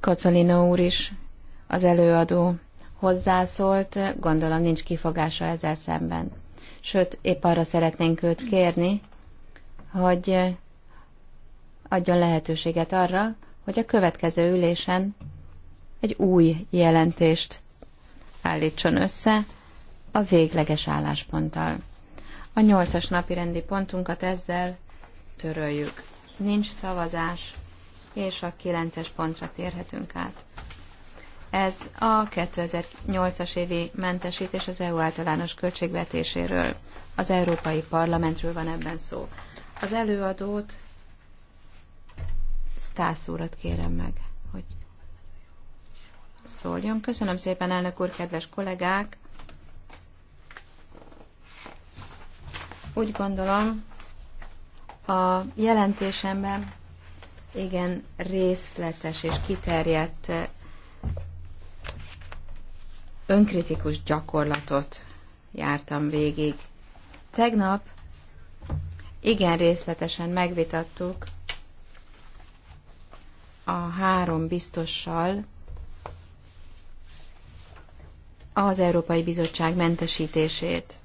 Kocolino úr is, az előadó hozzászólt, gondolom nincs kifogása ezzel szemben. Sőt, épp arra szeretnénk őt kérni, hogy adjon lehetőséget arra, hogy a következő ülésen egy új jelentést állítson össze a végleges állásponttal. A nyolcas napi rendi pontunkat ezzel töröljük. Nincs szavazás és a 9-es pontra térhetünk át. Ez a 2008-as évi mentesítés az EU általános költségvetéséről. Az Európai Parlamentről van ebben szó. Az előadót Stász úrat kérem meg, hogy szóljon. Köszönöm szépen, elnök úr, kedves kollégák! Úgy gondolom, a jelentésemben igen részletes és kiterjedt eh, önkritikus gyakorlatot jártam végig. Tegnap igen részletesen megvitattuk a három biztossal az Európai Bizottság mentesítését.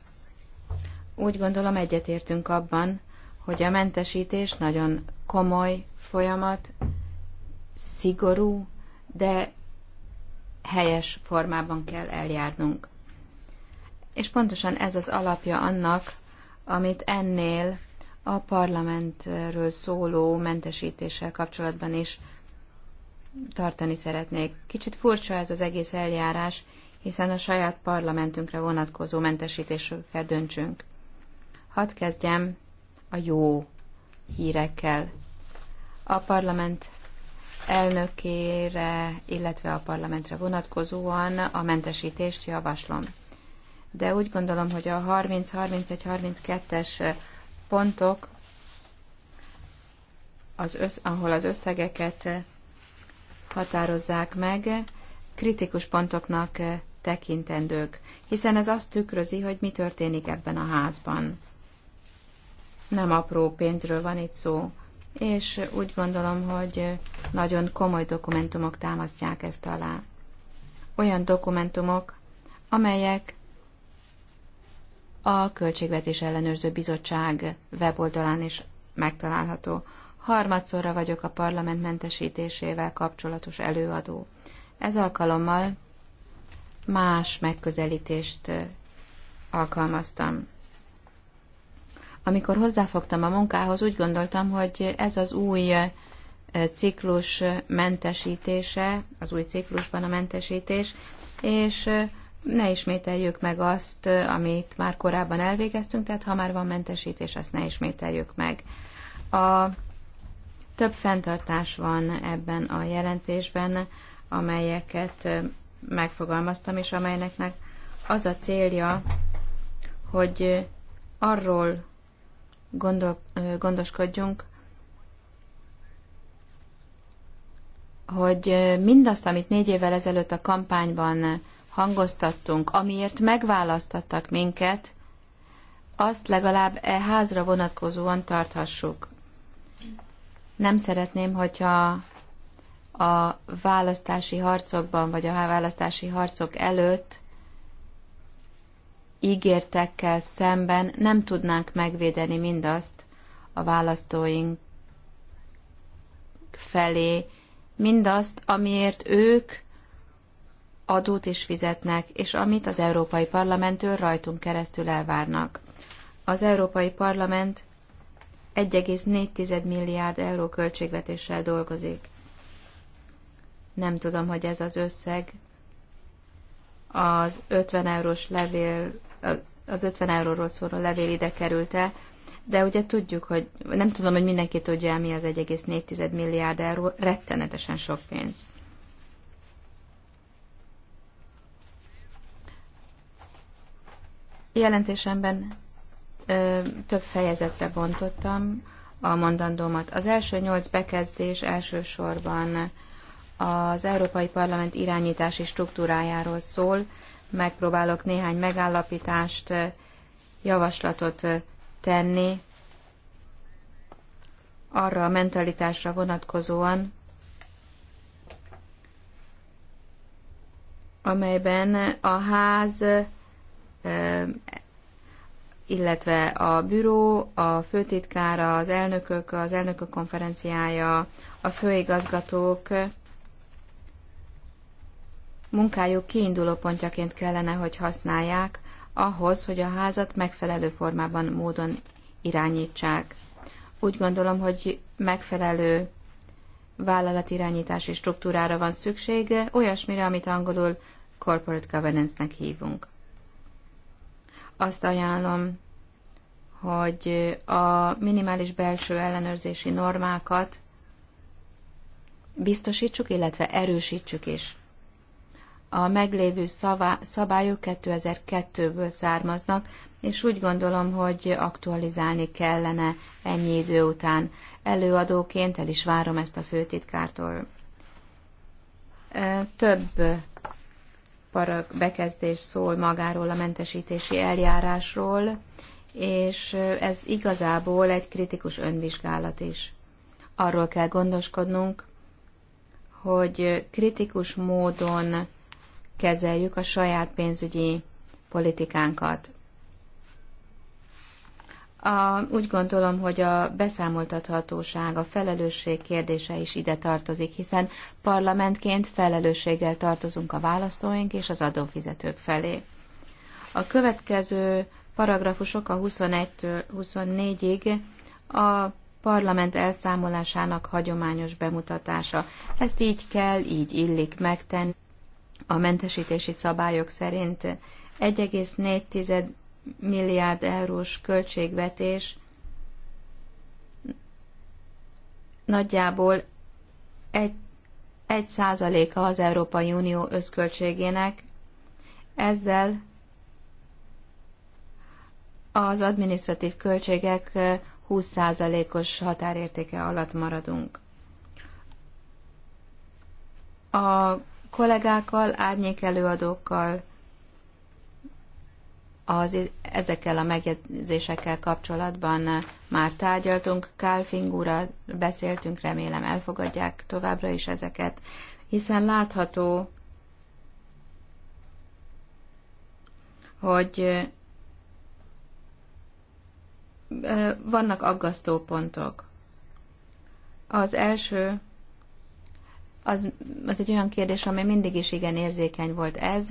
Úgy gondolom egyetértünk abban, hogy a mentesítés nagyon komoly folyamat, szigorú, de helyes formában kell eljárnunk. És pontosan ez az alapja annak, amit ennél a parlamentről szóló mentesítéssel kapcsolatban is tartani szeretnék. Kicsit furcsa ez az egész eljárás, hiszen a saját parlamentünkre vonatkozó mentesítésről kell döntsünk. Hadd kezdjem a jó hírekkel. A parlament elnökére, illetve a parlamentre vonatkozóan a mentesítést javaslom. De úgy gondolom, hogy a 30-31-32-es pontok, az össz, ahol az összegeket határozzák meg, kritikus pontoknak tekintendők, hiszen ez azt tükrözi, hogy mi történik ebben a házban nem apró pénzről van itt szó, és úgy gondolom, hogy nagyon komoly dokumentumok támasztják ezt alá. Olyan dokumentumok, amelyek a Költségvetés Ellenőrző Bizottság weboldalán is megtalálható. Harmadszorra vagyok a parlament mentesítésével kapcsolatos előadó. Ez alkalommal más megközelítést alkalmaztam. Amikor hozzáfogtam a munkához, úgy gondoltam, hogy ez az új ciklus mentesítése, az új ciklusban a mentesítés, és ne ismételjük meg azt, amit már korábban elvégeztünk, tehát ha már van mentesítés, azt ne ismételjük meg. A több fenntartás van ebben a jelentésben, amelyeket megfogalmaztam, és amelyeknek az a célja, hogy arról gondol, gondoskodjunk, hogy mindazt, amit négy évvel ezelőtt a kampányban hangoztattunk, amiért megválasztattak minket, azt legalább e házra vonatkozóan tarthassuk. Nem szeretném, hogyha a választási harcokban, vagy a választási harcok előtt ígértekkel szemben nem tudnánk megvédeni mindazt a választóink felé, mindazt, amiért ők adót is fizetnek, és amit az Európai Parlamenttől rajtunk keresztül elvárnak. Az Európai Parlament 1,4 milliárd euró költségvetéssel dolgozik. Nem tudom, hogy ez az összeg az 50 eurós levél az 50 euróról szóló levél ide került el, de ugye tudjuk, hogy nem tudom, hogy mindenki tudja, mi az 1,4 milliárd euró, rettenetesen sok pénz. Jelentésemben ö, több fejezetre bontottam a mondandómat. Az első nyolc bekezdés elsősorban az Európai Parlament irányítási struktúrájáról szól, megpróbálok néhány megállapítást, javaslatot tenni arra a mentalitásra vonatkozóan, amelyben a ház, illetve a büró, a főtitkára, az elnökök, az elnökök konferenciája, a főigazgatók, munkájuk kiinduló pontjaként kellene, hogy használják ahhoz, hogy a házat megfelelő formában módon irányítsák. Úgy gondolom, hogy megfelelő vállalatirányítási struktúrára van szükség, olyasmire, amit angolul corporate governance-nek hívunk. Azt ajánlom, hogy a minimális belső ellenőrzési normákat biztosítsuk, illetve erősítsük is a meglévő szavá, szabályok 2002-ből származnak, és úgy gondolom, hogy aktualizálni kellene ennyi idő után. Előadóként el is várom ezt a főtitkártól. Több parag bekezdés szól magáról a mentesítési eljárásról, és ez igazából egy kritikus önvizsgálat is. Arról kell gondoskodnunk, hogy kritikus módon kezeljük a saját pénzügyi politikánkat. A, úgy gondolom, hogy a beszámoltathatóság, a felelősség kérdése is ide tartozik, hiszen parlamentként felelősséggel tartozunk a választóink és az adófizetők felé. A következő paragrafusok a 21-től 24-ig a parlament elszámolásának hagyományos bemutatása. Ezt így kell, így illik megtenni a mentesítési szabályok szerint 1,4 milliárd eurós költségvetés nagyjából egy egy százaléka az Európai Unió összköltségének, ezzel az adminisztratív költségek 20%-os határértéke alatt maradunk. A kollégákkal, árnyék előadókkal, az, ezekkel a megjegyzésekkel kapcsolatban eh, már tárgyaltunk, Kálfing beszéltünk, remélem elfogadják továbbra is ezeket, hiszen látható, hogy eh, eh, vannak aggasztó pontok. Az első az, az egy olyan kérdés, ami mindig is igen érzékeny volt ez.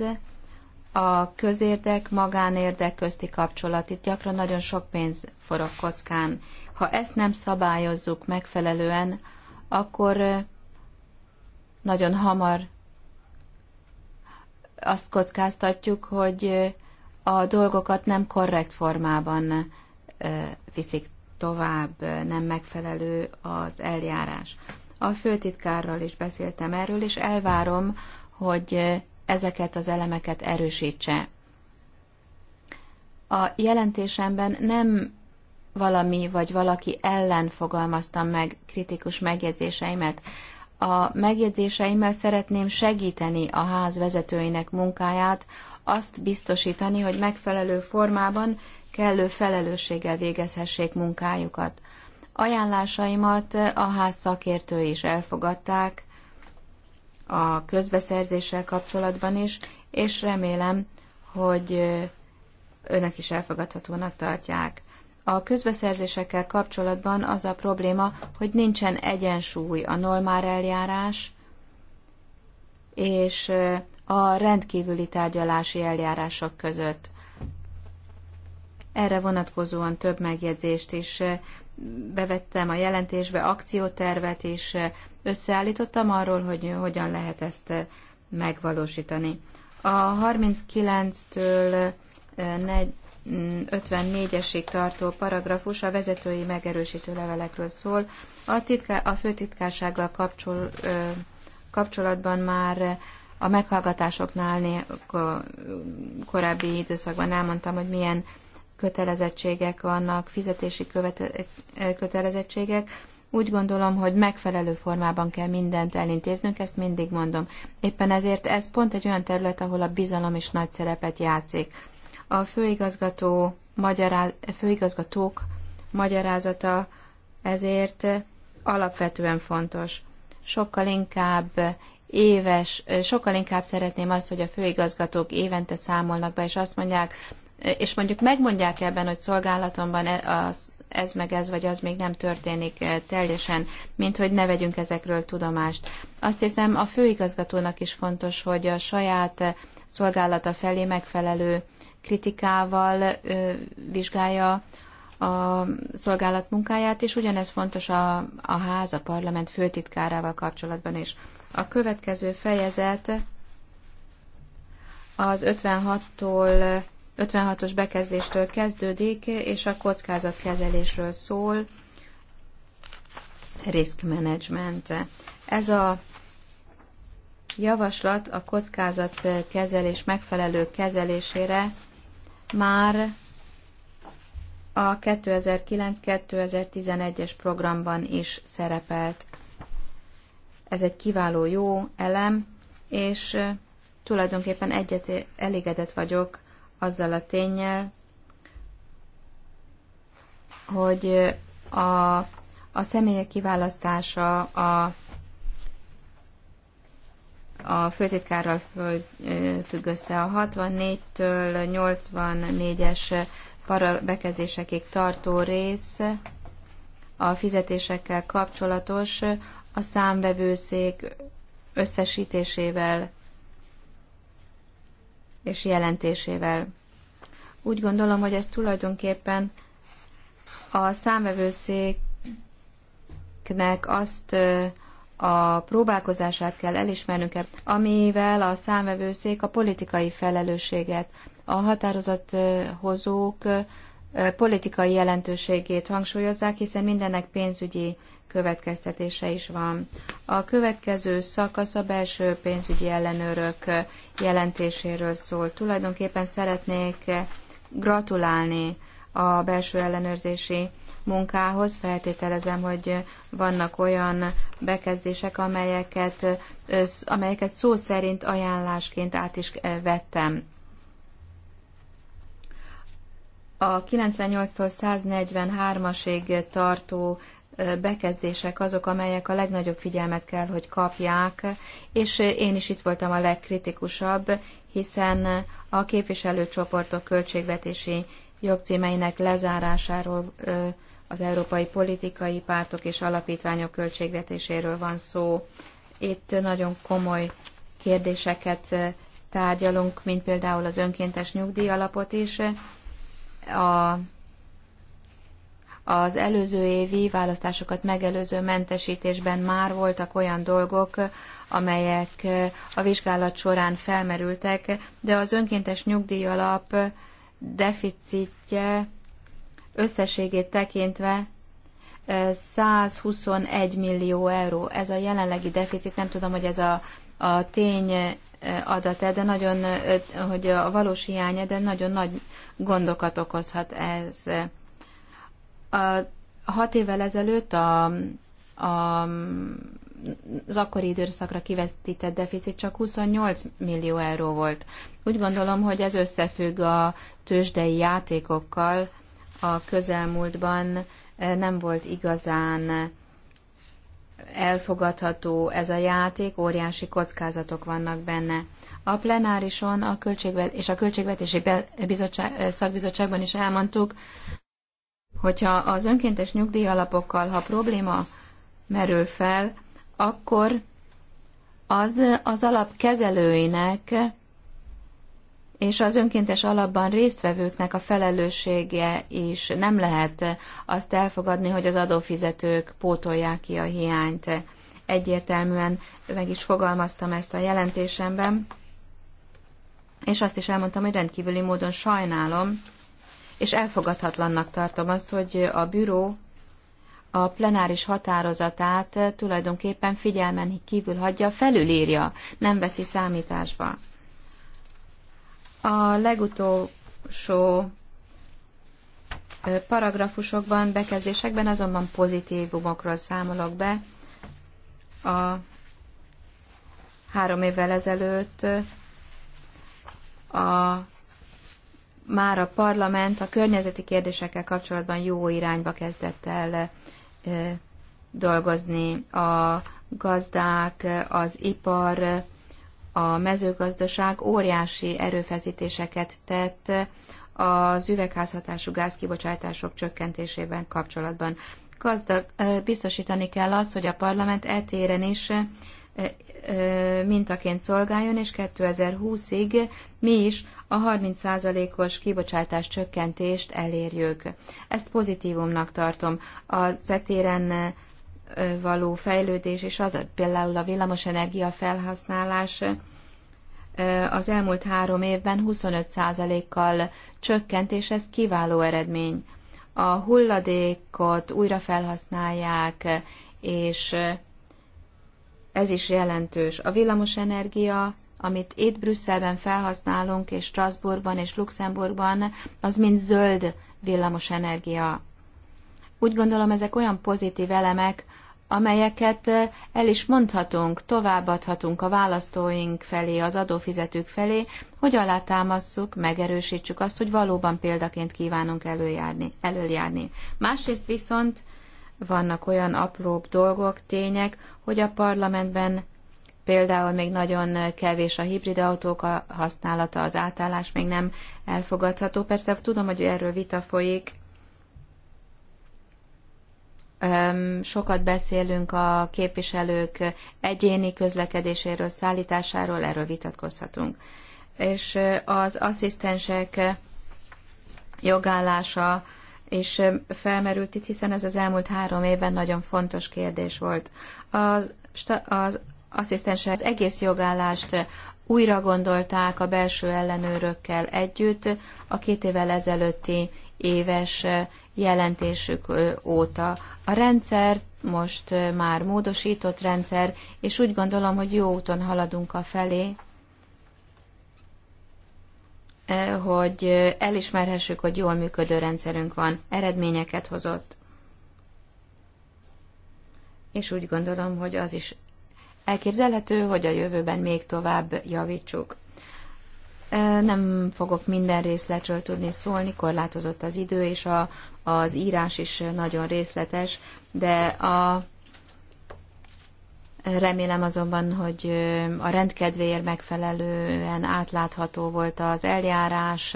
A közérdek, magánérdek közti kapcsolat, itt gyakran nagyon sok pénz forog kockán. Ha ezt nem szabályozzuk megfelelően, akkor nagyon hamar azt kockáztatjuk, hogy a dolgokat nem korrekt formában viszik tovább, nem megfelelő az eljárás. A főtitkárral is beszéltem erről, és elvárom, hogy ezeket az elemeket erősítse. A jelentésemben nem valami vagy valaki ellen fogalmaztam meg kritikus megjegyzéseimet. A megjegyzéseimmel szeretném segíteni a ház vezetőinek munkáját, azt biztosítani, hogy megfelelő formában, kellő felelősséggel végezhessék munkájukat. Ajánlásaimat a ház szakértői is elfogadták a közbeszerzéssel kapcsolatban is, és remélem, hogy önök is elfogadhatónak tartják. A közbeszerzésekkel kapcsolatban az a probléma, hogy nincsen egyensúly a normál eljárás és a rendkívüli tárgyalási eljárások között. Erre vonatkozóan több megjegyzést is bevettem a jelentésbe akciótervet, és összeállítottam arról, hogy hogyan lehet ezt megvalósítani. A 39-től 54-esig eh, tartó paragrafus a vezetői megerősítő levelekről szól. A, titká, a főtitkársággal kapcsol, eh, kapcsolatban már a meghallgatásoknál korábbi időszakban elmondtam, hogy milyen kötelezettségek vannak, fizetési követe- eh, kötelezettségek. Úgy gondolom, hogy megfelelő formában kell mindent elintéznünk, ezt mindig mondom. Éppen ezért ez pont egy olyan terület, ahol a bizalom is nagy szerepet játszik. A főigazgató magyaráz, főigazgatók magyarázata ezért alapvetően fontos. Sokkal inkább éves, sokkal inkább szeretném azt, hogy a főigazgatók évente számolnak be, és azt mondják, és mondjuk megmondják ebben, hogy szolgálatomban e- az, ez meg ez vagy az még nem történik e, teljesen, mint hogy ne vegyünk ezekről tudomást. Azt hiszem a főigazgatónak is fontos, hogy a saját e, szolgálata felé megfelelő kritikával vizsgálja a szolgálat munkáját, és ugyanez fontos a, a ház, a parlament főtitkárával kapcsolatban is. A következő fejezet az 56-tól 56-os bekezdéstől kezdődik, és a kockázatkezelésről szól, risk management. Ez a javaslat a kockázatkezelés megfelelő kezelésére már a 2009-2011-es programban is szerepelt. Ez egy kiváló jó elem, és tulajdonképpen egyet elégedett vagyok azzal a tényel, hogy a, a személyek kiválasztása a, a főtitkárral függ össze a 64-től 84-es para bekezdésekig tartó rész a fizetésekkel kapcsolatos a számvevőszék összesítésével és jelentésével. Úgy gondolom, hogy ez tulajdonképpen a számvevőszéknek azt a próbálkozását kell elismernünk, amivel a számvevőszék a politikai felelősséget, a határozathozók politikai jelentőségét hangsúlyozzák, hiszen mindennek pénzügyi következtetése is van. A következő szakasz a belső pénzügyi ellenőrök jelentéséről szól. Tulajdonképpen szeretnék gratulálni a belső ellenőrzési munkához. Feltételezem, hogy vannak olyan bekezdések, amelyeket, amelyeket szó szerint ajánlásként át is vettem. A 98-tól 143-asig tartó bekezdések azok, amelyek a legnagyobb figyelmet kell, hogy kapják, és én is itt voltam a legkritikusabb, hiszen a képviselőcsoportok költségvetési jogcímeinek lezárásáról az európai politikai pártok és alapítványok költségvetéséről van szó. Itt nagyon komoly kérdéseket tárgyalunk, mint például az önkéntes nyugdíjalapot is, a az előző évi választásokat megelőző mentesítésben már voltak olyan dolgok, amelyek a vizsgálat során felmerültek, de az önkéntes nyugdíjalap deficitje összességét tekintve 121 eh, millió euró. Ez a jelenlegi deficit, nem tudom, hogy ez a, a tény eh, adat, de nagyon, eh, hogy a valós hiánya, de nagyon nagy gondokat okozhat ez. A hat évvel ezelőtt a, a az akkori időszakra kivetített deficit csak 28 millió euró volt. Úgy gondolom, hogy ez összefügg a tőzsdei játékokkal. A közelmúltban eh, nem volt igazán elfogadható ez a játék, óriási kockázatok vannak benne. A plenárison a költségvet- és a Költségvetési Bizottság, eh, Szakbizottságban is elmondtuk, Hogyha az önkéntes nyugdíjalapokkal, ha probléma merül fel, akkor az az alap kezelőinek és az önkéntes alapban résztvevőknek a felelőssége is nem lehet azt elfogadni, hogy az adófizetők pótolják ki a hiányt. Egyértelműen meg is fogalmaztam ezt a jelentésemben, és azt is elmondtam, hogy rendkívüli módon sajnálom, és elfogadhatlannak tartom azt, hogy a büró a plenáris határozatát tulajdonképpen figyelmen kívül hagyja, felülírja, nem veszi számításba. A legutolsó paragrafusokban, bekezdésekben azonban pozitívumokról számolok be. A három évvel ezelőtt a már a parlament a környezeti kérdésekkel kapcsolatban jó irányba kezdett el dolgozni. A gazdák, az ipar, a mezőgazdaság óriási erőfeszítéseket tett az üvegházhatású gázkibocsátások csökkentésében kapcsolatban. Gazdag, biztosítani kell azt, hogy a parlament etéren is mintaként szolgáljon, és 2020-ig mi is a 30%-os kibocsátás csökkentést elérjük. Ezt pozitívumnak tartom. A zetéren való fejlődés, és az például a villamosenergia felhasználás az elmúlt három évben 25%-kal csökkent, és ez kiváló eredmény. A hulladékot újra felhasználják, és ez is jelentős. A villamosenergia amit itt Brüsszelben felhasználunk, és Strasbourgban és Luxemburgban, az mind zöld villamos energia. Úgy gondolom, ezek olyan pozitív elemek, amelyeket el is mondhatunk, továbbadhatunk a választóink felé, az adófizetők felé, hogy alátámasszuk, megerősítsük azt, hogy valóban példaként kívánunk előjárni, előjárni. Másrészt viszont vannak olyan apróbb dolgok, tények, hogy a parlamentben Például még nagyon kevés a hibrid autók használata, az átállás még nem elfogadható. Persze tudom, hogy erről vita folyik. Sokat beszélünk a képviselők egyéni közlekedéséről, szállításáról, erről vitatkozhatunk. És az asszisztensek jogállása, és felmerült itt, hiszen ez az elmúlt három évben nagyon fontos kérdés volt. Az, az asszisztense az egész jogállást újra gondolták a belső ellenőrökkel együtt a két évvel ezelőtti éves jelentésük óta. A rendszer most már módosított rendszer, és úgy gondolom, hogy jó úton haladunk a felé, hogy elismerhessük, hogy jól működő rendszerünk van, eredményeket hozott. És úgy gondolom, hogy az is Elképzelhető, hogy a jövőben még tovább javítsuk. Nem fogok minden részletről tudni szólni, korlátozott az idő, és a, az írás is nagyon részletes, de a, remélem azonban, hogy a rendkedvéért megfelelően átlátható volt az eljárás,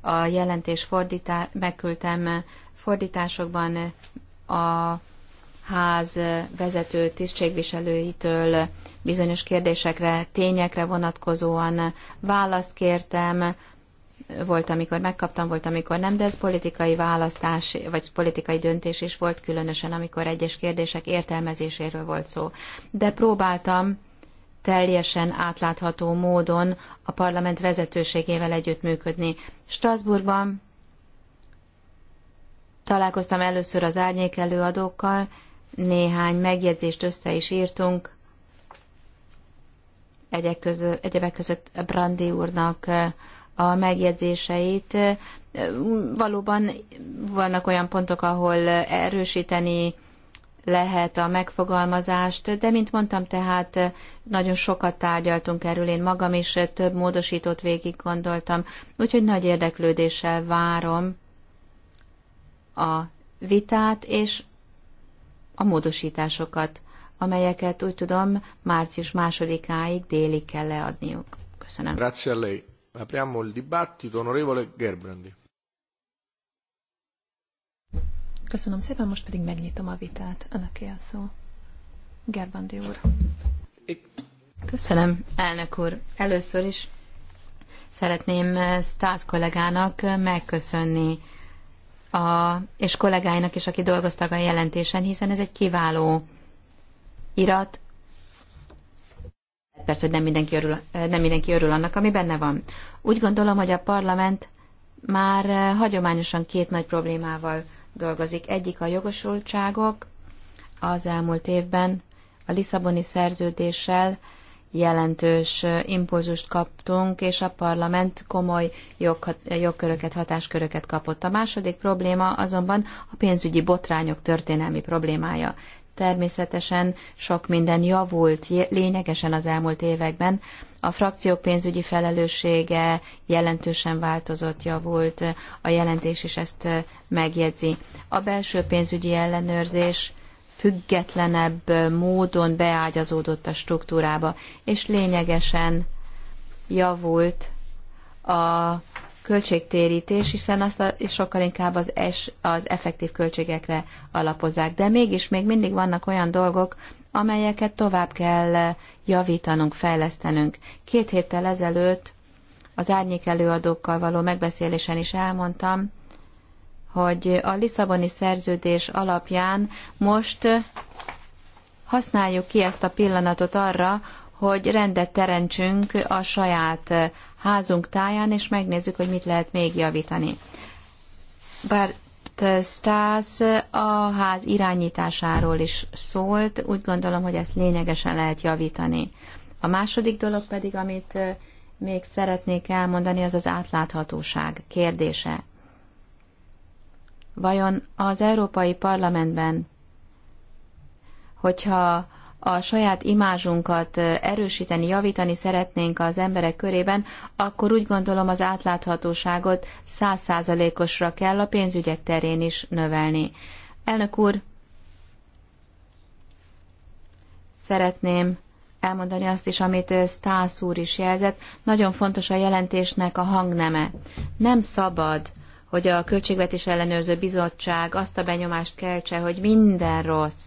a jelentés fordítá- megküldtem fordításokban a ház vezető tisztségviselőitől bizonyos kérdésekre, tényekre vonatkozóan választ kértem, volt, amikor megkaptam, volt, amikor nem, de ez politikai választás, vagy politikai döntés is volt, különösen amikor egyes kérdések értelmezéséről volt szó. De próbáltam teljesen átlátható módon a parlament vezetőségével együttműködni. Strasbourgban találkoztam először az árnyék előadókkal, néhány megjegyzést össze is írtunk, egyek közö, egyebek között Brandi úrnak a megjegyzéseit. Valóban vannak olyan pontok, ahol erősíteni lehet a megfogalmazást, de mint mondtam, tehát nagyon sokat tárgyaltunk erről, én magam is több módosítót végig gondoltam, úgyhogy nagy érdeklődéssel várom a vitát, és a módosításokat, amelyeket úgy tudom március másodikáig délig kell leadniuk. Köszönöm. Grazie a lei. Apriamo il dibattito, onorevole Gerbrandi. Köszönöm szépen, most pedig megnyitom a vitát. Önöké a szó. Gerbandi úr. Köszönöm, elnök úr. Először is szeretném Stász kollégának megköszönni a, és kollégáinak is, aki dolgoztak a jelentésen, hiszen ez egy kiváló irat. Persze, hogy nem mindenki örül, nem mindenki örül annak, ami benne van. Úgy gondolom, hogy a parlament már hagyományosan két nagy problémával dolgozik. Egyik a jogosultságok az elmúlt évben a Lisszaboni szerződéssel jelentős impulzust kaptunk, és a parlament komoly jog, jogköröket, hatásköröket kapott. A második probléma azonban a pénzügyi botrányok történelmi problémája. Természetesen sok minden javult lényegesen az elmúlt években. A frakciók pénzügyi felelőssége jelentősen változott, javult, a jelentés is ezt megjegyzi. A belső pénzügyi ellenőrzés függetlenebb módon beágyazódott a struktúrába, és lényegesen javult a költségtérítés, hiszen azt a, sokkal inkább az, es, az effektív költségekre alapozzák. De mégis még mindig vannak olyan dolgok, amelyeket tovább kell javítanunk, fejlesztenünk. Két héttel ezelőtt az árnyék előadókkal való megbeszélésen is elmondtam, hogy a Lisszaboni szerződés alapján most használjuk ki ezt a pillanatot arra, hogy rendet teremtsünk a saját házunk táján, és megnézzük, hogy mit lehet még javítani. Bár Stas a ház irányításáról is szólt, úgy gondolom, hogy ezt lényegesen lehet javítani. A második dolog pedig, amit még szeretnék elmondani, az az átláthatóság kérdése. Vajon az Európai Parlamentben, hogyha a saját imázsunkat erősíteni, javítani szeretnénk az emberek körében, akkor úgy gondolom az átláthatóságot százszázalékosra kell a pénzügyek terén is növelni. Elnök úr, szeretném elmondani azt is, amit Stász úr is jelzett. Nagyon fontos a jelentésnek a hangneme. Nem szabad hogy a Költségvetés Ellenőrző Bizottság azt a benyomást keltse, hogy minden rossz,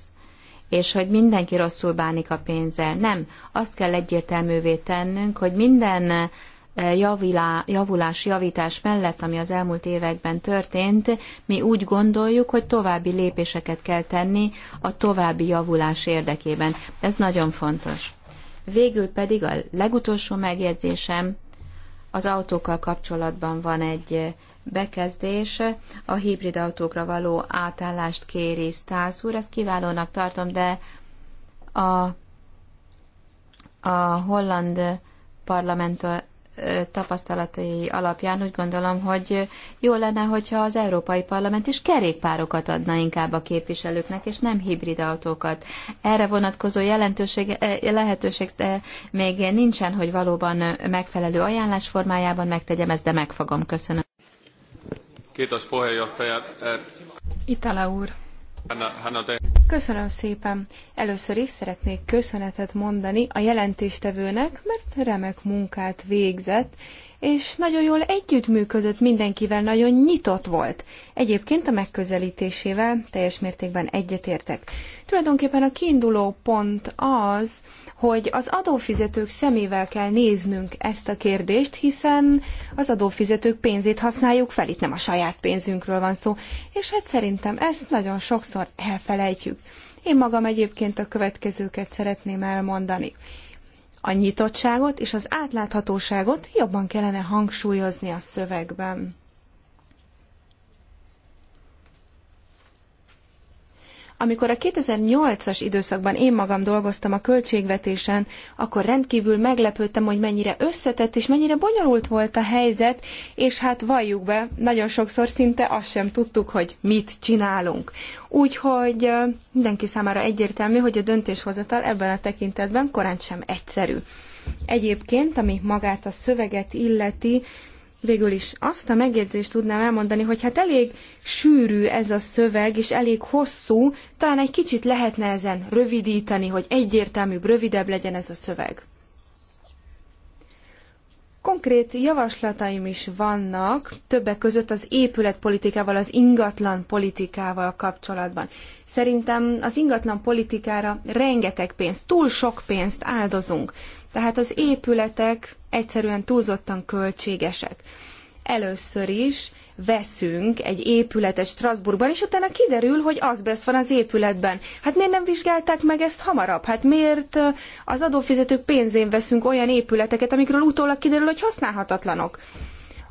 és hogy mindenki rosszul bánik a pénzzel. Nem, azt kell egyértelművé tennünk, hogy minden e, javilá, javulás, javítás mellett, ami az elmúlt években történt, mi úgy gondoljuk, hogy további lépéseket kell tenni a további javulás érdekében. Ez nagyon fontos. Végül pedig a legutolsó megjegyzésem az autókkal kapcsolatban van egy bekezdés a hibrid autókra való átállást kéri Stász úr. Ezt kiválónak tartom, de a, a holland parlament tapasztalatai alapján úgy gondolom, hogy jó lenne, hogyha az Európai Parlament is kerékpárokat adna inkább a képviselőknek, és nem hibrid autókat. Erre vonatkozó jelentőség, lehetőség még nincsen, hogy valóban megfelelő ajánlás formájában megtegyem ezt, de megfogom. Köszönöm. Itala úr. Köszönöm szépen. Először is szeretnék köszönetet mondani a jelentéstevőnek, mert remek munkát végzett, és nagyon jól együttműködött mindenkivel, nagyon nyitott volt. Egyébként a megközelítésével teljes mértékben egyetértek. Tulajdonképpen a kiinduló pont az, hogy az adófizetők szemével kell néznünk ezt a kérdést, hiszen az adófizetők pénzét használjuk fel, itt nem a saját pénzünkről van szó, és hát szerintem ezt nagyon sokszor elfelejtjük. Én magam egyébként a következőket szeretném elmondani. A nyitottságot és az átláthatóságot jobban kellene hangsúlyozni a szövegben. Amikor a 2008-as időszakban én magam dolgoztam a költségvetésen, akkor rendkívül meglepődtem, hogy mennyire összetett és mennyire bonyolult volt a helyzet, és hát valljuk be, nagyon sokszor szinte azt sem tudtuk, hogy mit csinálunk. Úgyhogy mindenki számára egyértelmű, hogy a döntéshozatal ebben a tekintetben korán sem egyszerű. Egyébként, ami magát a szöveget illeti, Végül is azt a megjegyzést tudnám elmondani, hogy hát elég sűrű ez a szöveg, és elég hosszú, talán egy kicsit lehetne ezen rövidíteni, hogy egyértelműbb, rövidebb legyen ez a szöveg. Konkrét javaslataim is vannak, többek között az épületpolitikával, az ingatlan politikával kapcsolatban. Szerintem az ingatlan politikára rengeteg pénzt, túl sok pénzt áldozunk. Tehát az épületek egyszerűen túlzottan költségesek. Először is veszünk egy épületet Strasbourgban, és utána kiderül, hogy azbest van az épületben. Hát miért nem vizsgálták meg ezt hamarabb? Hát miért az adófizetők pénzén veszünk olyan épületeket, amikről utólag kiderül, hogy használhatatlanok?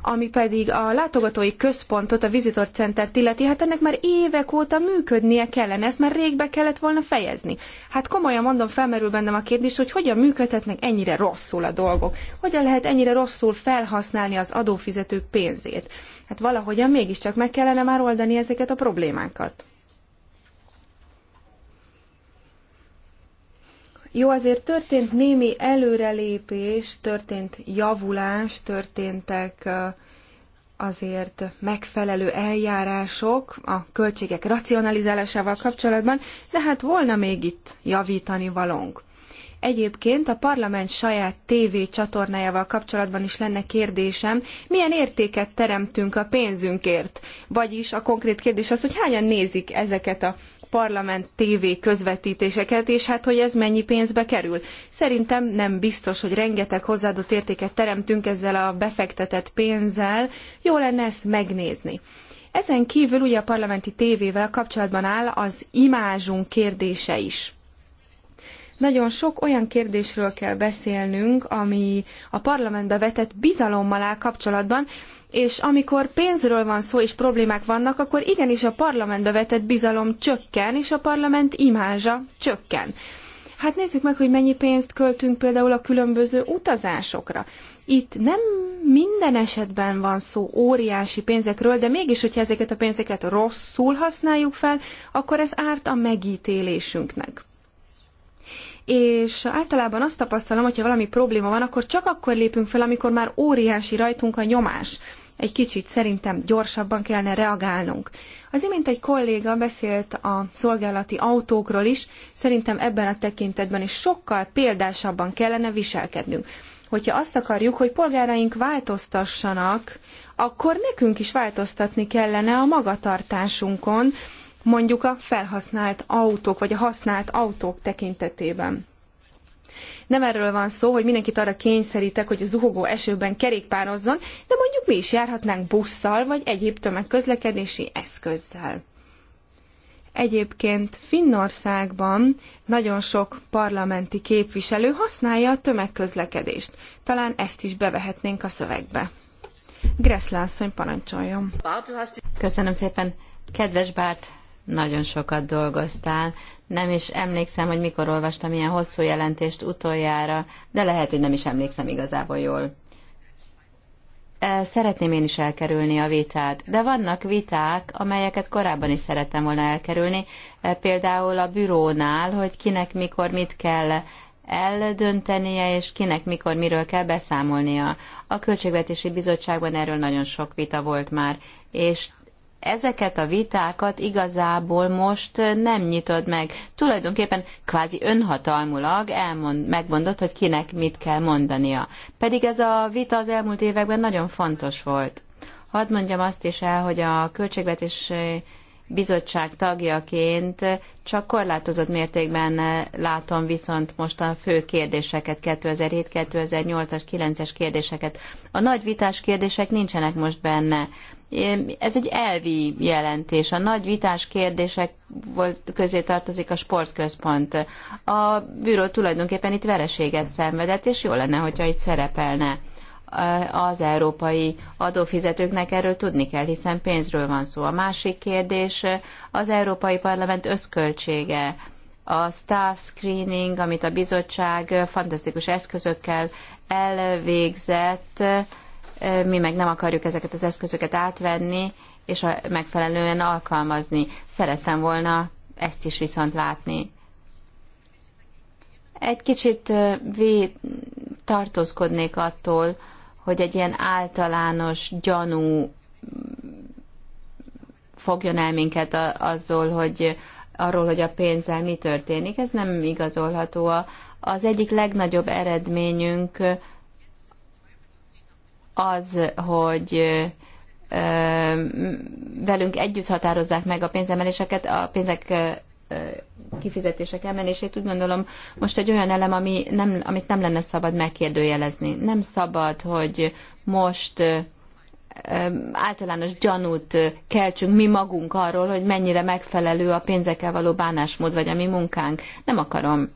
ami pedig a látogatói központot, a Visitor Centert illeti, hát ennek már évek óta működnie kellene, ezt már rég be kellett volna fejezni. Hát komolyan mondom, felmerül bennem a kérdés, hogy hogyan működhetnek ennyire rosszul a dolgok, hogyan lehet ennyire rosszul felhasználni az adófizetők pénzét hát valahogyan mégiscsak meg kellene már oldani ezeket a problémákat. Jó, azért történt némi előrelépés, történt javulás, történtek azért megfelelő eljárások a költségek racionalizálásával kapcsolatban, de hát volna még itt javítani valónk. Egyébként a parlament saját TV csatornájával kapcsolatban is lenne kérdésem, milyen értéket teremtünk a pénzünkért? Vagyis a konkrét kérdés az, hogy hányan nézik ezeket a parlament TV közvetítéseket, és hát hogy ez mennyi pénzbe kerül. Szerintem nem biztos, hogy rengeteg hozzáadott értéket teremtünk ezzel a befektetett pénzzel. Jó lenne ezt megnézni. Ezen kívül ugye a parlamenti tévével kapcsolatban áll az imázsunk kérdése is. Nagyon sok olyan kérdésről kell beszélnünk, ami a parlamentbe vetett bizalommal áll kapcsolatban, és amikor pénzről van szó és problémák vannak, akkor igenis a parlamentbe vetett bizalom csökken, és a parlament imázsa csökken. Hát nézzük meg, hogy mennyi pénzt költünk például a különböző utazásokra. Itt nem minden esetben van szó óriási pénzekről, de mégis, hogyha ezeket a pénzeket rosszul használjuk fel, akkor ez árt a megítélésünknek és általában azt tapasztalom, hogyha valami probléma van, akkor csak akkor lépünk fel, amikor már óriási rajtunk a nyomás. Egy kicsit szerintem gyorsabban kellene reagálnunk. Az imént egy kolléga beszélt a szolgálati autókról is, szerintem ebben a tekintetben is sokkal példásabban kellene viselkednünk. Hogyha azt akarjuk, hogy polgáraink változtassanak, akkor nekünk is változtatni kellene a magatartásunkon, mondjuk a felhasznált autók, vagy a használt autók tekintetében. Nem erről van szó, hogy mindenkit arra kényszerítek, hogy a zuhogó esőben kerékpározzon, de mondjuk mi is járhatnánk busszal, vagy egyéb tömegközlekedési eszközzel. Egyébként Finnországban nagyon sok parlamenti képviselő használja a tömegközlekedést. Talán ezt is bevehetnénk a szövegbe. Gressle asszony, parancsoljon. Köszönöm szépen. Kedves Bárt, nagyon sokat dolgoztál. Nem is emlékszem, hogy mikor olvastam ilyen hosszú jelentést utoljára, de lehet, hogy nem is emlékszem igazából jól. E, szeretném én is elkerülni a vitát, de vannak viták, amelyeket korábban is szerettem volna elkerülni, e, például a bürónál, hogy kinek mikor mit kell eldöntenie, és kinek mikor miről kell beszámolnia. A Költségvetési Bizottságban erről nagyon sok vita volt már, és ezeket a vitákat igazából most nem nyitod meg. Tulajdonképpen kvázi önhatalmulag elmond, megmondod, hogy kinek mit kell mondania. Pedig ez a vita az elmúlt években nagyon fontos volt. Hadd mondjam azt is el, hogy a költségvetés bizottság tagjaként csak korlátozott mértékben látom viszont most a fő kérdéseket, 2007, 2008-as, 9-es kérdéseket. A nagy vitás kérdések nincsenek most benne. Ez egy elvi jelentés. A nagy vitás kérdések volt, közé tartozik a sportközpont. A bűró tulajdonképpen itt vereséget szenvedett, és jó lenne, hogyha itt szerepelne az európai adófizetőknek erről tudni kell, hiszen pénzről van szó. A másik kérdés az Európai Parlament összköltsége. A staff screening, amit a bizottság fantasztikus eszközökkel elvégzett, mi meg nem akarjuk ezeket az eszközöket átvenni, és megfelelően alkalmazni. Szerettem volna ezt is viszont látni. Egy kicsit vé- tartózkodnék attól, hogy egy ilyen általános gyanú fogjon el minket a- azzal, hogy arról, hogy a pénzzel mi történik. Ez nem igazolható. Az egyik legnagyobb eredményünk az, hogy velünk együtt határozzák meg a pénzemeléseket, a pénzek kifizetések emelését, úgy gondolom most egy olyan elem, ami nem, amit nem lenne szabad megkérdőjelezni. Nem szabad, hogy most általános gyanút keltsünk mi magunk arról, hogy mennyire megfelelő a pénzekkel való bánásmód, vagy a mi munkánk. Nem akarom.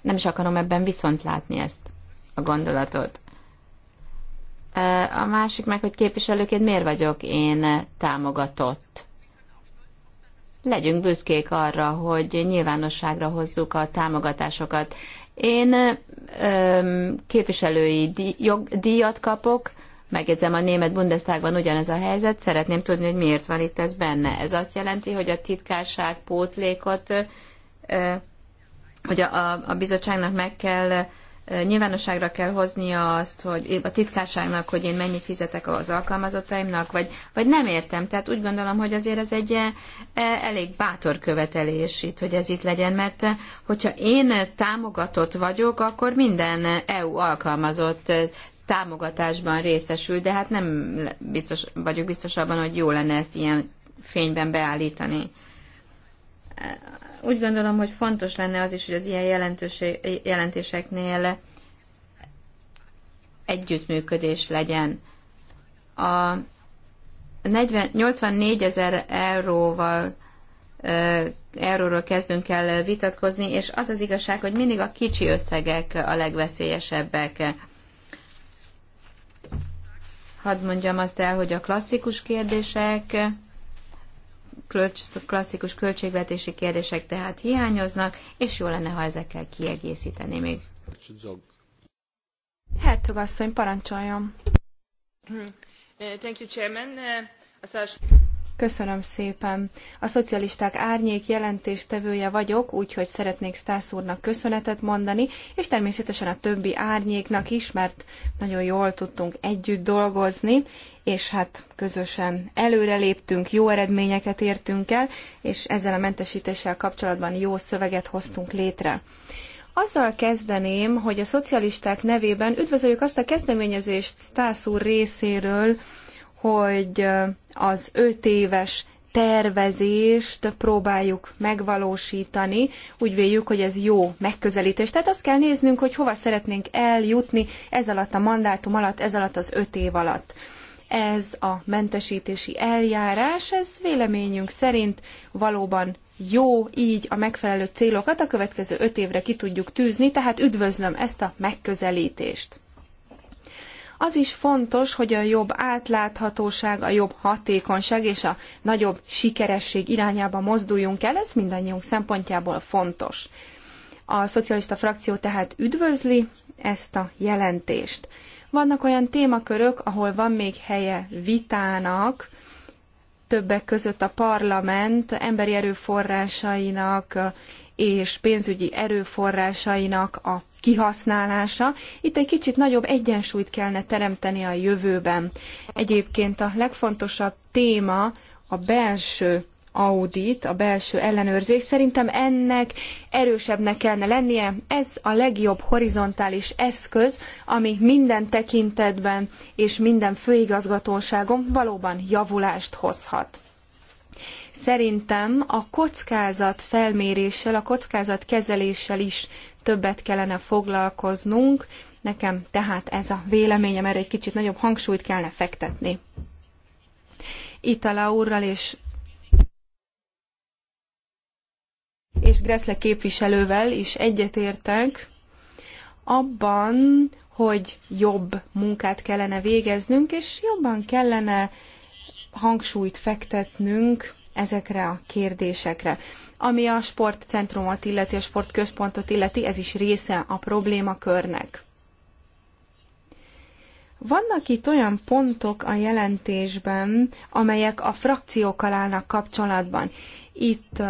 Nem is akarom ebben viszont látni ezt a gondolatot. Eh, a másik meg, hogy képviselőként miért vagyok én támogatott. Legyünk büszkék arra, hogy nyilvánosságra hozzuk a támogatásokat. Én öm, képviselői díjat kapok, megjegyzem a német Bundestagban ugyanez a helyzet, szeretném tudni, hogy miért van itt ez benne. Ez azt jelenti, hogy a titkárság pótlékot, ö, eh, hogy a, a, a bizottságnak meg kell nyilvánosságra kell hozni azt, hogy a titkárságnak, hogy én mennyit fizetek az alkalmazottaimnak, vagy, vagy nem értem. Tehát úgy gondolom, hogy azért ez egy eh, elég bátor követelés itt, hogy ez itt legyen, mert eh, hogyha én támogatott vagyok, akkor minden EU alkalmazott eh, támogatásban részesül, de hát nem biztos, vagyok biztos abban, hogy jó lenne ezt ilyen fényben beállítani úgy gondolom, hogy fontos lenne az is, hogy az ilyen jelentéseknél együttműködés legyen. A 40, 84 ezer euróval euróról kezdünk el vitatkozni, és az az igazság, hogy mindig a kicsi összegek a legveszélyesebbek. Hadd mondjam azt el, hogy a klasszikus kérdések klasszikus költségvetési kérdések tehát hiányoznak, és jó lenne, ha ezekkel kiegészíteni még. Herzog asszony, parancsoljon! Thank you, Chairman. Köszönöm szépen. A szocialisták árnyék jelentéstevője vagyok, úgyhogy szeretnék Stász úrnak köszönetet mondani, és természetesen a többi árnyéknak is, mert nagyon jól tudtunk együtt dolgozni, és hát közösen előreléptünk, jó eredményeket értünk el, és ezzel a mentesítéssel kapcsolatban jó szöveget hoztunk létre. Azzal kezdeném, hogy a szocialisták nevében üdvözöljük azt a kezdeményezést Stász úr részéről, hogy az öt éves tervezést próbáljuk megvalósítani. Úgy véljük, hogy ez jó megközelítés. Tehát azt kell néznünk, hogy hova szeretnénk eljutni ez alatt a mandátum alatt, ez alatt az öt év alatt. Ez a mentesítési eljárás, ez véleményünk szerint valóban jó, így a megfelelő célokat a következő öt évre ki tudjuk tűzni, tehát üdvözlöm ezt a megközelítést. Az is fontos, hogy a jobb átláthatóság, a jobb hatékonyság és a nagyobb sikeresség irányába mozduljunk el, ez mindannyiunk szempontjából fontos. A szocialista frakció tehát üdvözli ezt a jelentést. Vannak olyan témakörök, ahol van még helye vitának, többek között a parlament emberi erőforrásainak és pénzügyi erőforrásainak a kihasználása. Itt egy kicsit nagyobb egyensúlyt kellene teremteni a jövőben. Egyébként a legfontosabb téma a belső audit, a belső ellenőrzés. Szerintem ennek erősebbnek kellene lennie. Ez a legjobb horizontális eszköz, ami minden tekintetben és minden főigazgatóságon valóban javulást hozhat. Szerintem a kockázat felméréssel, a kockázat kezeléssel is többet kellene foglalkoznunk, nekem tehát ez a véleményem, erre egy kicsit nagyobb hangsúlyt kellene fektetni. Itala úrral és és Greszle képviselővel is egyetértek abban, hogy jobb munkát kellene végeznünk, és jobban kellene hangsúlyt fektetnünk ezekre a kérdésekre. Ami a sportcentrumot illeti, a sportközpontot illeti, ez is része a problémakörnek. Vannak itt olyan pontok a jelentésben, amelyek a frakciókkal állnak kapcsolatban. Itt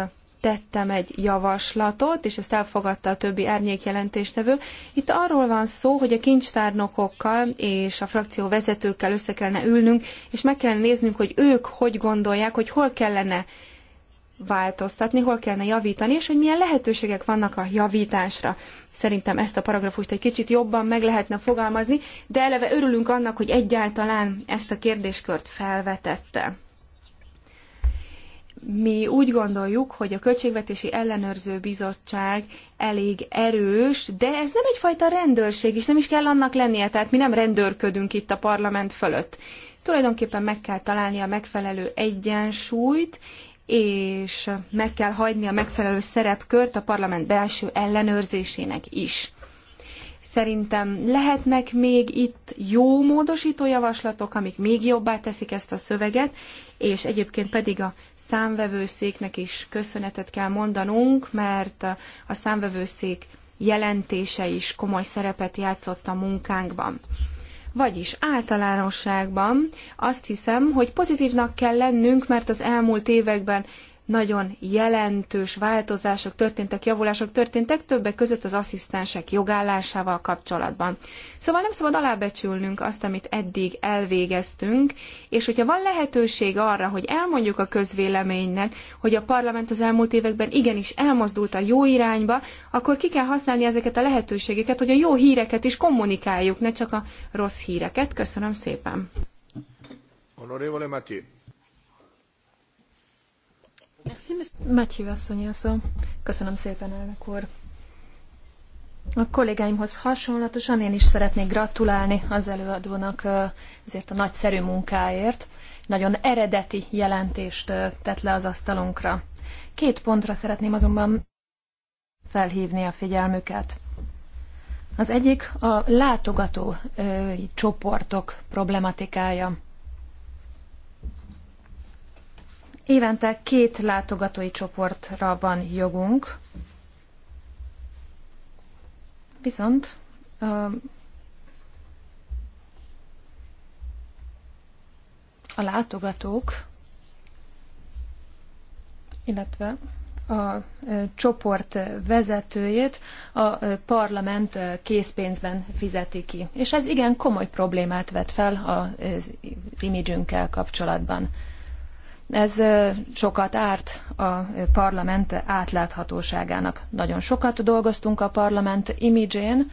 tettem egy javaslatot, és ezt elfogadta a többi árnyékjelentéstevő. Itt arról van szó, hogy a kincstárnokokkal és a frakció vezetőkkel össze kellene ülnünk, és meg kellene néznünk, hogy ők hogy gondolják, hogy hol kellene változtatni, hol kellene javítani, és hogy milyen lehetőségek vannak a javításra. Szerintem ezt a paragrafust egy kicsit jobban meg lehetne fogalmazni, de eleve örülünk annak, hogy egyáltalán ezt a kérdéskört felvetette mi úgy gondoljuk, hogy a Költségvetési Ellenőrző Bizottság elég erős, de ez nem egyfajta rendőrség, és nem is kell annak lennie, tehát mi nem rendőrködünk itt a parlament fölött. Tulajdonképpen meg kell találni a megfelelő egyensúlyt, és meg kell hagyni a megfelelő szerepkört a parlament belső ellenőrzésének is. Szerintem lehetnek még itt jó módosító javaslatok, amik még jobbá teszik ezt a szöveget, és egyébként pedig a számvevőszéknek is köszönetet kell mondanunk, mert a számvevőszék jelentése is komoly szerepet játszott a munkánkban. Vagyis általánosságban azt hiszem, hogy pozitívnak kell lennünk, mert az elmúlt években nagyon jelentős változások történtek, javulások történtek, többek között az asszisztensek jogállásával kapcsolatban. Szóval nem szabad alábecsülnünk azt, amit eddig elvégeztünk, és hogyha van lehetőség arra, hogy elmondjuk a közvéleménynek, hogy a parlament az elmúlt években igenis elmozdult a jó irányba, akkor ki kell használni ezeket a lehetőségeket, hogy a jó híreket is kommunikáljuk, ne csak a rossz híreket. Köszönöm szépen! Honorevole Mathieu asszony, Köszönöm szépen, elnök úr. A kollégáimhoz hasonlatosan én is szeretnék gratulálni az előadónak ezért a nagyszerű munkáért. Nagyon eredeti jelentést tett le az asztalunkra. Két pontra szeretném azonban felhívni a figyelmüket. Az egyik a látogató csoportok problematikája. Évente két látogatói csoportra van jogunk, viszont a látogatók, illetve a csoport vezetőjét a parlament készpénzben fizeti ki. És ez igen komoly problémát vet fel az imidzsünkkel kapcsolatban. Ez sokat árt a parlament átláthatóságának. Nagyon sokat dolgoztunk a parlament imidzsén,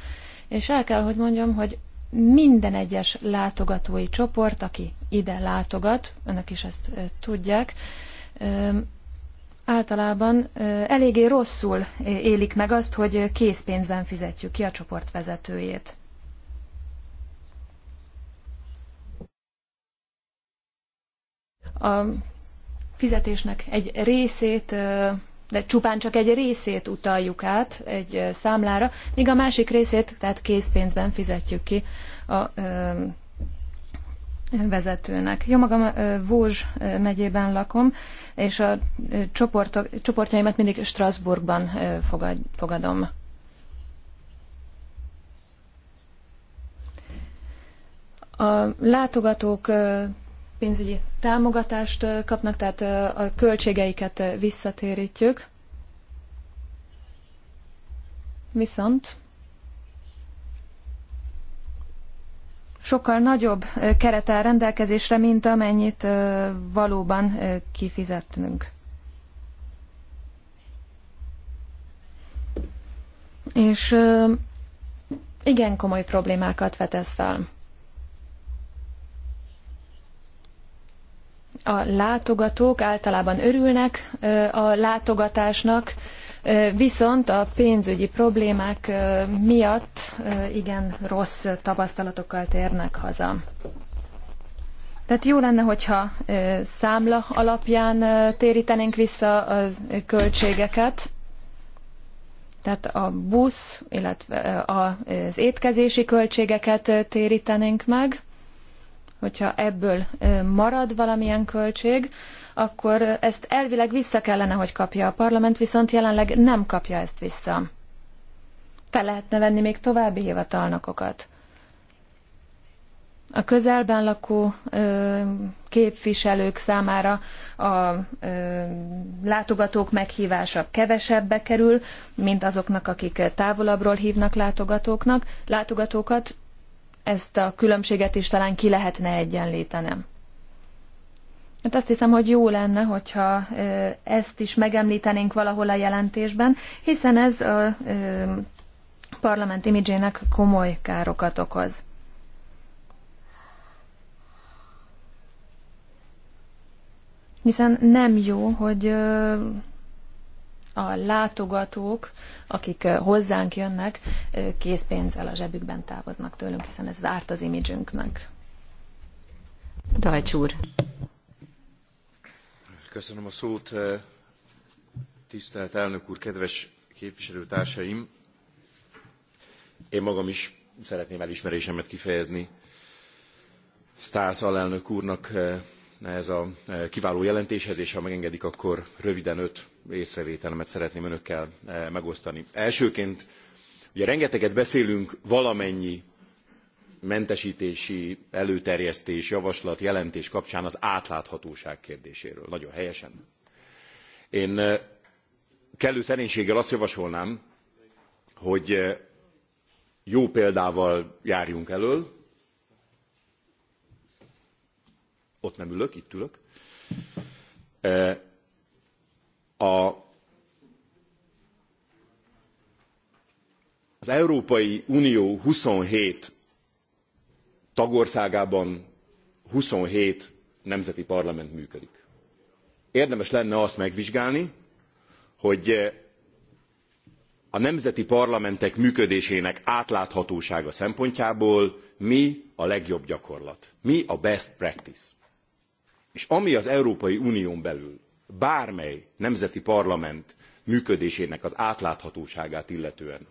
és el kell, hogy mondjam, hogy minden egyes látogatói csoport, aki ide látogat, önök is ezt tudják, általában eléggé rosszul élik meg azt, hogy készpénzben fizetjük ki a csoport vezetőjét. A fizetésnek egy részét de csupán csak egy részét utaljuk át egy számlára, míg a másik részét, tehát készpénzben fizetjük ki a ö, vezetőnek. Jó magam Vózs megyében lakom, és a csoportok, csoportjaimat mindig Strasbourgban fogad, fogadom. A látogatók pénzügyi támogatást kapnak, tehát a költségeiket visszatérítjük. Viszont sokkal nagyobb keret áll rendelkezésre, mint amennyit valóban kifizetnünk. És igen komoly problémákat vet ez fel. a látogatók általában örülnek a látogatásnak, viszont a pénzügyi problémák miatt igen rossz tapasztalatokkal térnek haza. Tehát jó lenne, hogyha számla alapján térítenénk vissza a költségeket, tehát a busz, illetve az étkezési költségeket térítenénk meg, hogyha ebből marad valamilyen költség, akkor ezt elvileg vissza kellene, hogy kapja a parlament, viszont jelenleg nem kapja ezt vissza. Fel lehetne venni még további hivatalnokokat. A közelben lakó ö, képviselők számára a ö, látogatók meghívása kevesebbe kerül, mint azoknak, akik távolabbról hívnak látogatóknak, látogatókat, ezt a különbséget is talán ki lehetne egyenlítenem. Hát azt hiszem, hogy jó lenne, hogyha ezt is megemlítenénk valahol a jelentésben, hiszen ez a parlament imidzsének komoly károkat okoz. Hiszen nem jó, hogy a látogatók, akik hozzánk jönnek, készpénzzel a zsebükben távoznak tőlünk, hiszen ez várt az imidzsünknek. Dajcs úr. Köszönöm a szót, tisztelt elnök úr, kedves képviselőtársaim! Én magam is szeretném elismerésemet kifejezni Stász alelnök úrnak ez a e, kiváló jelentéshez, és ha megengedik, akkor röviden öt észrevételemet szeretném önökkel e, megosztani. Elsőként, ugye rengeteget beszélünk valamennyi mentesítési előterjesztés, javaslat, jelentés kapcsán az átláthatóság kérdéséről. Nagyon helyesen. Én e, kellő szerénységgel azt javasolnám, hogy jó példával járjunk elől, ott nem ülök, itt ülök. E, a, az Európai Unió 27 tagországában 27 nemzeti parlament működik. Érdemes lenne azt megvizsgálni, hogy a nemzeti parlamentek működésének átláthatósága szempontjából mi a legjobb gyakorlat, mi a best practice és ami az európai unión belül bármely nemzeti parlament működésének az átláthatóságát illetően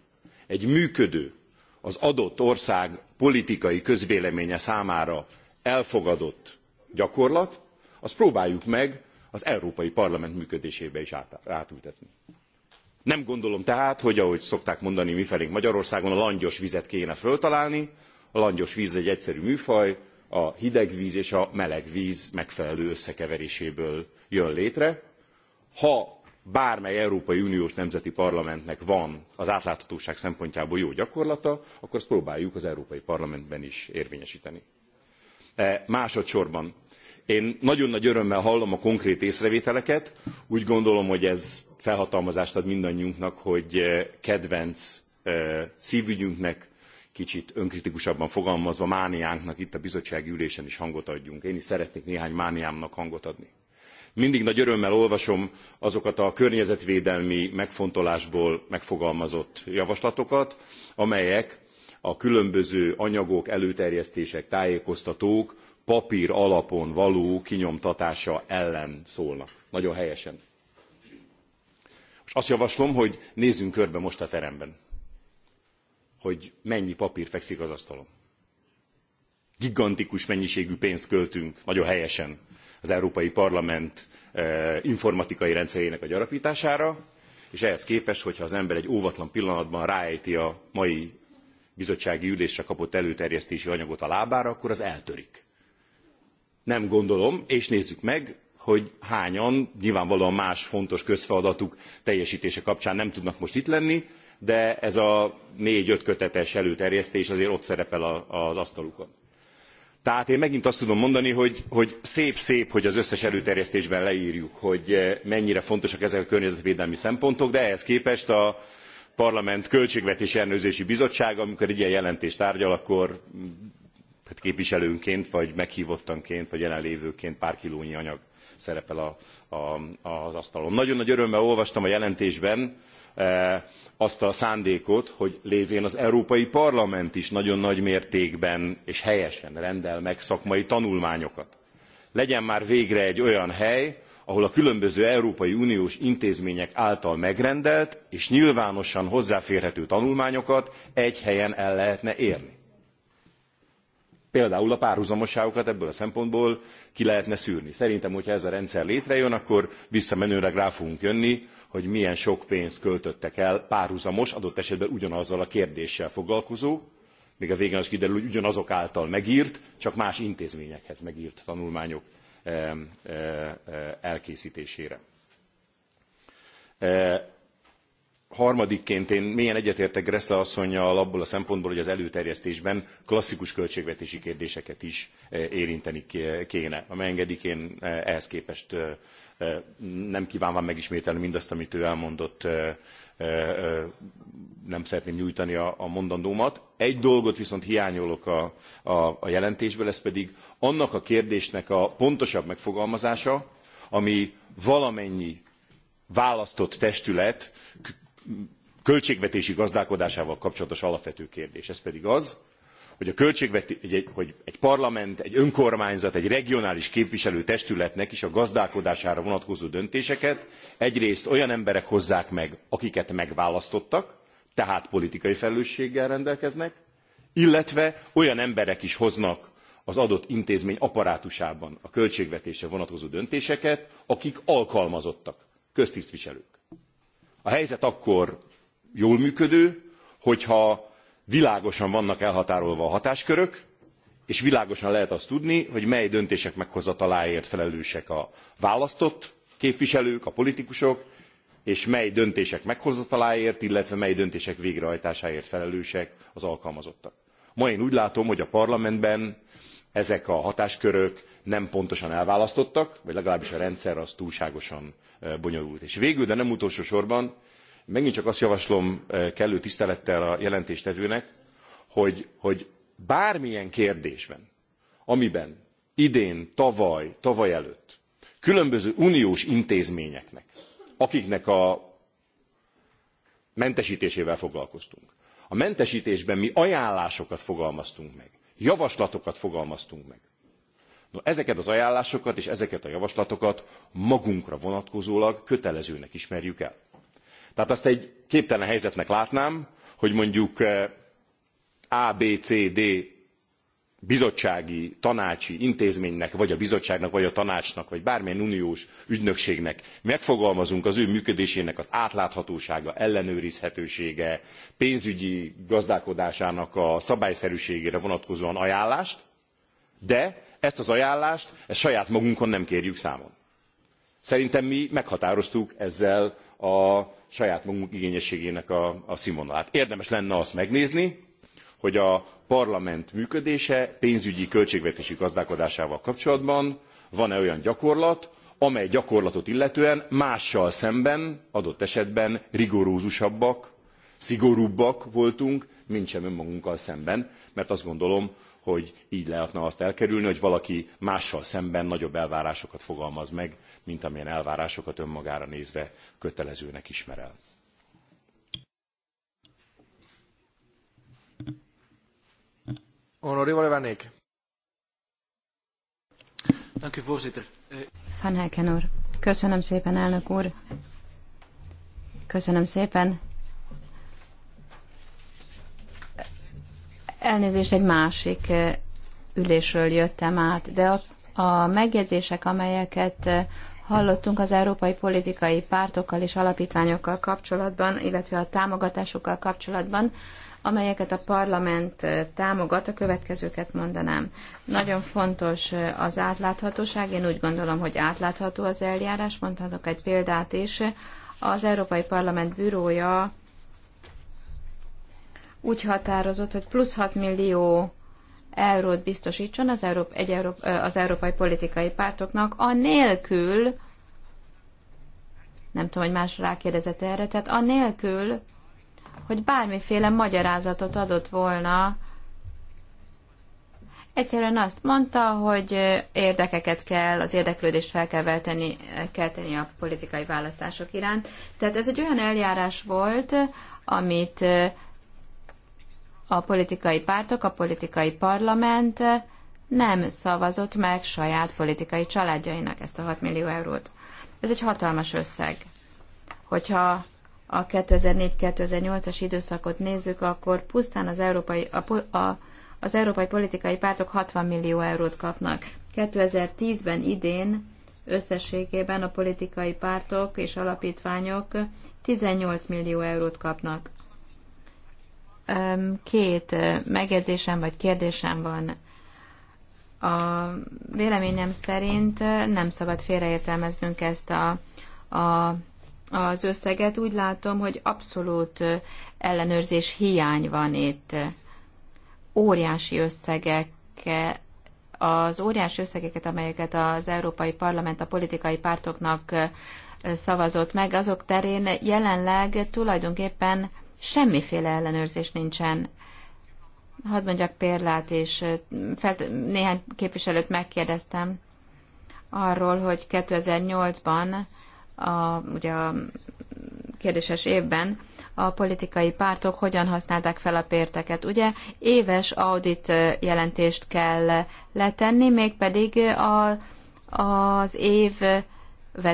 egy működő az adott ország politikai közvéleménye számára elfogadott gyakorlat azt próbáljuk meg az európai parlament működésébe is át, átültetni. nem gondolom tehát hogy ahogy szokták mondani mifelénk magyarországon a langyos vizet kéne föltalálni a langyos vz egy egyszerű műfaj a hideg víz és a meleg víz megfelelő összekeveréséből jön létre. Ha bármely Európai Uniós nemzeti parlamentnek van az átláthatóság szempontjából jó gyakorlata, akkor azt próbáljuk az Európai Parlamentben is érvényesíteni. E, másodszorban én nagyon nagy örömmel hallom a konkrét észrevételeket. Úgy gondolom, hogy ez felhatalmazást ad mindannyiunknak, hogy kedvenc e, szívügyünknek, kicsit önkritikusabban fogalmazva mániánknak itt a bizottsági ülésen is hangot adjunk. Én is szeretnék néhány mániámnak hangot adni. Mindig nagy örömmel olvasom azokat a környezetvédelmi megfontolásból megfogalmazott javaslatokat, amelyek a különböző anyagok, előterjesztések, tájékoztatók papír alapon való kinyomtatása ellen szólnak. Nagyon helyesen. Most azt javaslom, hogy nézzünk körbe most a teremben hogy mennyi papír fekszik az asztalon. Gigantikus mennyiségű pénzt költünk, nagyon helyesen, az Európai Parlament eh, informatikai rendszerének a gyarapítására, és ehhez képest, hogyha az ember egy óvatlan pillanatban ráejti a mai bizottsági ülésre kapott előterjesztési anyagot a lábára, akkor az eltörik. Nem gondolom, és nézzük meg, hogy hányan, nyilvánvalóan más fontos közfeladatuk teljesítése kapcsán nem tudnak most itt lenni, de ez a négy öt kötetes előterjesztés azért ott szerepel az asztalukon. Tehát én megint azt tudom mondani, hogy, hogy szép szép, hogy az összes előterjesztésben leírjuk, hogy mennyire fontosak ezek a környezetvédelmi szempontok, de ehhez képest a Parlament Költségvetési Ellenőrzési Bizottsága, amikor egy ilyen jelentést tárgyal, akkor hát képviselőnként, vagy meghívottanként, vagy jelenlévőként pár kilónyi anyag szerepel a, a, az asztalon. Nagyon nagy örömmel olvastam a jelentésben, E, azt a szándékot, hogy lévén az Európai Parlament is nagyon nagy mértékben és helyesen rendel meg szakmai tanulmányokat. Legyen már végre egy olyan hely, ahol a különböző Európai Uniós intézmények által megrendelt és nyilvánosan hozzáférhető tanulmányokat egy helyen el lehetne érni például a párhuzamosságokat ebből a szempontból ki lehetne szűrni. Szerintem, hogyha ez a rendszer létrejön, akkor visszamenőleg rá fogunk jönni, hogy milyen sok pénzt költöttek el párhuzamos, adott esetben ugyanazzal a kérdéssel foglalkozó, még a végén az kiderül, hogy ugyanazok által megírt, csak más intézményekhez megírt tanulmányok elkészítésére harmadikként én mélyen egyetértek Gressle asszonynal abból a szempontból, hogy az előterjesztésben klasszikus költségvetési kérdéseket is e, érinteni kéne. Ha megengedik, én e, ehhez képest e, nem kívánva megismételni mindazt, amit ő elmondott, nem szeretném nyújtani a mondandómat. Egy dolgot viszont hiányolok a, a, a jelentésből, ez pedig annak a kérdésnek a pontosabb megfogalmazása, ami valamennyi választott testület költségvetési gazdálkodásával kapcsolatos alapvető kérdés. Ez pedig az, hogy, a költségveti, hogy egy parlament, egy önkormányzat, egy regionális képviselőtestületnek is a gazdálkodására vonatkozó döntéseket egyrészt olyan emberek hozzák meg, akiket megválasztottak, tehát politikai felelősséggel rendelkeznek, illetve olyan emberek is hoznak az adott intézmény apparátusában a költségvetésre vonatkozó döntéseket, akik alkalmazottak, köztisztviselők a helyzet akkor jól működő hogyha világosan vannak elhatárolva a hatáskörök és világosan lehet azt tudni hogy mely döntések meghozataláért felelősek a választott képviselők a politikusok és mely döntések meghozataláért illetve mely döntések végrehajtásáért felelősek az alkalmazottak. ma én úgy látom hogy a parlamentben ezek a hatáskörök nem pontosan elválasztottak vagy legalábbis a rendszer az túlságosan Eh, bonyolult. És végül, de nem utolsó sorban, megint csak azt javaslom eh, kellő tisztelettel a jelentéstevőnek, hogy, hogy bármilyen kérdésben, amiben idén, tavaly, tavaly előtt különböző uniós intézményeknek, akiknek a mentesítésével foglalkoztunk. A mentesítésben mi ajánlásokat fogalmaztunk meg, javaslatokat fogalmaztunk meg. No, ezeket az ajánlásokat és ezeket a javaslatokat magunkra vonatkozólag kötelezőnek ismerjük el. Tehát azt egy képtelen helyzetnek látnám, hogy mondjuk eh, A, B, C, D bizottsági, tanácsi intézménynek, vagy a bizottságnak, vagy a tanácsnak, vagy bármilyen uniós ügynökségnek megfogalmazunk az ő működésének az átláthatósága, ellenőrizhetősége, pénzügyi gazdálkodásának a szabályszerűségére vonatkozóan ajánlást, de ezt az ajánlást ezt saját magunkon nem kérjük számon. szerintem mi meghatároztuk ezzel a saját magunk igényességének a, a színvonalát. érdemes lenne azt megnézni hogy a parlament működése pénzügyi költségvetési gazdálkodásával kapcsolatban van e olyan gyakorlat amely gyakorlatot illetően mással szemben adott esetben rigorózusabbak szigorúbbak voltunk mintsem önmagunkkal szemben mert azt gondolom hogy így lehetne azt elkerülni, hogy valaki mással szemben nagyobb elvárásokat fogalmaz meg, mint amilyen elvárásokat önmagára nézve kötelezőnek ismer el. Honorable eh, Van Eyck. Dank voorzitter. Van Hekken úr. Köszönöm szépen, elnök úr. Köszönöm szépen. Elnézést, egy másik ülésről jöttem át, de a, a megjegyzések, amelyeket hallottunk az európai politikai pártokkal és alapítványokkal kapcsolatban, illetve a támogatásokkal kapcsolatban, amelyeket a parlament támogat, a következőket mondanám. Nagyon fontos az átláthatóság, én úgy gondolom, hogy átlátható az eljárás, mondhatok egy példát is. Az Európai Parlament bürója úgy határozott, hogy plusz 6 millió eurót biztosítson az, Európ, egy Európ, az európai politikai pártoknak, anélkül, nem tudom, hogy más rákérdezett erre, tehát anélkül, hogy bármiféle magyarázatot adott volna, egyszerűen azt mondta, hogy érdekeket kell, az érdeklődést fel kell, velteni, kell tenni a politikai választások iránt. Tehát ez egy olyan eljárás volt, amit a politikai pártok, a politikai parlament nem szavazott meg saját politikai családjainak ezt a 6 millió eurót. Ez egy hatalmas összeg. Hogyha a 2004-2008-as időszakot nézzük, akkor pusztán az európai, a, a, az európai politikai pártok 60 millió eurót kapnak. 2010-ben idén összességében a politikai pártok és alapítványok 18 millió eurót kapnak. Két megjegyzésem vagy kérdésem van. A véleményem szerint nem szabad félreértelmeznünk ezt a, a, az összeget. Úgy látom, hogy abszolút ellenőrzés hiány van itt. Óriási összegek az óriási összegeket, amelyeket az Európai Parlament a politikai pártoknak szavazott meg, azok terén jelenleg tulajdonképpen semmiféle ellenőrzés nincsen. Hadd mondjak példát, és felt, néhány képviselőt megkérdeztem arról, hogy 2008-ban, a, ugye a kérdéses évben, a politikai pártok hogyan használták fel a pérteket. Ugye éves audit jelentést kell letenni, mégpedig a, az év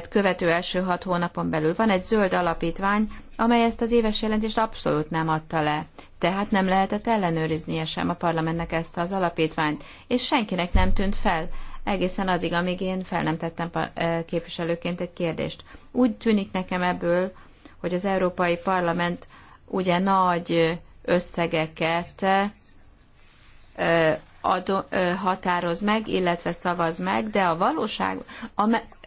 követő első hat hónapon belül. Van egy zöld alapítvány, amely ezt az éves jelentést abszolút nem adta le. Tehát nem lehetett ellenőriznie sem a parlamentnek ezt az alapítványt, és senkinek nem tűnt fel, egészen addig, amíg én fel nem tettem eh, képviselőként egy kérdést. Úgy tűnik nekem ebből, hogy az Európai Parlament ugye nagy összegeket eh, adó, határoz meg, illetve szavaz meg, de a valóság,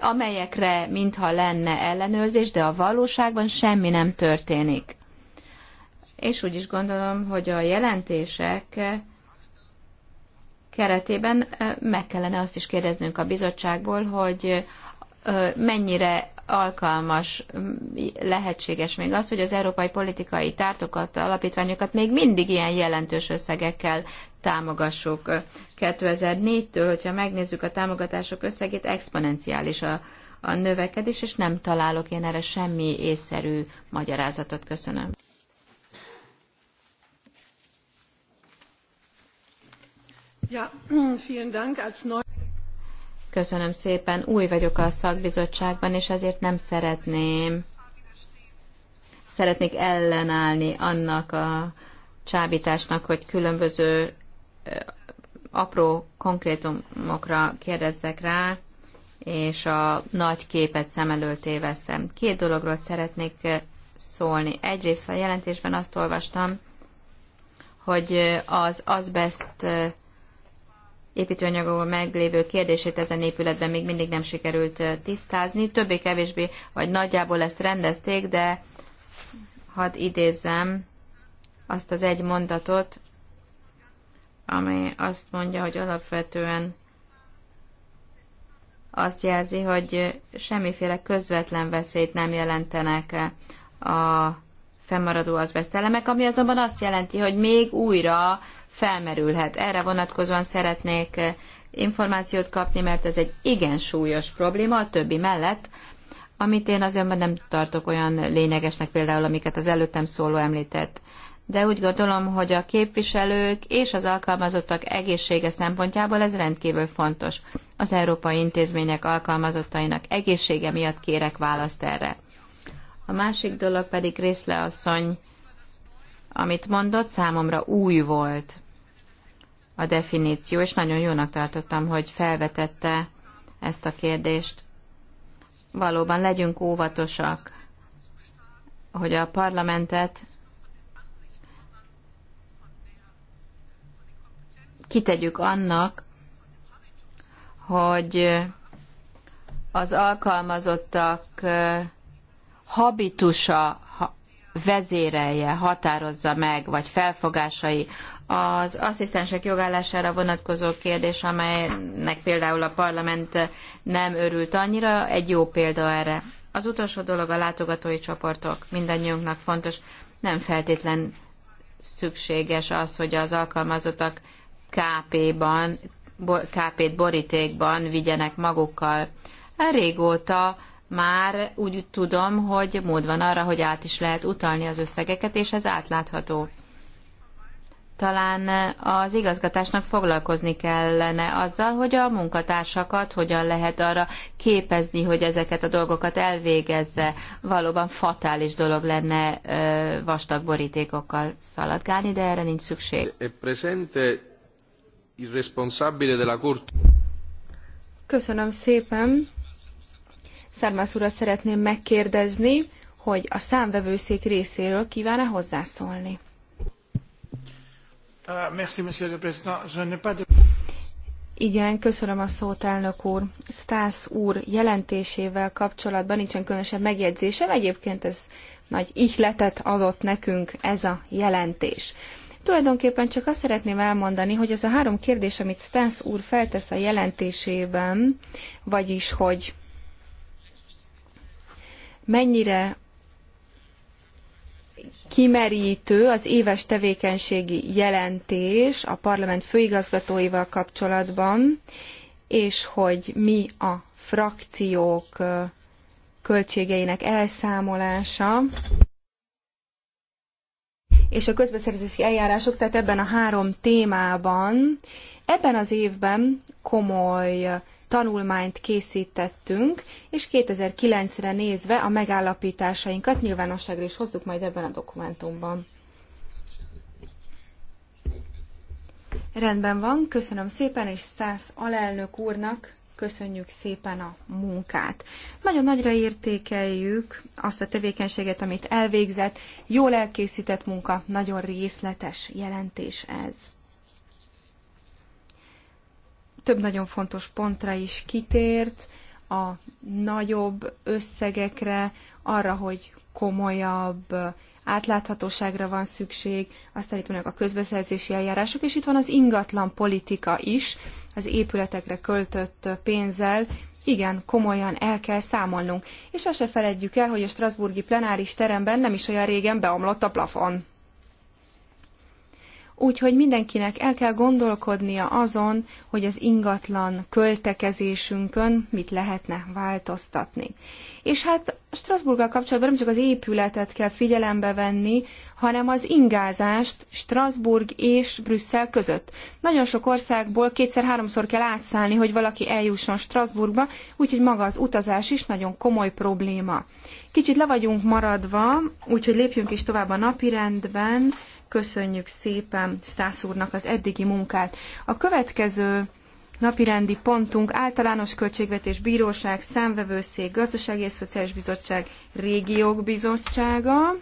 amelyekre mintha lenne ellenőrzés, de a valóságban semmi nem történik. És úgy is gondolom, hogy a jelentések keretében meg kellene azt is kérdeznünk a bizottságból, hogy mennyire alkalmas, lehetséges még az, hogy az európai politikai tártokat, alapítványokat még mindig ilyen jelentős összegekkel támogassuk. 2004-től, hogyha megnézzük a támogatások összegét, exponenciális a, a növekedés, és nem találok én erre semmi észszerű magyarázatot. Köszönöm. Ja, vielen Dank als Köszönöm szépen. Új vagyok a szakbizottságban, és ezért nem szeretném. Szeretnék ellenállni annak a csábításnak, hogy különböző apró konkrétumokra kérdezzek rá, és a nagy képet szem előtt éveszem. Két dologról szeretnék szólni. Egyrészt a jelentésben azt olvastam, hogy az azbest építőanyagokban meglévő kérdését ezen épületben még mindig nem sikerült tisztázni. Többé-kevésbé, vagy nagyjából ezt rendezték, de hadd idézzem azt az egy mondatot, amely azt mondja, hogy alapvetően azt jelzi, hogy semmiféle közvetlen veszélyt nem jelentenek a fennmaradó azbesztelemek, ami azonban azt jelenti, hogy még újra felmerülhet. Erre vonatkozóan szeretnék eh, információt kapni, mert ez egy igen súlyos probléma a többi mellett, amit én azonban nem tartok olyan lényegesnek például, amiket az előttem szóló említett. De úgy gondolom, hogy a képviselők és az alkalmazottak egészsége szempontjából ez rendkívül fontos. Az európai intézmények alkalmazottainak egészsége miatt kérek választ erre. A másik dolog pedig részleasszony, amit mondott, számomra új volt a definíció, és nagyon jónak tartottam, hogy felvetette ezt a kérdést. Valóban legyünk óvatosak, hogy a parlamentet kitegyük annak, hogy az alkalmazottak habitusa vezérelje, határozza meg, vagy felfogásai az asszisztensek jogállására vonatkozó kérdés, amelynek például a parlament nem örült annyira, egy jó példa erre. Az utolsó dolog a látogatói csoportok. Mindannyiunknak fontos, nem feltétlen szükséges az, hogy az alkalmazottak KP-ban, KP-t borítékban vigyenek magukkal. Régóta már úgy tudom, hogy mód van arra, hogy át is lehet utalni az összegeket, és ez átlátható talán az igazgatásnak foglalkozni kellene azzal, hogy a munkatársakat hogyan lehet arra képezni, hogy ezeket a dolgokat elvégezze. Valóban fatális dolog lenne vastag borítékokkal szaladgálni, de erre nincs szükség. Köszönöm szépen. Szármász urat szeretném megkérdezni, hogy a számvevőszék részéről kíván-e hozzászólni. Euh, merci, Monsieur le Président. Je n'ai pas de... Igen, köszönöm a szót, elnök úr. Stász úr jelentésével kapcsolatban nincsen különösebb megjegyzésem, egyébként ez nagy ihletet adott nekünk ez a jelentés. Tulajdonképpen csak azt szeretném elmondani, hogy ez a három kérdés, amit Stász úr feltesz a jelentésében, vagyis hogy mennyire kimerítő az éves tevékenységi jelentés a parlament főigazgatóival kapcsolatban, és hogy mi a frakciók költségeinek elszámolása, és a közbeszerzési eljárások, tehát ebben a három témában, ebben az évben komoly tanulmányt készítettünk, és 2009-re nézve a megállapításainkat nyilvánosságra is hozzuk majd ebben a dokumentumban. Rendben van, köszönöm szépen, és Stász alelnök úrnak köszönjük szépen a munkát. Nagyon nagyra értékeljük azt a tevékenységet, amit elvégzett. Jól elkészített munka, nagyon részletes jelentés ez több nagyon fontos pontra is kitért, a nagyobb összegekre, arra, hogy komolyabb átláthatóságra van szükség, aztán itt vannak a közbeszerzési eljárások, és itt van az ingatlan politika is, az épületekre költött pénzzel, igen, komolyan el kell számolnunk. És azt se feledjük el, hogy a Strasburgi plenáris teremben nem is olyan régen beomlott a plafon. Úgyhogy mindenkinek el kell gondolkodnia azon, hogy az ingatlan költekezésünkön mit lehetne változtatni. És hát Strasburggal kapcsolatban nem csak az épületet kell figyelembe venni, hanem az ingázást Strasbourg és Brüsszel között. Nagyon sok országból kétszer-háromszor kell átszállni, hogy valaki eljusson Strasbourgba, úgyhogy maga az utazás is nagyon komoly probléma. Kicsit le vagyunk maradva, úgyhogy lépjünk is tovább a napirendben. Köszönjük szépen Stász úrnak az eddigi munkát. A következő napirendi pontunk általános költségvetés bíróság, számvevőszék, gazdasági és szociális bizottság, régiók bizottsága.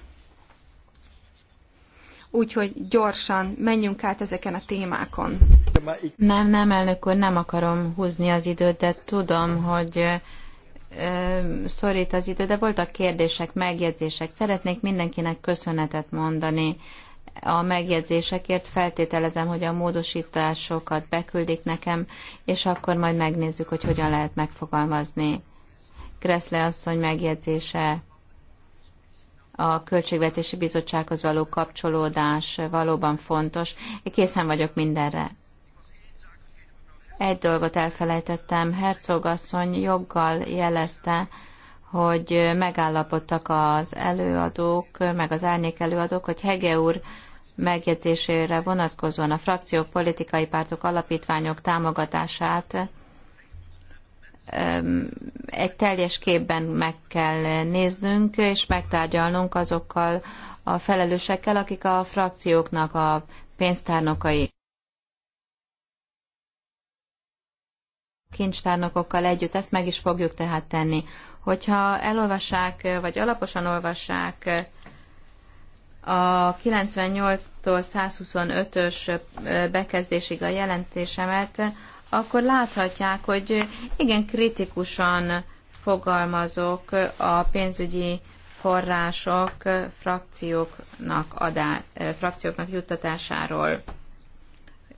Úgyhogy gyorsan menjünk át ezeken a témákon. Nem, nem, elnök úr, nem akarom húzni az időt, de tudom, hogy szorít az idő, de voltak kérdések, megjegyzések. Szeretnék mindenkinek köszönetet mondani a megjegyzésekért. Feltételezem, hogy a módosításokat beküldik nekem, és akkor majd megnézzük, hogy hogyan lehet megfogalmazni. Kreszle asszony megjegyzése a Költségvetési Bizottsághoz való kapcsolódás valóban fontos. Én készen vagyok mindenre. Egy dolgot elfelejtettem. Herzog asszony joggal jelezte, hogy megállapodtak az előadók, meg az árnyék előadók, hogy Hege úr megjegyzésére vonatkozóan a frakciók, politikai pártok, alapítványok támogatását egy teljes képben meg kell néznünk, és megtárgyalnunk azokkal a felelősekkel, akik a frakcióknak a pénztárnokai. kincstárnokokkal együtt, ezt meg is fogjuk tehát tenni. Hogyha elolvassák, vagy alaposan olvassák a 98-tól 125-ös bekezdésig a jelentésemet, akkor láthatják, hogy igen kritikusan fogalmazok a pénzügyi források frakcióknak, adá, frakcióknak juttatásáról,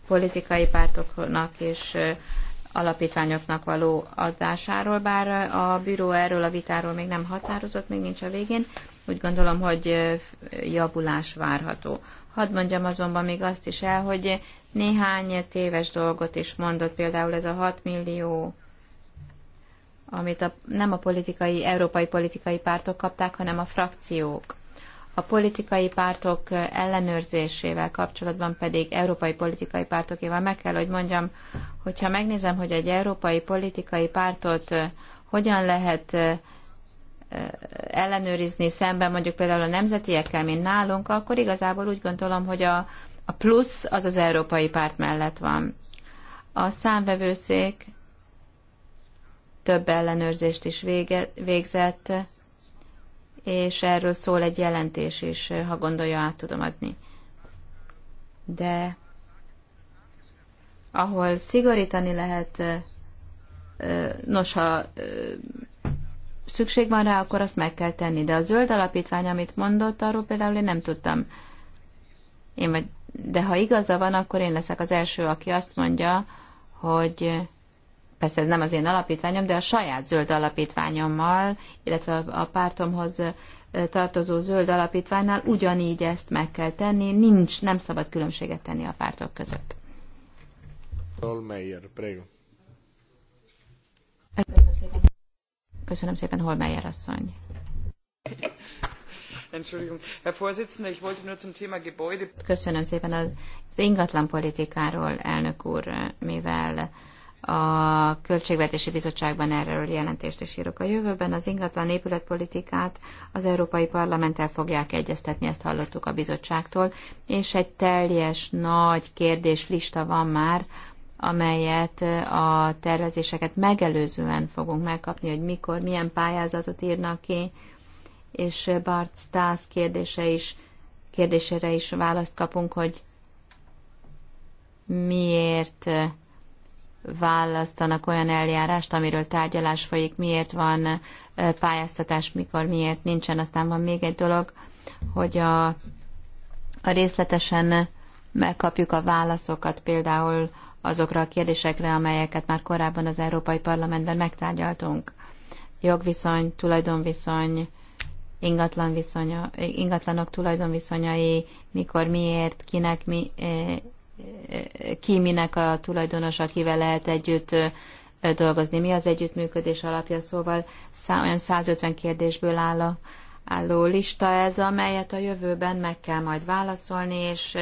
politikai pártoknak és alapítványoknak való adásáról, bár a bíró erről a vitáról még nem határozott, még nincs a végén, úgy gondolom, hogy javulás várható. Hadd mondjam azonban még azt is el, hogy néhány téves dolgot is mondott, például ez a 6 millió, amit a, nem a politikai, európai politikai pártok kapták, hanem a frakciók. A politikai pártok ellenőrzésével kapcsolatban pedig európai politikai pártokéval meg kell, hogy mondjam, hogyha megnézem, hogy egy európai politikai pártot hogyan lehet ellenőrizni szemben mondjuk például a nemzetiekkel, mint nálunk, akkor igazából úgy gondolom, hogy a, a plusz az az európai párt mellett van. A számvevőszék több ellenőrzést is vége, végzett, és erről szól egy jelentés is, ha gondolja, át tudom adni. De ahol szigorítani lehet, nos, ha szükség van rá, akkor azt meg kell tenni. De a zöld alapítvány, amit mondott, arról például én nem tudtam. Én vagy, de ha igaza van, akkor én leszek az első, aki azt mondja, hogy persze ez nem az én alapítványom, de a saját zöld alapítványommal, illetve a pártomhoz tartozó zöld alapítványnál ugyanígy ezt meg kell tenni, nincs, nem szabad különbséget tenni a pártok között. Köszönöm szépen. Köszönöm szépen, Holmeyer asszony. Köszönöm szépen az, az ingatlan politikáról, elnök úr, mivel a Költségvetési Bizottságban erről jelentést is írok. A jövőben az ingatlan épületpolitikát az Európai Parlamenttel fogják egyeztetni, ezt hallottuk a bizottságtól, és egy teljes nagy kérdéslista van már amelyet a tervezéseket megelőzően fogunk megkapni, hogy mikor, milyen pályázatot írnak ki, és Bart Stász kérdése is, kérdésére is választ kapunk, hogy miért választanak olyan eljárást, amiről tárgyalás folyik, miért van pályáztatás, mikor, miért nincsen. Aztán van még egy dolog, hogy a, a részletesen megkapjuk a válaszokat, például azokra a kérdésekre, amelyeket már korábban az Európai Parlamentben megtárgyaltunk. Jogviszony, tulajdonviszony, ingatlan viszonya, ingatlanok tulajdonviszonyai, mikor, miért, kinek, mi, eh, eh, ki minek a tulajdonosa, akivel lehet együtt eh, dolgozni, mi az együttműködés alapja, szóval olyan 150 kérdésből áll a, álló lista ez, amelyet a jövőben meg kell majd válaszolni, és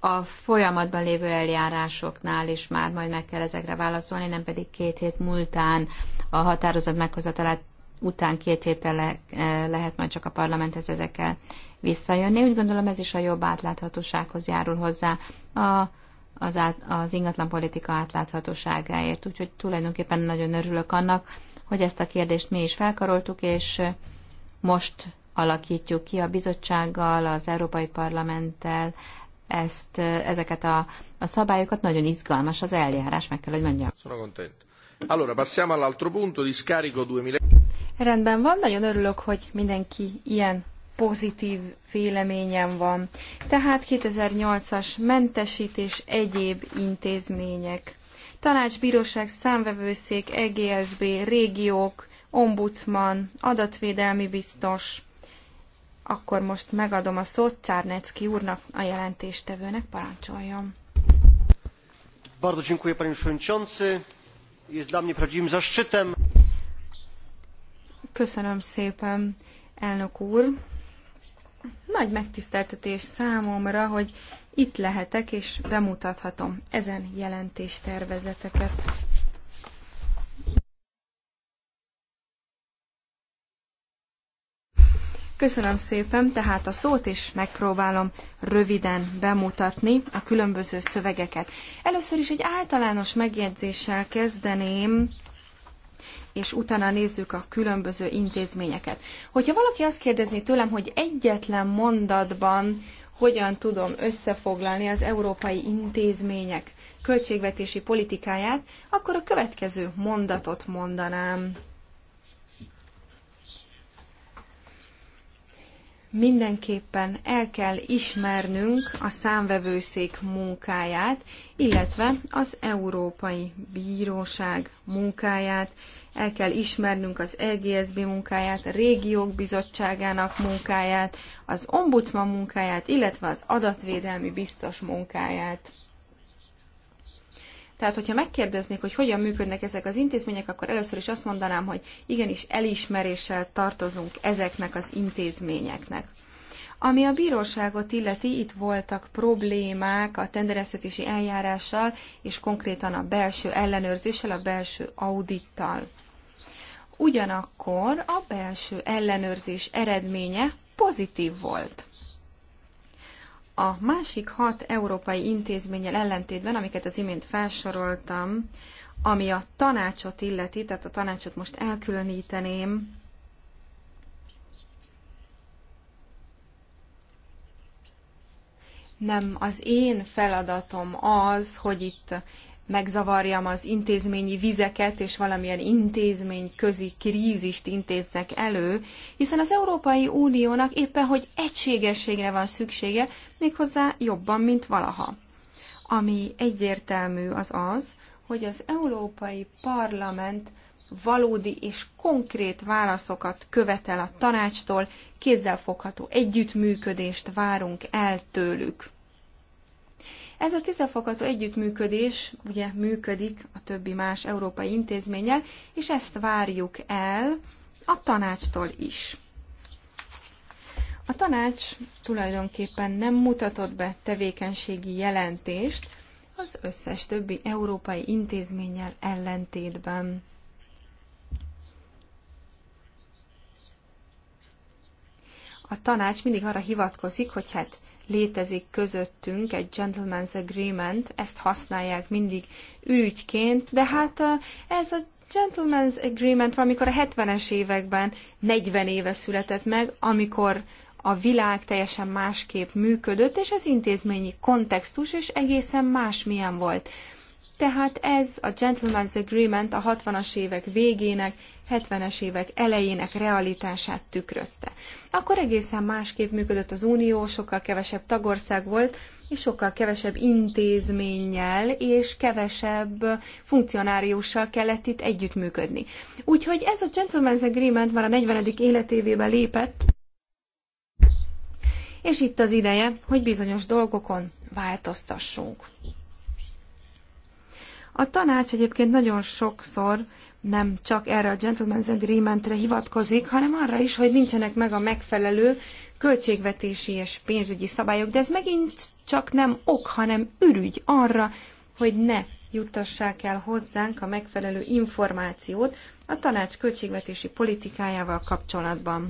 a folyamatban lévő eljárásoknál is már majd meg kell ezekre válaszolni, nem pedig két hét múltán a határozat meghozatalát után két héttel le, eh, lehet majd csak a parlamenthez ezekkel visszajönni. Úgy gondolom ez is a jobb átláthatósághoz járul hozzá a, az, át, az ingatlan politika átláthatóságáért. Úgyhogy tulajdonképpen nagyon örülök annak, hogy ezt a kérdést mi is felkaroltuk, és eh, most alakítjuk ki a bizottsággal, az Európai Parlamenttel, ezt, ezeket a, a szabályokat, nagyon izgalmas az eljárás, meg kell, hogy mondjam. Allora, passiamo all'altro punto di 2000. Rendben van, nagyon örülök, hogy mindenki ilyen pozitív véleményem van. Tehát 2008-as mentesítés egyéb intézmények. Tanácsbíróság, számvevőszék, EGSB, régiók, ombudsman, adatvédelmi biztos, akkor most megadom a szót Czárnecki úrnak, a jelentéstevőnek, parancsoljon. Bardzo dziękuję, panie przewodniczący. Jest dla mnie prawdziwym zaszczytem. Köszönöm szépen, elnök úr. Nagy megtiszteltetés számomra, hogy itt lehetek és bemutathatom ezen jelentéstervezeteket. Köszönöm szépen, tehát a szót is megpróbálom röviden bemutatni a különböző szövegeket. Először is egy általános megjegyzéssel kezdeném, és utána nézzük a különböző intézményeket. Hogyha valaki azt kérdezni tőlem, hogy egyetlen mondatban hogyan tudom összefoglalni az európai intézmények költségvetési politikáját, akkor a következő mondatot mondanám. mindenképpen el kell ismernünk a számvevőszék munkáját, illetve az Európai Bíróság munkáját, el kell ismernünk az EGSB munkáját, a Régiók Bizottságának munkáját, az Ombudsman munkáját, illetve az Adatvédelmi Biztos munkáját. Tehát, hogyha megkérdeznék, hogy hogyan működnek ezek az intézmények, akkor először is azt mondanám, hogy igenis elismeréssel tartozunk ezeknek az intézményeknek. Ami a bíróságot illeti, itt voltak problémák a tendereztetési eljárással, és konkrétan a belső ellenőrzéssel, a belső audittal. Ugyanakkor a belső ellenőrzés eredménye pozitív volt. A másik hat európai intézménnyel ellentétben, amiket az imént felsoroltam, ami a tanácsot illeti, tehát a tanácsot most elkülöníteném, nem az én feladatom az, hogy itt megzavarjam az intézményi vizeket, és valamilyen intézmény közi krízist intézzek elő, hiszen az Európai Uniónak éppen, hogy egységességre van szüksége, méghozzá jobban, mint valaha. Ami egyértelmű az az, hogy az Európai Parlament valódi és konkrét válaszokat követel a tanácstól, kézzelfogható együttműködést várunk el tőlük. Ez a kézzelfogható együttműködés ugye működik a többi más európai intézménnyel, és ezt várjuk el a tanácstól is. A tanács tulajdonképpen nem mutatott be tevékenységi jelentést az összes többi európai intézménnyel ellentétben. A tanács mindig arra hivatkozik, hogy hát létezik közöttünk egy gentleman's agreement, ezt használják mindig ürügyként, de hát ez a gentleman's agreement valamikor a 70-es években 40 éve született meg, amikor a világ teljesen másképp működött, és az intézményi kontextus is egészen másmilyen volt. Tehát ez a Gentleman's Agreement a 60-as évek végének, 70-es évek elejének realitását tükrözte. Akkor egészen másképp működött az Unió, sokkal kevesebb tagország volt, és sokkal kevesebb intézménnyel és kevesebb funkcionáriussal kellett itt együttműködni. Úgyhogy ez a Gentleman's Agreement már a 40. életévébe lépett, és itt az ideje, hogy bizonyos dolgokon változtassunk. A tanács egyébként nagyon sokszor nem csak erre a Gentleman's Agreementre hivatkozik, hanem arra is, hogy nincsenek meg a megfelelő költségvetési és pénzügyi szabályok, de ez megint csak nem ok, hanem ürügy arra, hogy ne juttassák el hozzánk a megfelelő információt a tanács költségvetési politikájával kapcsolatban.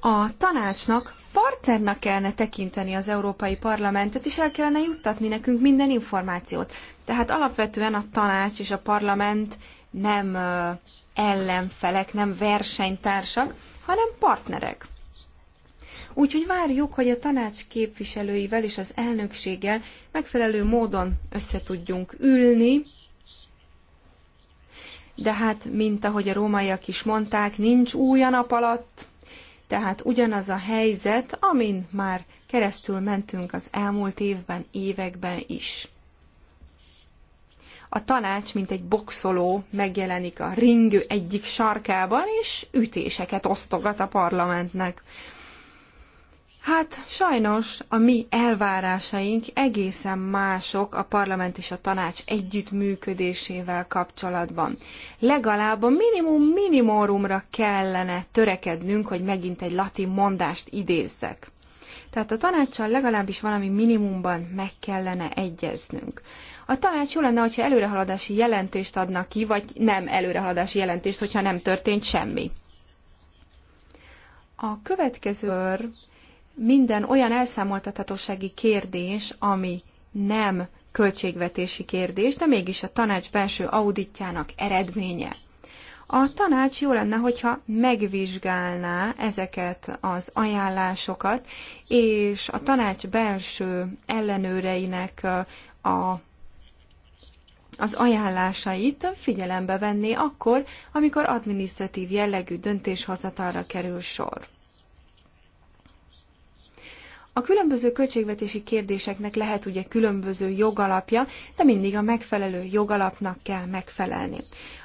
a tanácsnak partnernak kellene tekinteni az Európai Parlamentet, és el kellene juttatni nekünk minden információt. Tehát alapvetően a tanács és a parlament nem ellenfelek, nem versenytársak, hanem partnerek. Úgyhogy várjuk, hogy a tanács képviselőivel és az elnökséggel megfelelő módon összetudjunk ülni, de hát, mint ahogy a rómaiak is mondták, nincs új a nap alatt, tehát ugyanaz a helyzet, amin már keresztül mentünk az elmúlt évben, években is. A tanács, mint egy boxoló, megjelenik a ring egyik sarkában, és ütéseket osztogat a parlamentnek. Hát sajnos a mi elvárásaink egészen mások a parlament és a tanács együttműködésével kapcsolatban. Legalább a minimum minimumra kellene törekednünk, hogy megint egy latin mondást idézzek. Tehát a tanácssal legalábbis valami minimumban meg kellene egyeznünk. A tanács jó lenne, hogyha előrehaladási jelentést adnak ki, vagy nem előrehaladási jelentést, hogyha nem történt semmi. A következő minden olyan elszámoltathatósági kérdés, ami nem költségvetési kérdés, de mégis a tanács belső auditjának eredménye. A tanács jó lenne, hogyha megvizsgálná ezeket az ajánlásokat, és a tanács belső ellenőreinek a az ajánlásait figyelembe venné akkor, amikor adminisztratív jellegű döntéshozatalra kerül sor. A különböző költségvetési kérdéseknek lehet ugye különböző jogalapja, de mindig a megfelelő jogalapnak kell megfelelni.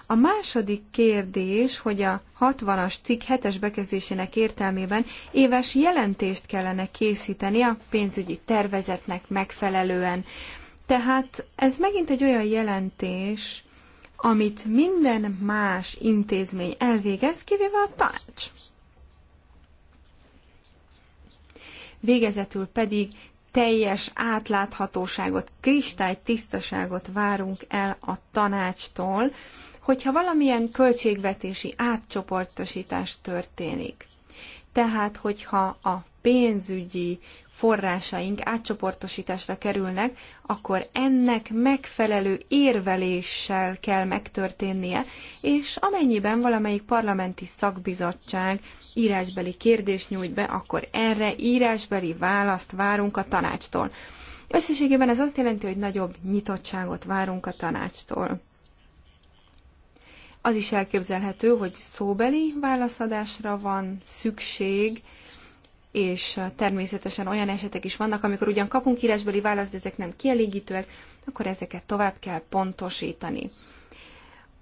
A második kérdés, hogy a 60-as cikk 7-es bekezdésének értelmében éves jelentést kellene készíteni a pénzügyi tervezetnek megfelelően. Tehát ez megint egy olyan jelentés, amit minden más intézmény elvégez, kivéve a tanács. végezetül pedig teljes átláthatóságot, tisztaságot várunk el a tanácstól, hogyha valamilyen költségvetési átcsoportosítás történik. Tehát, hogyha a pénzügyi forrásaink átcsoportosításra kerülnek, akkor ennek megfelelő érveléssel kell megtörténnie, és amennyiben valamelyik parlamenti szakbizottság írásbeli kérdést nyújt be, akkor erre írásbeli választ várunk a tanácstól. Összességében ez azt jelenti, hogy nagyobb nyitottságot várunk a tanácstól. Az is elképzelhető, hogy szóbeli válaszadásra van szükség, és természetesen olyan esetek is vannak, amikor ugyan kapunk írásbeli választ, de ezek nem kielégítőek, akkor ezeket tovább kell pontosítani.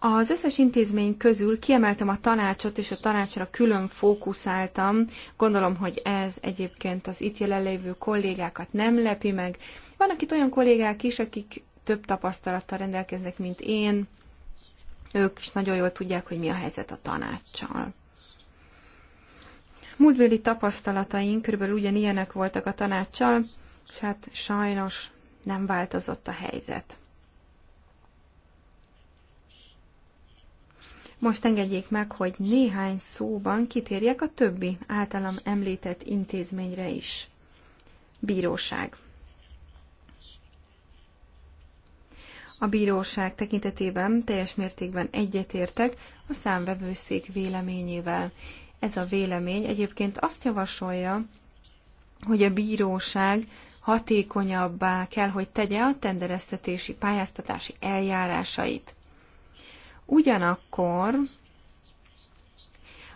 Az összes intézmény közül kiemeltem a tanácsot, és a tanácsra külön fókuszáltam. Gondolom, hogy ez egyébként az itt jelenlévő kollégákat nem lepi meg. Vannak itt olyan kollégák is, akik több tapasztalattal rendelkeznek, mint én. Ők is nagyon jól tudják, hogy mi a helyzet a tanácssal. Múltbéli tapasztalataink körülbelül ugyanilyenek voltak a tanácssal, és hát sajnos nem változott a helyzet. Most engedjék meg, hogy néhány szóban kitérjek a többi általam említett intézményre is. Bíróság. A bíróság tekintetében teljes mértékben egyetértek a számvevőszék véleményével. Ez a vélemény egyébként azt javasolja, hogy a bíróság hatékonyabbá kell, hogy tegye a tendereztetési pályáztatási eljárásait. Ugyanakkor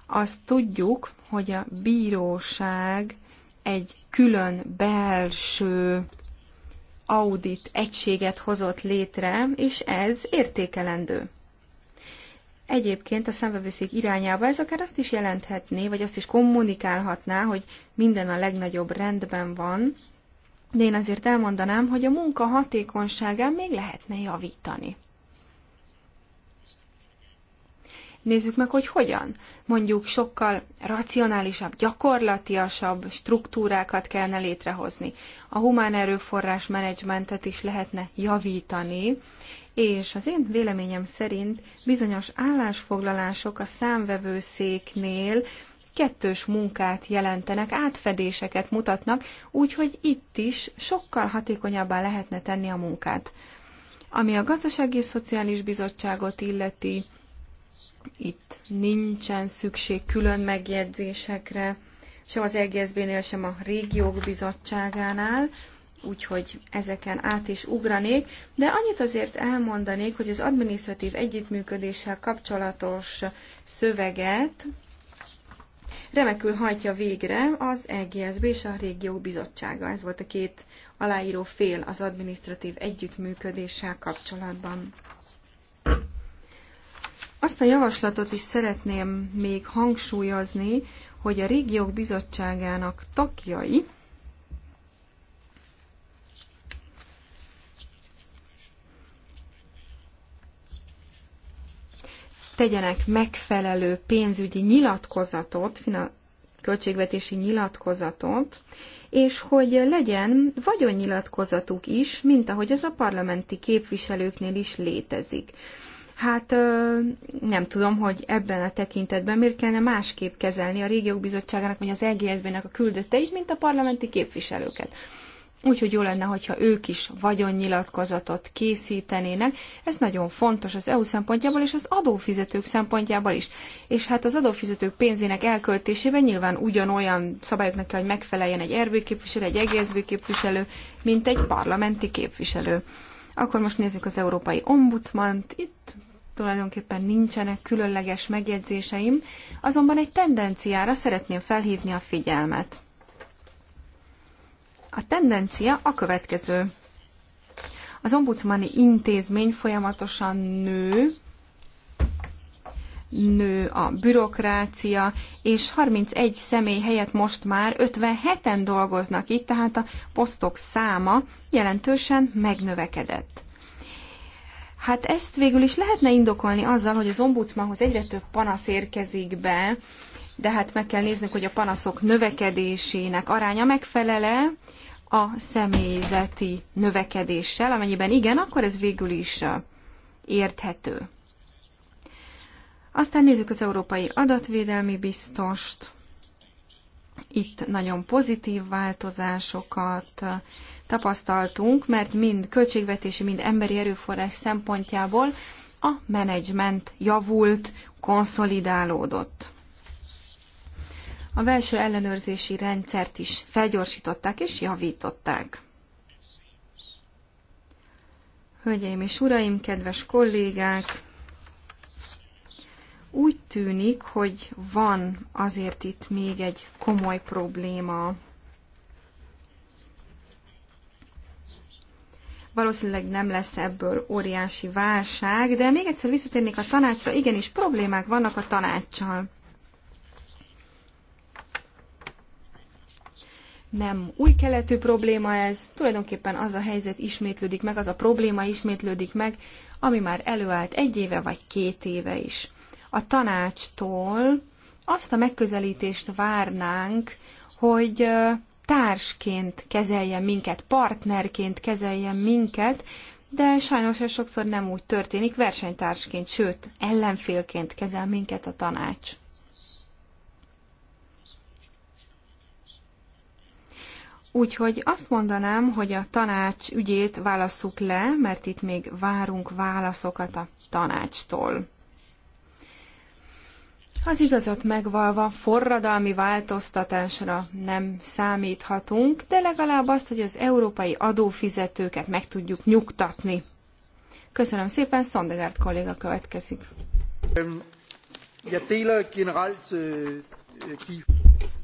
azt tudjuk, hogy a bíróság egy külön belső audit egységet hozott létre, és ez értékelendő. Egyébként a szembevőszék irányába ez akár azt is jelenthetné, vagy azt is kommunikálhatná, hogy minden a legnagyobb rendben van, de én azért elmondanám, hogy a munka hatékonyságán még lehetne javítani. Nézzük meg, hogy hogyan. Mondjuk sokkal racionálisabb, gyakorlatiasabb struktúrákat kellene létrehozni. A humán erőforrás menedzsmentet is lehetne javítani, és az én véleményem szerint bizonyos állásfoglalások a számvevőszéknél kettős munkát jelentenek, átfedéseket mutatnak, úgyhogy itt is sokkal hatékonyabbá lehetne tenni a munkát. Ami a Gazdasági és Szociális Bizottságot illeti, itt nincsen szükség külön megjegyzésekre, sem az EGSZB-nél, sem a régiók bizottságánál, úgyhogy ezeken át is ugranék, de annyit azért elmondanék, hogy az adminisztratív együttműködéssel kapcsolatos szöveget remekül hajtja végre az EGSB és a Régiók Bizottsága. Ez volt a két aláíró fél az adminisztratív együttműködéssel kapcsolatban. Azt a javaslatot is szeretném még hangsúlyozni, hogy a régiók bizottságának tagjai tegyenek megfelelő pénzügyi nyilatkozatot, költségvetési nyilatkozatot, és hogy legyen vagyonnyilatkozatuk is, mint ahogy ez a parlamenti képviselőknél is létezik. Hát nem tudom, hogy ebben a tekintetben miért kellene másképp kezelni a régiók bizottságának vagy az EGSB-nek a küldötteit, mint a parlamenti képviselőket. Úgyhogy jó lenne, hogyha ők is vagyonnyilatkozatot készítenének. Ez nagyon fontos az EU szempontjából és az adófizetők szempontjából is. És hát az adófizetők pénzének elköltésében nyilván ugyanolyan szabályoknak kell, hogy megfeleljen egy RB képviselő, egy EGSB képviselő, mint egy parlamenti képviselő. Akkor most nézzük az Európai Ombudsmant. Itt tulajdonképpen nincsenek különleges megjegyzéseim, azonban egy tendenciára szeretném felhívni a figyelmet. A tendencia a következő. Az ombudsmani intézmény folyamatosan nő, nő a bürokrácia, és 31 személy helyett most már 57-en dolgoznak itt, tehát a posztok száma jelentősen megnövekedett. Hát ezt végül is lehetne indokolni azzal, hogy az ombudsmanhoz egyre több panasz érkezik be, de hát meg kell néznünk, hogy a panaszok növekedésének aránya megfelele a személyzeti növekedéssel. Amennyiben igen, akkor ez végül is uh, érthető. Aztán nézzük az Európai Adatvédelmi Biztost. Itt nagyon pozitív változásokat tapasztaltunk, mert mind költségvetési, mind emberi erőforrás szempontjából a menedzsment javult, konszolidálódott. A belső ellenőrzési rendszert is felgyorsították és javították. Hölgyeim és uraim, kedves kollégák! Úgy tűnik, hogy van azért itt még egy komoly probléma Valószínűleg nem lesz ebből óriási válság, de még egyszer visszatérnék a tanácsra, igenis problémák vannak a tanácssal. nem új keletű probléma ez, tulajdonképpen az a helyzet ismétlődik meg, az a probléma ismétlődik meg, ami már előállt egy éve vagy két éve is. A tanácstól azt a megközelítést várnánk, hogy társként kezeljen minket, partnerként kezeljen minket, de sajnos ez sokszor nem úgy történik, versenytársként, sőt, ellenfélként kezel minket a tanács. Úgyhogy azt mondanám, hogy a tanács ügyét válasszuk le, mert itt még várunk válaszokat a tanácstól. Az igazat megvalva forradalmi változtatásra nem számíthatunk, de legalább azt, hogy az európai adófizetőket meg tudjuk nyugtatni. Köszönöm szépen, Szondegárt kolléga következik.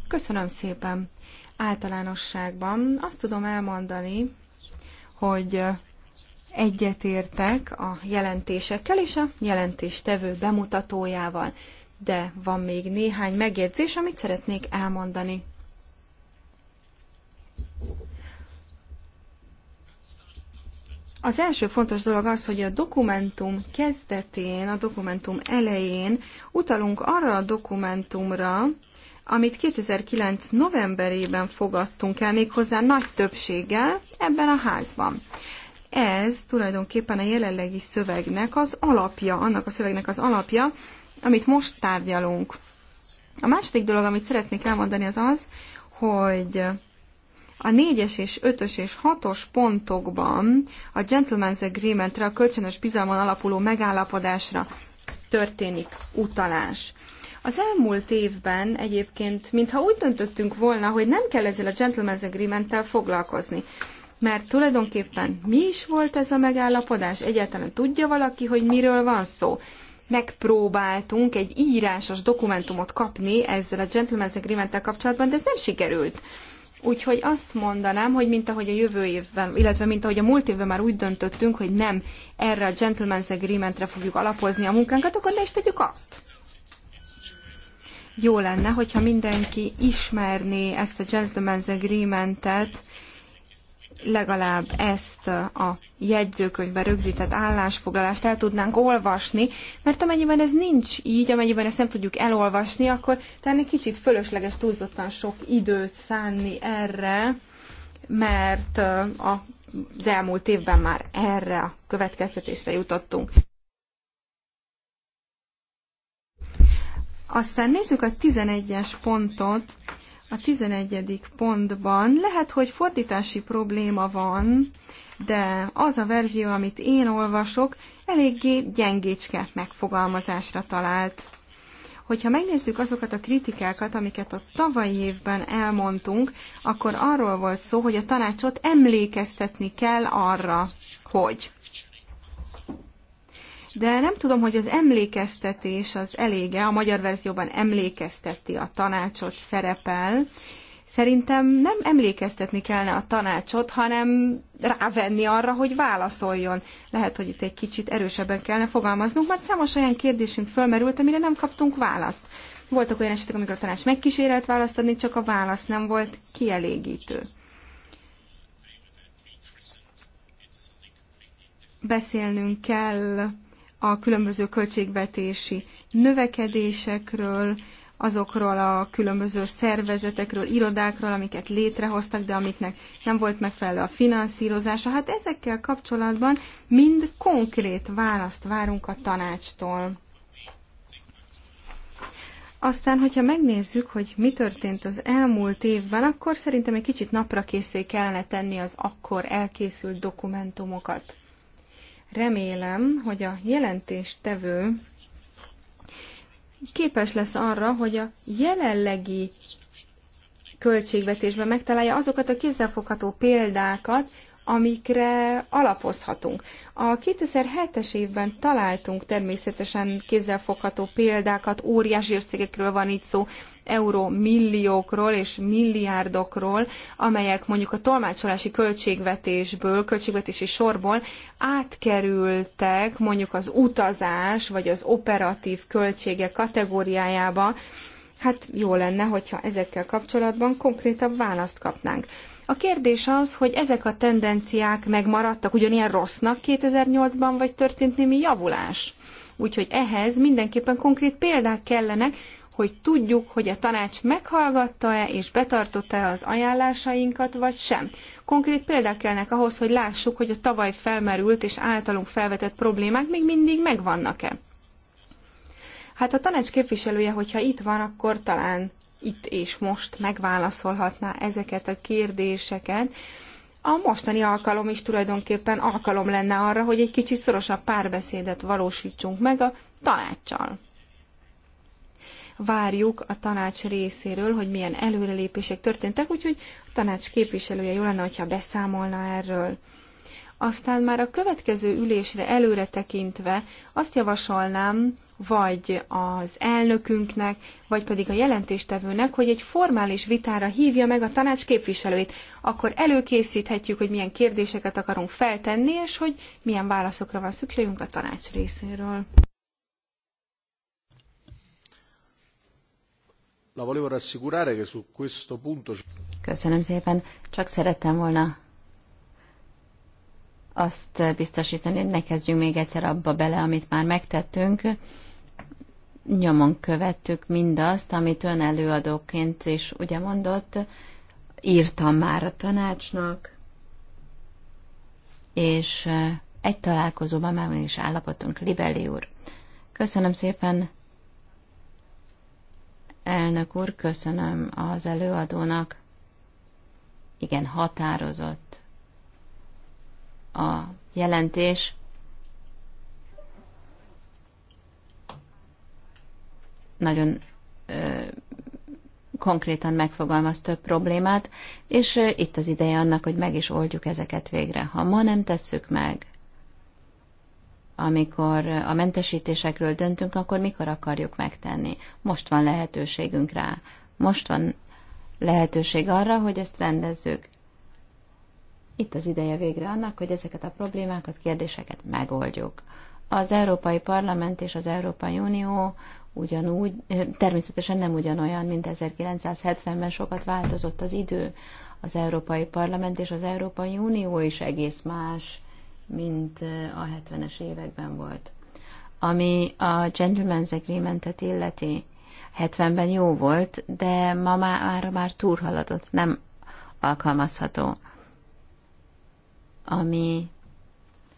Köszönöm szépen. Általánosságban azt tudom elmondani, hogy egyetértek a jelentésekkel és a jelentéstevő bemutatójával de van még néhány megjegyzés, amit szeretnék elmondani. Az első fontos dolog az, hogy a dokumentum kezdetén, a dokumentum elején utalunk arra a dokumentumra, amit 2009. novemberében fogadtunk el, méghozzá nagy többséggel ebben a házban. Ez tulajdonképpen a jelenlegi szövegnek az alapja, annak a szövegnek az alapja, amit most tárgyalunk. A második dolog, amit szeretnék elmondani, az az, hogy a négyes és ötös és hatos pontokban a Gentleman's Agreementre, a kölcsönös bizalmon alapuló megállapodásra történik utalás. Az elmúlt évben egyébként, mintha úgy döntöttünk volna, hogy nem kell ezzel a Gentleman's Agreement-tel foglalkozni. Mert tulajdonképpen mi is volt ez a megállapodás? Egyáltalán tudja valaki, hogy miről van szó? megpróbáltunk egy írásos dokumentumot kapni ezzel a Gentleman's agreement kapcsolatban, de ez nem sikerült. Úgyhogy azt mondanám, hogy mint ahogy a jövő évben, illetve mint ahogy a múlt évben már úgy döntöttünk, hogy nem erre a Gentleman's Agreementre fogjuk alapozni a munkánkat, akkor ne is tegyük azt. Jó lenne, hogyha mindenki ismerné ezt a Gentleman's Agreementet, legalább ezt a jegyzőkönyvben rögzített állásfoglalást el tudnánk olvasni, mert amennyiben ez nincs így, amennyiben ezt nem tudjuk elolvasni, akkor talán egy kicsit fölösleges túlzottan sok időt szánni erre, mert a az elmúlt évben már erre a következtetésre jutottunk. Aztán nézzük a 11-es pontot, a 11. pontban lehet, hogy fordítási probléma van, de az a verzió, amit én olvasok, eléggé gyengécske megfogalmazásra talált. Hogyha megnézzük azokat a kritikákat, amiket a tavalyi évben elmondtunk, akkor arról volt szó, hogy a tanácsot emlékeztetni kell arra, hogy de nem tudom, hogy az emlékeztetés az elége, a magyar verzióban emlékezteti a tanácsot szerepel. Szerintem nem emlékeztetni kellene a tanácsot, hanem rávenni arra, hogy válaszoljon. Lehet, hogy itt egy kicsit erősebben kellene fogalmaznunk, mert számos olyan kérdésünk fölmerült, amire nem kaptunk választ. Voltak olyan esetek, amikor a tanács megkísérelt választ adni, csak a válasz nem volt kielégítő. beszélnünk kell a különböző költségvetési növekedésekről, azokról a különböző szervezetekről, irodákról, amiket létrehoztak, de amiknek nem volt megfelelő a finanszírozása. Hát ezekkel kapcsolatban mind konkrét választ várunk a tanácstól. Aztán, hogyha megnézzük, hogy mi történt az elmúlt évben, akkor szerintem egy kicsit napra készé kellene tenni az akkor elkészült dokumentumokat. Remélem, hogy a jelentéstevő képes lesz arra, hogy a jelenlegi költségvetésben megtalálja azokat a kézzelfogható példákat, amikre alapozhatunk. A 2007-es évben találtunk természetesen kézzelfogható példákat, óriási összegekről van itt szó, eurómilliókról és milliárdokról, amelyek mondjuk a tolmácsolási költségvetésből, költségvetési sorból átkerültek mondjuk az utazás vagy az operatív költségek kategóriájába, hát jó lenne, hogyha ezekkel kapcsolatban konkrétabb választ kapnánk. A kérdés az, hogy ezek a tendenciák megmaradtak ugyanilyen rossznak 2008-ban, vagy történt némi javulás? Úgyhogy ehhez mindenképpen konkrét példák kellenek, hogy tudjuk, hogy a tanács meghallgatta-e és betartotta-e az ajánlásainkat, vagy sem. Konkrét példák kellnek ahhoz, hogy lássuk, hogy a tavaly felmerült és általunk felvetett problémák még mindig megvannak-e. Hát a tanács képviselője, hogyha itt van, akkor talán itt és most megválaszolhatná ezeket a kérdéseket. A mostani alkalom is tulajdonképpen alkalom lenne arra, hogy egy kicsit szorosabb párbeszédet valósítsunk meg a tanácssal várjuk a tanács részéről, hogy milyen előrelépések történtek, úgyhogy a tanács képviselője jó lenne, hogyha beszámolna erről. Aztán már a következő ülésre előre tekintve azt javasolnám, vagy az elnökünknek, vagy pedig a jelentéstevőnek, hogy egy formális vitára hívja meg a tanács képviselőit. Akkor előkészíthetjük, hogy milyen kérdéseket akarunk feltenni, és hogy milyen válaszokra van szükségünk a tanács részéről. La volevo rassicurare che su questo punto... Köszönöm szépen. Csak szerettem volna azt biztosítani, hogy ne kezdjünk még egyszer abba bele, amit már megtettünk. Nyomon követtük mindazt, amit ön előadóként is ugye mondott. Írtam már a tanácsnak, és egy találkozóban már is állapotunk, Libeli úr. Köszönöm szépen Elnök úr, köszönöm az előadónak. Igen, határozott a jelentés. Nagyon ö, konkrétan megfogalmaz több problémát, és itt az ideje annak, hogy meg is oldjuk ezeket végre. Ha ma nem tesszük meg, amikor a mentesítésekről döntünk, akkor mikor akarjuk megtenni. Most van lehetőségünk rá. Most van lehetőség arra, hogy ezt rendezzük. Itt az ideje végre annak, hogy ezeket a problémákat, kérdéseket megoldjuk. Az Európai Parlament és az Európai Unió ugyanúgy, természetesen nem ugyanolyan, mint 1970-ben sokat változott az idő. Az Európai Parlament és az Európai Unió is egész más mint a 70-es években volt. Ami a Gentleman's Agreement-et illeti, 70-ben jó volt, de ma már, már túrhaladott, nem alkalmazható. Ami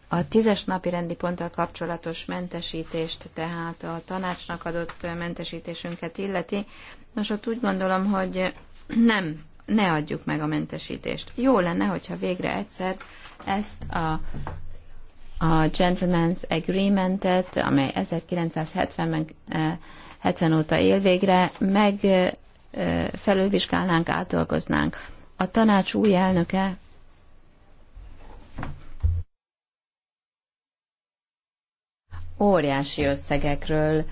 a tízes napi rendi ponttal kapcsolatos mentesítést, tehát a tanácsnak adott mentesítésünket illeti, nos ott úgy gondolom, hogy nem, ne adjuk meg a mentesítést. Jó lenne, hogyha végre egyszer ezt a a Gentleman's Agreement-et, amely 1970-ben 70 eh, óta él végre, meg eh, felülvizsgálnánk, átdolgoznánk. A tanács új elnöke óriási összegekről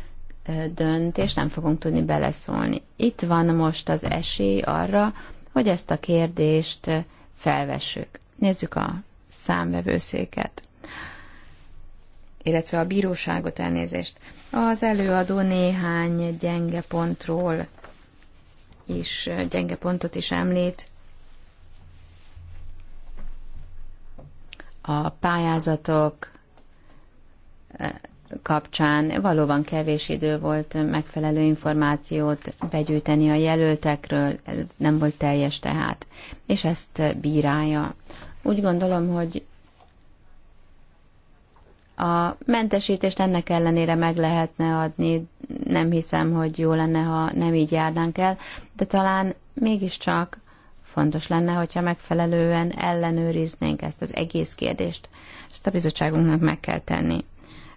eh, dönt, és nem fogunk tudni beleszólni. Itt van most az esély arra, hogy ezt a kérdést felvessük. Nézzük a számvevőszéket illetve a bíróságot elnézést. Az előadó néhány gyenge pontról is, gyenge pontot is említ. A pályázatok eh, kapcsán valóban kevés idő volt megfelelő információt begyűjteni a jelöltekről, nem volt teljes tehát, és ezt bírálja. Úgy gondolom, hogy a mentesítést ennek ellenére meg lehetne adni, nem hiszem, hogy jó lenne, ha nem így járnánk el, de talán mégiscsak fontos lenne, hogyha megfelelően ellenőriznénk ezt az egész kérdést. Ezt a bizottságunknak meg kell tenni.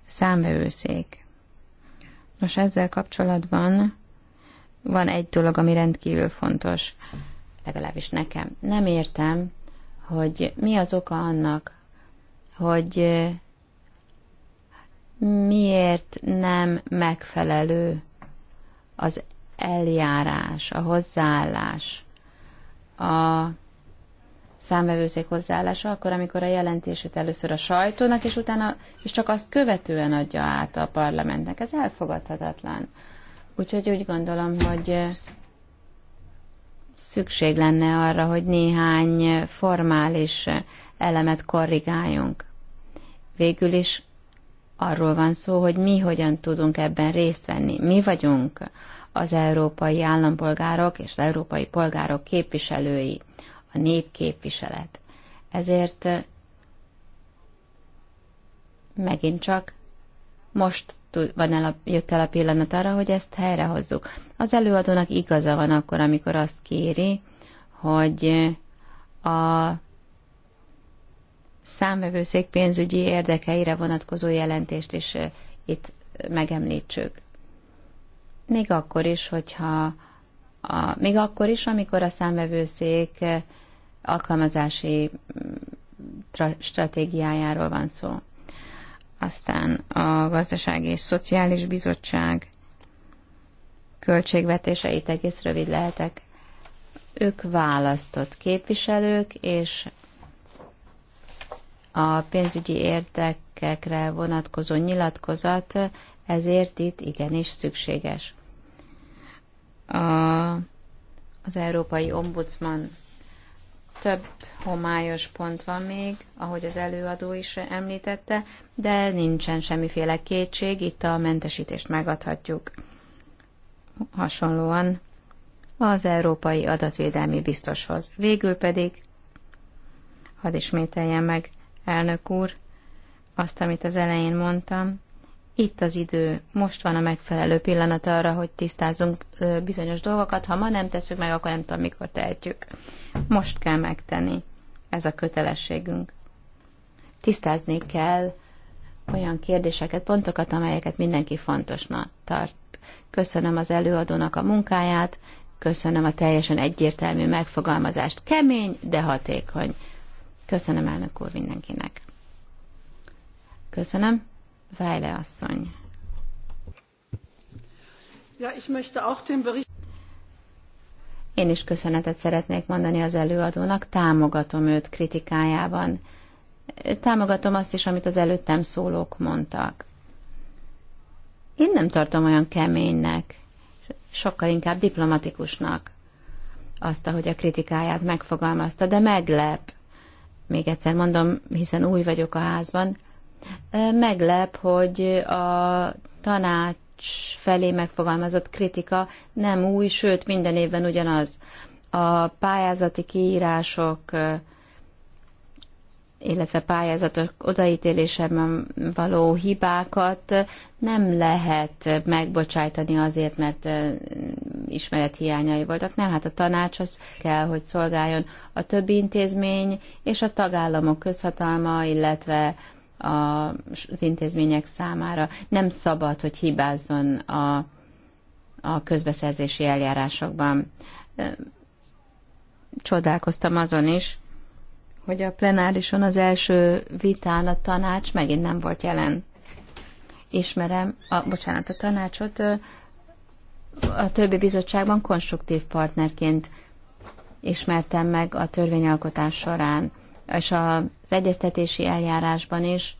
Számbeőszék. Nos, ezzel kapcsolatban van egy dolog, ami rendkívül fontos, legalábbis nekem. Nem értem, hogy mi az oka annak, hogy miért nem megfelelő az eljárás, a hozzáállás, a számvevőszék hozzáállása, akkor, amikor a jelentését először a sajtónak, és utána, és csak azt követően adja át a parlamentnek. Ez elfogadhatatlan. Úgyhogy úgy gondolom, hogy eh, szükség lenne arra, hogy néhány eh, formális eh, elemet korrigáljunk. Végül is arról van szó, hogy mi hogyan tudunk ebben részt venni. Mi vagyunk az európai állampolgárok és az európai polgárok képviselői, a népképviselet. Ezért megint csak most van el a, jött el a pillanat arra, hogy ezt helyrehozzuk. Az előadónak igaza van akkor, amikor azt kéri, hogy a számvevőszék pénzügyi érdekeire vonatkozó jelentést is itt megemlítsük. Még akkor is, hogyha a, még akkor is, amikor a számvevőszék alkalmazási tra- stratégiájáról van szó. Aztán a Gazdasági és Szociális Bizottság költségvetéseit egész rövid lehetek. Ők választott képviselők, és a pénzügyi érdekekre vonatkozó nyilatkozat, ezért itt igenis szükséges. A, az Európai Ombudsman több homályos pont van még, ahogy az előadó is említette, de nincsen semmiféle kétség, itt a mentesítést megadhatjuk. Hasonlóan az Európai Adatvédelmi Biztoshoz. Végül pedig, hadd ismételjem meg, elnök úr, azt, amit az elején mondtam. Itt az idő, most van a megfelelő pillanat arra, hogy tisztázzunk bizonyos dolgokat. Ha ma nem tesszük meg, akkor nem tudom, mikor tehetjük. Most kell megtenni. Ez a kötelességünk. Tisztázni kell olyan kérdéseket, pontokat, amelyeket mindenki fontosnak tart. Köszönöm az előadónak a munkáját, köszönöm a teljesen egyértelmű megfogalmazást. Kemény, de hatékony. Köszönöm, elnök úr, mindenkinek. Köszönöm. Vájle asszony. Ja, ich möchte auch den Bericht én is köszönetet szeretnék mondani az előadónak, támogatom őt kritikájában. Támogatom azt is, amit az előttem szólók mondtak. Én nem tartom olyan keménynek, sokkal inkább diplomatikusnak azt, ahogy a kritikáját megfogalmazta, de meglep, még egyszer mondom, hiszen új vagyok a házban, meglep, hogy a tanács felé megfogalmazott kritika nem új, sőt minden évben ugyanaz. A pályázati kiírások, illetve pályázatok odaítélésében való hibákat nem lehet megbocsájtani azért, mert ismeret hiányai voltak. Nem, hát a tanács az kell, hogy szolgáljon a többi intézmény és a tagállamok közhatalma, illetve az intézmények számára. Nem szabad, hogy hibázzon a, a közbeszerzési eljárásokban. Csodálkoztam azon is, hogy a plenárison az első vitán a tanács megint nem volt jelen. Ismerem, a, bocsánat, a tanácsot a többi bizottságban konstruktív partnerként ismertem meg a törvényalkotás során, és az egyeztetési eljárásban is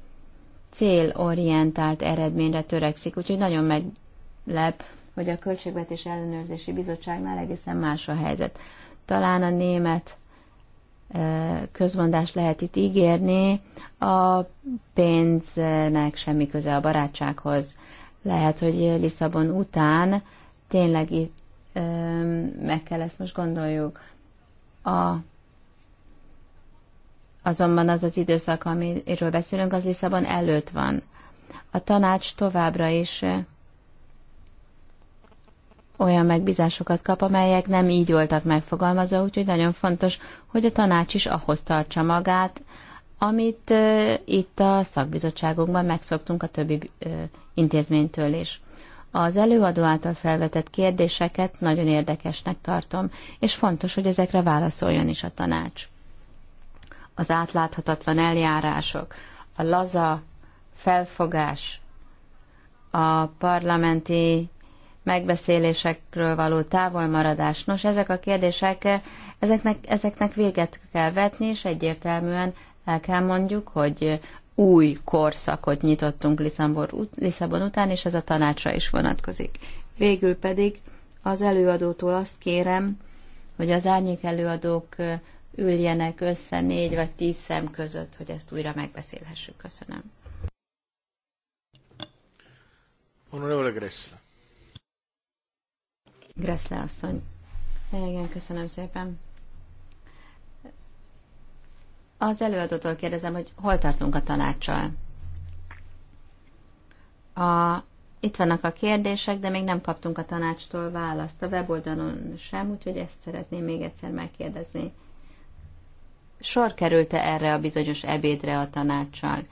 célorientált eredményre törekszik, úgyhogy nagyon meglep, hogy a Költségvetés Ellenőrzési Bizottságnál egészen más a helyzet. Talán a német közmondás lehet itt ígérni, a pénznek semmi köze a barátsághoz. Lehet, hogy Lisszabon után tényleg itt meg kell ezt most gondoljuk. A, azonban az az időszak, amiről beszélünk, az Lisszabon előtt van. A tanács továbbra is olyan megbízásokat kap, amelyek nem így voltak megfogalmazva, úgyhogy nagyon fontos, hogy a tanács is ahhoz tartsa magát, amit itt a szakbizottságunkban megszoktunk a többi intézménytől is. Az előadó által felvetett kérdéseket nagyon érdekesnek tartom, és fontos, hogy ezekre válaszoljon is a tanács. Az átláthatatlan eljárások, a laza felfogás, a parlamenti megbeszélésekről való távolmaradás. Nos, ezek a kérdések, ezeknek, ezeknek véget kell vetni, és egyértelműen el kell mondjuk, hogy új korszakot nyitottunk Lisszabon, Lisszabon után, és ez a tanácsra is vonatkozik. Végül pedig az előadótól azt kérem, hogy az árnyék előadók üljenek össze négy vagy tíz szem között, hogy ezt újra megbeszélhessük. Köszönöm. Honorable Gressler. Greszle asszony. Igen, köszönöm szépen. Az előadótól kérdezem, hogy hol tartunk a tanácssal? A, itt vannak a kérdések, de még nem kaptunk a tanácstól választ. A weboldalon sem, úgyhogy ezt szeretném még egyszer megkérdezni. Sor került-e erre a bizonyos ebédre a tanácssal?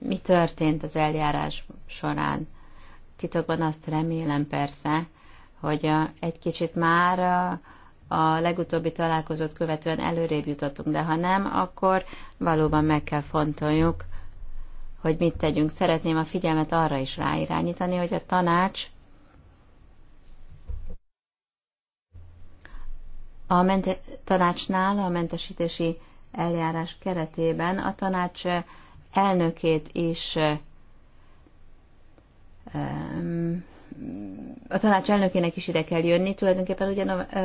Mi történt az eljárás során? Titokban azt remélem persze, hogy egy kicsit már a, legutóbbi találkozót követően előrébb jutottunk, de ha nem, akkor valóban meg kell fontoljuk, hogy mit tegyünk. Szeretném a figyelmet arra is ráirányítani, hogy a tanács a mente, tanácsnál a mentesítési eljárás keretében a tanács elnökét is a tanács elnökének is ide kell jönni, tulajdonképpen ugye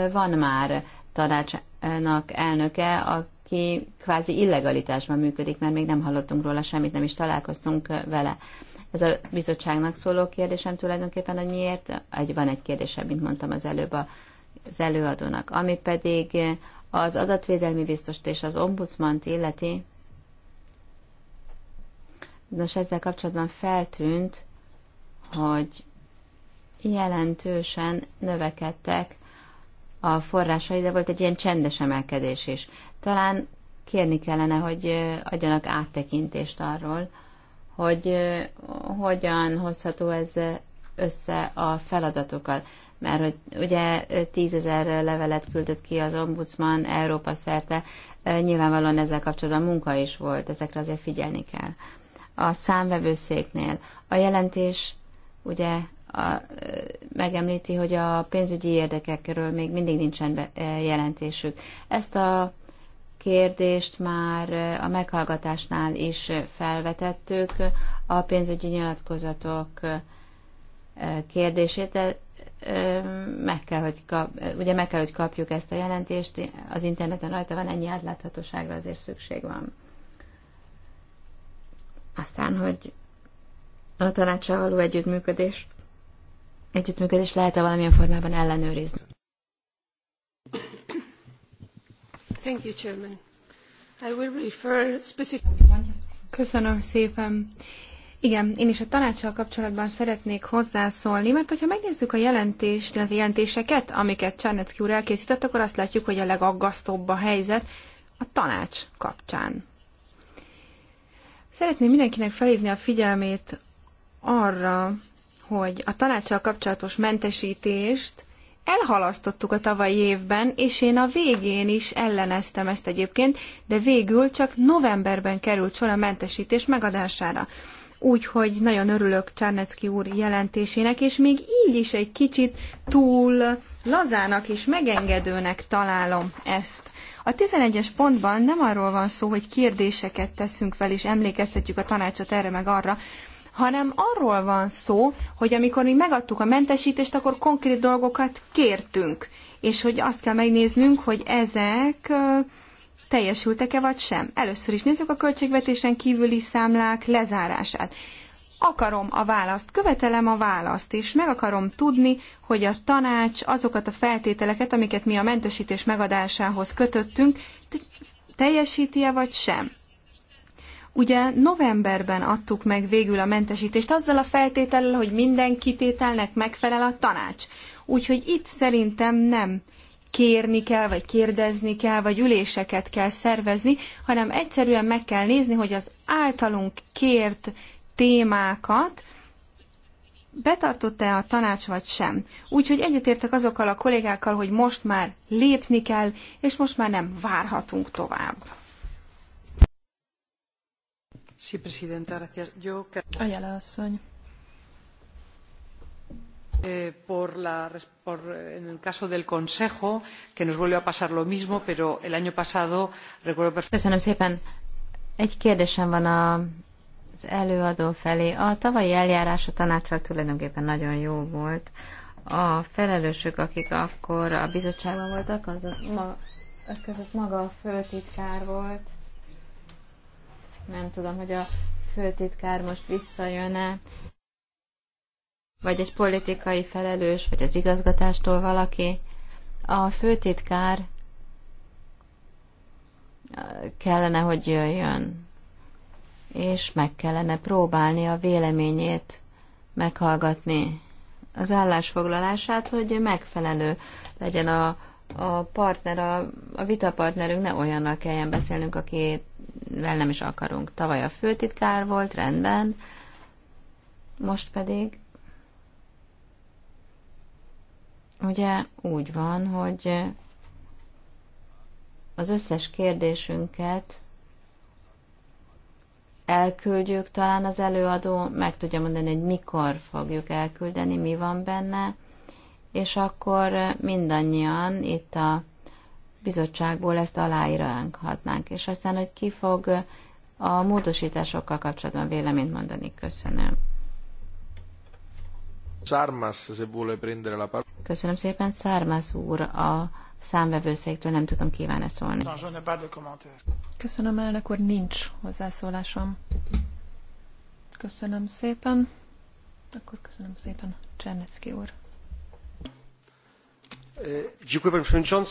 van már tanácsnak elnöke, aki kvázi illegalitásban működik, mert még nem hallottunk róla semmit, nem is találkoztunk vele. Ez a bizottságnak szóló kérdésem tulajdonképpen, hogy miért, egy, van egy kérdése, mint mondtam az előbb a, az előadónak, ami pedig az adatvédelmi biztost és az ombudsmant illeti. Nos, ezzel kapcsolatban feltűnt, hogy jelentősen növekedtek a forrásai, de volt egy ilyen csendes emelkedés is. Talán kérni kellene, hogy adjanak áttekintést arról, hogy hogyan hozható ez össze a feladatokkal. Mert hogy ugye tízezer levelet küldött ki az ombudsman Európa szerte, nyilvánvalóan ezzel kapcsolatban munka is volt, ezekre azért figyelni kell. A számvevőszéknél a jelentés ugye a, megemlíti, hogy a pénzügyi érdekekről még mindig nincsen be, jelentésük. Ezt a kérdést már a meghallgatásnál is felvetettük, a pénzügyi nyilatkozatok kérdését, de meg kell, hogy kap, ugye meg kell, hogy kapjuk ezt a jelentést, az interneten rajta van, ennyi átláthatóságra azért szükség van. Aztán, hogy a tanácsa való együttműködés együttműködés lehet-e valamilyen formában ellenőrizni? Thank you, Chairman. I will refer Köszönöm szépen. Igen, én is a tanácssal kapcsolatban szeretnék hozzászólni, mert hogyha megnézzük a jelentést, illetve jelentéseket, amiket Csárnecki úr elkészített, akkor azt látjuk, hogy a legaggasztóbb a helyzet a tanács kapcsán. Szeretném mindenkinek felhívni a figyelmét arra, hogy a tanácssal kapcsolatos mentesítést elhalasztottuk a tavalyi évben, és én a végén is elleneztem ezt egyébként, de végül csak novemberben került sor a mentesítés megadására. Úgyhogy nagyon örülök Csárnecki úr jelentésének, és még így is egy kicsit túl lazának és megengedőnek találom ezt. A 11-es pontban nem arról van szó, hogy kérdéseket teszünk fel, és emlékeztetjük a tanácsot erre meg arra, hanem arról van szó, hogy amikor mi megadtuk a mentesítést, akkor konkrét dolgokat kértünk, és hogy azt kell megnéznünk, hogy ezek teljesültek-e vagy sem. Először is nézzük a költségvetésen kívüli számlák lezárását. Akarom a választ, követelem a választ, és meg akarom tudni, hogy a tanács azokat a feltételeket, amiket mi a mentesítés megadásához kötöttünk, teljesíti-e vagy sem. Ugye novemberben adtuk meg végül a mentesítést azzal a feltétellel, hogy minden kitételnek megfelel a tanács. Úgyhogy itt szerintem nem kérni kell, vagy kérdezni kell, vagy üléseket kell szervezni, hanem egyszerűen meg kell nézni, hogy az általunk kért témákat betartotta-e a tanács, vagy sem. Úgyhogy egyetértek azokkal a kollégákkal, hogy most már lépni kell, és most már nem várhatunk tovább. Ayala eh, asszony. Eh, en el caso del Consejo, que nos vuelve a pasar lo mismo, pero el año pasado recuerdo perfectamente. Köszönöm szépen. Egy kérdésem van a, az előadó felé. A tavalyi eljárás a tanácsal tulajdonképpen nagyon jó volt. A felelősök, akik akkor a bizottságban voltak, azok ma, között maga a főtitkár volt nem tudom, hogy a főtitkár most visszajön-e, vagy egy politikai felelős, vagy az igazgatástól valaki. A főtitkár kellene, hogy jöjjön, és meg kellene próbálni a véleményét meghallgatni, az állásfoglalását, hogy megfelelő legyen a, a partner, a, a vitapartnerünk, ne olyannal kelljen beszélnünk, aki vel nem is akarunk. Tavaly a főtitkár volt, rendben, most pedig ugye úgy van, hogy az összes kérdésünket elküldjük, talán az előadó meg tudja mondani, hogy mikor fogjuk elküldeni, mi van benne, és akkor mindannyian itt a bizottságból ezt aláírhatnánk. És aztán, hogy ki fog a módosításokkal kapcsolatban véleményt mondani. Köszönöm. se vuole prendere la parola. Köszönöm szépen, Szármász úr, a számvevőszéktől nem tudom, kíván-e szólni. Köszönöm, elnök úr, nincs hozzászólásom. Köszönöm szépen. Akkor köszönöm szépen, Csernecki úr.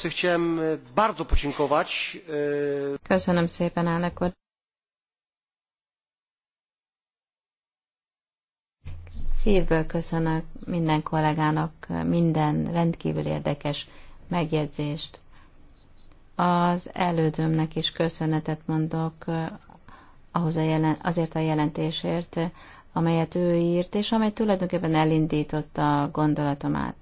Chciałem e, bardzo podziękować. E, Köszönöm szépen, elnök úr. Szívből köszönök minden kollégának minden rendkívül érdekes megjegyzést. Az elődömnek is köszönetet mondok e, ahhoz a jelen, azért a jelentésért, amelyet ő írt, és amely tulajdonképpen elindította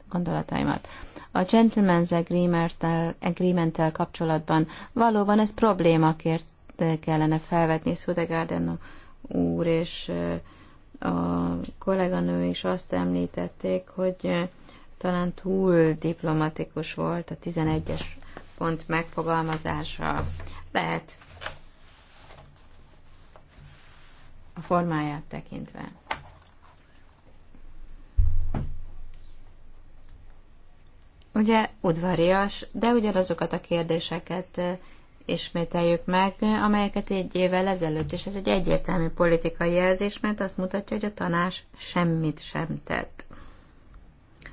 gondolataimat a Gentleman's Agreement-tel agreement kapcsolatban valóban ez problémakért eh, kellene felvetni Sudegárden úr és eh, a kolléganő is azt említették, hogy eh, talán túl diplomatikus volt a 11-es pont megfogalmazása. Lehet a formáját tekintve. ugye udvarias, de ugyanazokat a kérdéseket ismételjük meg, amelyeket egy évvel ezelőtt, és ez egy egyértelmű politikai jelzés, mert azt mutatja, hogy a tanás semmit sem tett.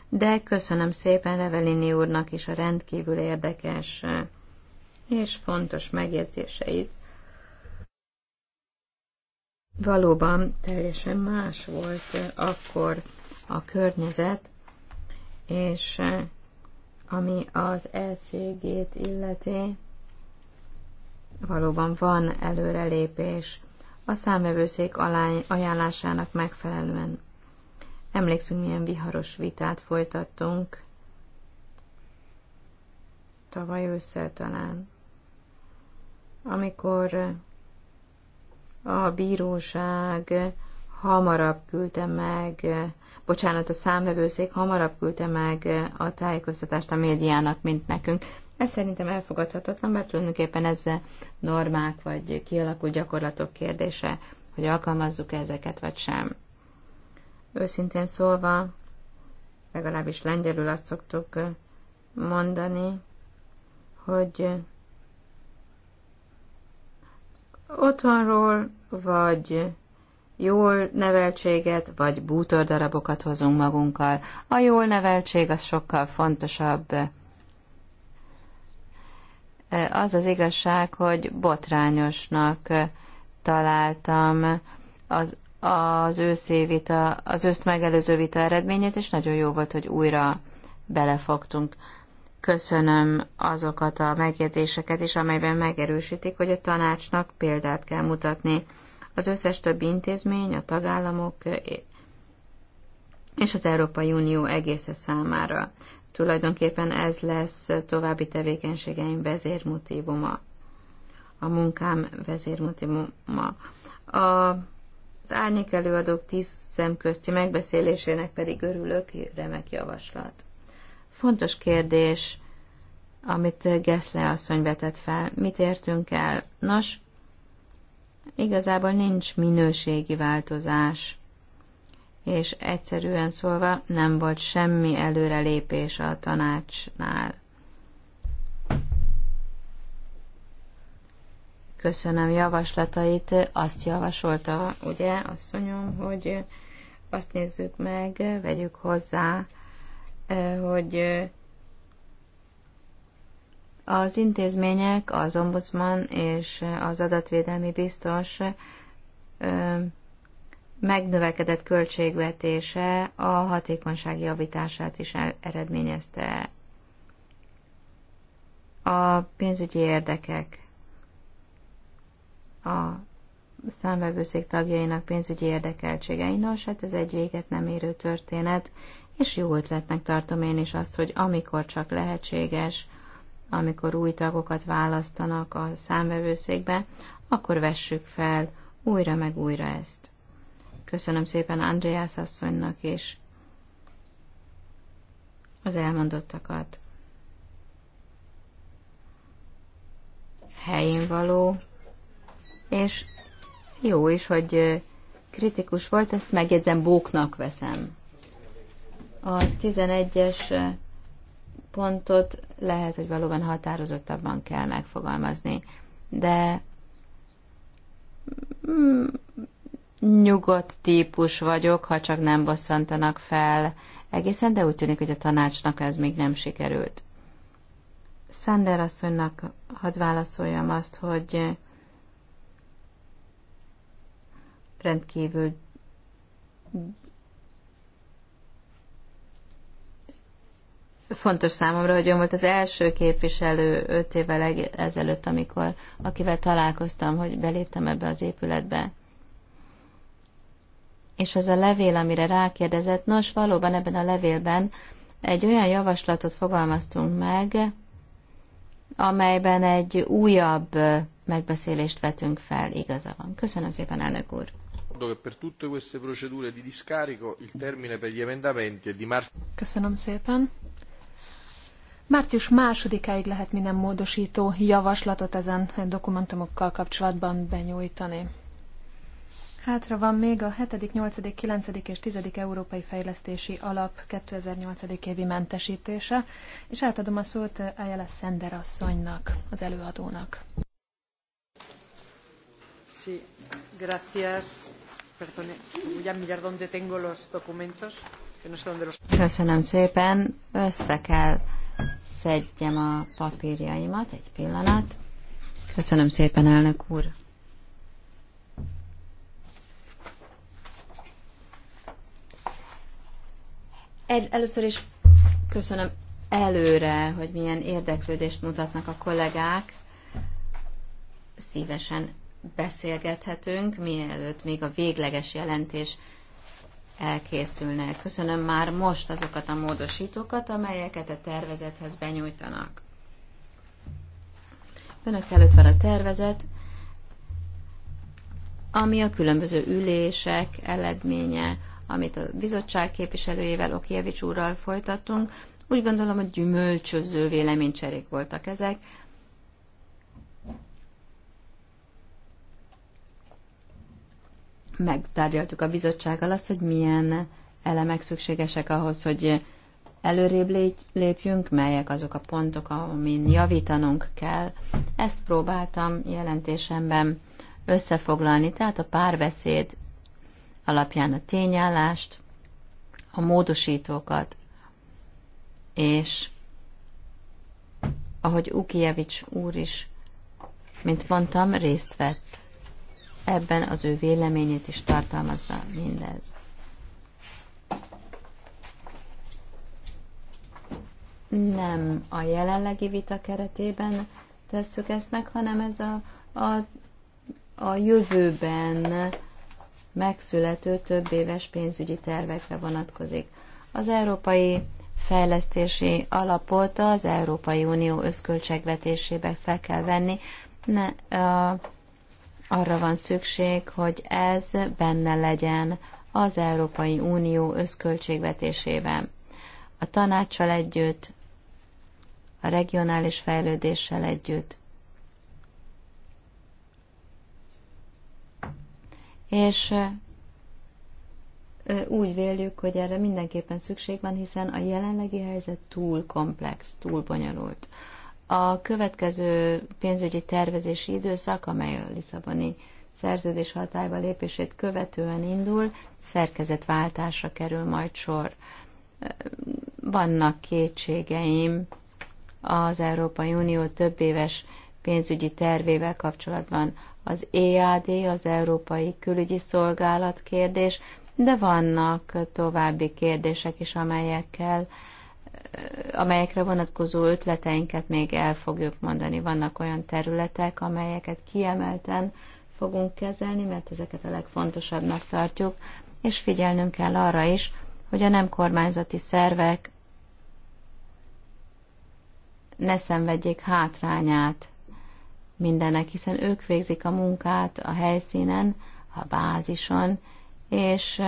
De köszönöm szépen Revelini úrnak is a rendkívül érdekes és fontos megjegyzéseit. Valóban teljesen más volt akkor a környezet, és ami az ECG-t illeti, valóban van előrelépés a számvevőszék ajánlásának megfelelően. Emlékszünk, milyen viharos vitát folytattunk tavaly ősszel talán, amikor a bíróság hamarabb küldte meg, bocsánat, a számvevőszék hamarabb küldte meg a tájékoztatást a médiának, mint nekünk. Ez szerintem elfogadhatatlan, mert tulajdonképpen ez normák vagy kialakult gyakorlatok kérdése, hogy alkalmazzuk -e ezeket vagy sem. Őszintén szólva, legalábbis lengyelül azt szoktuk mondani, hogy otthonról vagy jól neveltséget vagy bútordarabokat hozunk magunkkal. A jól neveltség az sokkal fontosabb. Az az igazság, hogy botrányosnak találtam az, az őszi vita, az őszt megelőző vita eredményét, és nagyon jó volt, hogy újra belefogtunk. Köszönöm azokat a megjegyzéseket is, amelyben megerősítik, hogy a tanácsnak példát kell mutatni az összes többi intézmény, a tagállamok és az Európai Unió egésze számára. Tulajdonképpen ez lesz további tevékenységeim vezérmotívuma, a munkám vezérmotívuma. A az árnyék előadók tíz szemközti megbeszélésének pedig örülök, remek javaslat. Fontos kérdés, amit Geszle asszony vetett fel. Mit értünk el? Nos, igazából nincs minőségi változás, és egyszerűen szólva nem volt semmi előrelépés a tanácsnál. Köszönöm javaslatait. Azt javasolta, ugye, asszonyom, hogy azt nézzük meg, vegyük hozzá, eh, hogy eh, az intézmények, az ombudsman és az adatvédelmi biztos megnövekedett költségvetése a hatékonyság javítását is eredményezte. A pénzügyi érdekek a számvevőszék tagjainak pénzügyi érdekeltségei. Nos, hát ez egy véget nem érő történet, és jó ötletnek tartom én is azt, hogy amikor csak lehetséges, amikor új tagokat választanak a számvevőszékbe, akkor vessük fel újra meg újra ezt. Köszönöm szépen Andreas asszonynak és az elmondottakat. Helyén való, és jó is, hogy kritikus volt, ezt megjegyzem, bóknak veszem. A 11-es pontot lehet, hogy valóban határozottabban kell megfogalmazni, de mm, nyugodt típus vagyok, ha csak nem bosszantanak fel egészen, de úgy tűnik, hogy a tanácsnak ez még nem sikerült. Sander asszonynak hadd válaszoljam azt, hogy rendkívül fontos számomra, hogy ő volt az első képviselő öt évvel ezelőtt, amikor akivel találkoztam, hogy beléptem ebbe az épületbe. És az a levél, amire rákérdezett, nos, valóban ebben a levélben egy olyan javaslatot fogalmaztunk meg, amelyben egy újabb megbeszélést vetünk fel, igaza van. Köszönöm szépen, elnök úr! Köszönöm szépen! Március másodikáig lehet minden módosító javaslatot ezen dokumentumokkal kapcsolatban benyújtani. Hátra van még a 7., 8., 9. és 10. Európai Fejlesztési Alap 2008. évi mentesítése, és átadom a szót Ayala Szender asszonynak, az előadónak. Sí, gracias. Perdone, voy a mirar dónde tengo los documentos. Köszönöm szépen, össze kell szedjem a papírjaimat. Egy pillanat. Köszönöm szépen, elnök úr. Először is köszönöm előre, hogy milyen érdeklődést mutatnak a kollégák. Szívesen beszélgethetünk, mielőtt még a végleges jelentés elkészülnek. Köszönöm már most azokat a módosítókat, amelyeket a tervezethez benyújtanak. Önök előtt van a tervezet, ami a különböző ülések eledménye, amit a bizottság képviselőjével, Okievics úrral folytattunk. Úgy gondolom, hogy gyümölcsöző véleménycserék voltak ezek, megtárgyaltuk a bizottsággal azt, hogy milyen elemek szükségesek ahhoz, hogy előrébb lépjünk, melyek azok a pontok, amin javítanunk kell. Ezt próbáltam jelentésemben összefoglalni, tehát a párbeszéd alapján a tényállást, a módosítókat, és ahogy Ukijevics úr is, mint mondtam, részt vett ebben az ő véleményét is tartalmazza mindez. Nem a jelenlegi vita keretében tesszük ezt meg, hanem ez a, a, a jövőben megszülető több éves pénzügyi tervekre vonatkozik. Az európai fejlesztési alapot az Európai Unió összköltségvetésébe fel kell venni, ne, a, arra van szükség, hogy ez benne legyen az Európai Unió összköltségvetésében. A tanácssal együtt, a regionális fejlődéssel együtt. És úgy véljük, hogy erre mindenképpen szükség van, hiszen a jelenlegi helyzet túl komplex, túl bonyolult. A következő pénzügyi tervezési időszak, amely a Lisszaboni szerződés hatályba lépését követően indul, szerkezetváltásra kerül majd sor. Vannak kétségeim az Európai Unió több éves pénzügyi tervével kapcsolatban. Az EAD, az Európai Külügyi Szolgálat kérdés, de vannak további kérdések is, amelyekkel amelyekre vonatkozó ötleteinket még el fogjuk mondani. Vannak olyan területek, amelyeket kiemelten fogunk kezelni, mert ezeket a legfontosabbnak tartjuk, és figyelnünk kell arra is, hogy a nem kormányzati szervek ne szenvedjék hátrányát mindennek, hiszen ők végzik a munkát a helyszínen, a bázison, és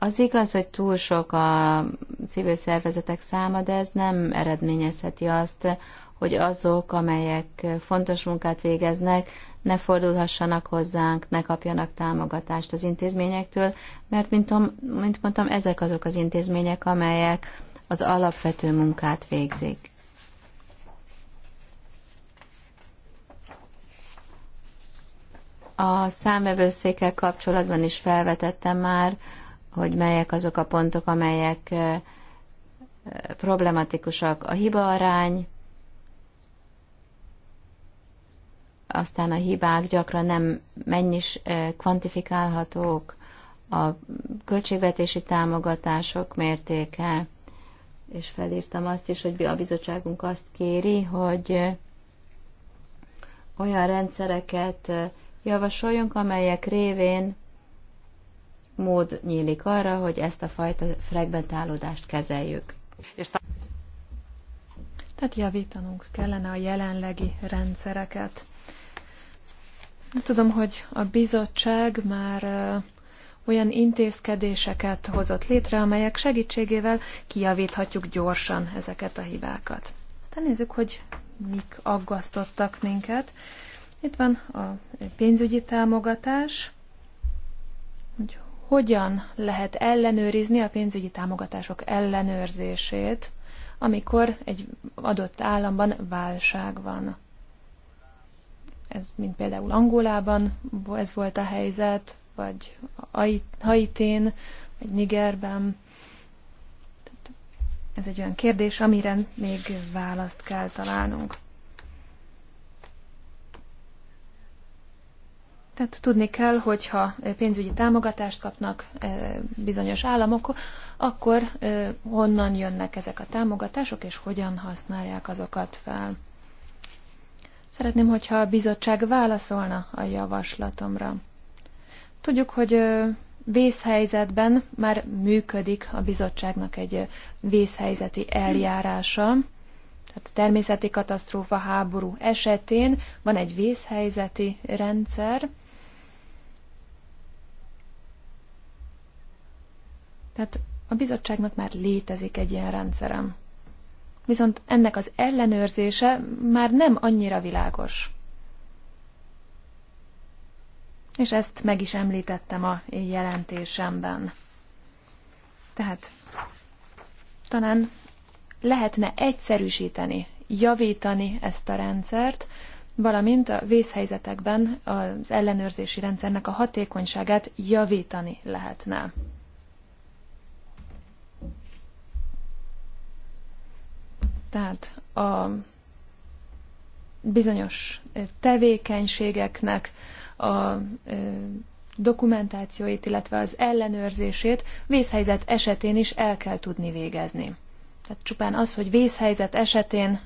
Az igaz, hogy túl sok a civil szervezetek száma, de ez nem eredményezheti azt, hogy azok, amelyek fontos munkát végeznek, ne fordulhassanak hozzánk, ne kapjanak támogatást az intézményektől, mert, mint, mint mondtam, ezek azok az intézmények, amelyek az alapvető munkát végzik. A számvevőszékkel kapcsolatban is felvetettem már, hogy melyek azok a pontok, amelyek problematikusak. A hiba arány, aztán a hibák gyakran nem mennyis kvantifikálhatók, a költségvetési támogatások mértéke, és felírtam azt is, hogy a bizottságunk azt kéri, hogy olyan rendszereket javasoljunk, amelyek révén mód nyílik arra, hogy ezt a fajta fragmentálódást kezeljük. Tehát javítanunk kellene a jelenlegi rendszereket. Tudom, hogy a bizottság már olyan intézkedéseket hozott létre, amelyek segítségével kijavíthatjuk gyorsan ezeket a hibákat. Aztán nézzük, hogy mik aggasztottak minket. Itt van a pénzügyi támogatás hogyan lehet ellenőrizni a pénzügyi támogatások ellenőrzését, amikor egy adott államban válság van. Ez, mint például Angolában, ez volt a helyzet, vagy Haitén, vagy Nigerben. Ez egy olyan kérdés, amire még választ kell találnunk. Tehát tudni kell, hogyha pénzügyi támogatást kapnak bizonyos államok, akkor honnan jönnek ezek a támogatások, és hogyan használják azokat fel. Szeretném, hogyha a bizottság válaszolna a javaslatomra. Tudjuk, hogy vészhelyzetben már működik a bizottságnak egy vészhelyzeti eljárása. Tehát természeti katasztrófa, háború esetén van egy vészhelyzeti rendszer, Tehát a bizottságnak már létezik egy ilyen rendszerem. Viszont ennek az ellenőrzése már nem annyira világos. És ezt meg is említettem a jelentésemben. Tehát talán lehetne egyszerűsíteni, javítani ezt a rendszert, valamint a vészhelyzetekben az ellenőrzési rendszernek a hatékonyságát javítani lehetne. Tehát a bizonyos tevékenységeknek a dokumentációit, illetve az ellenőrzését vészhelyzet esetén is el kell tudni végezni. Tehát csupán az, hogy vészhelyzet esetén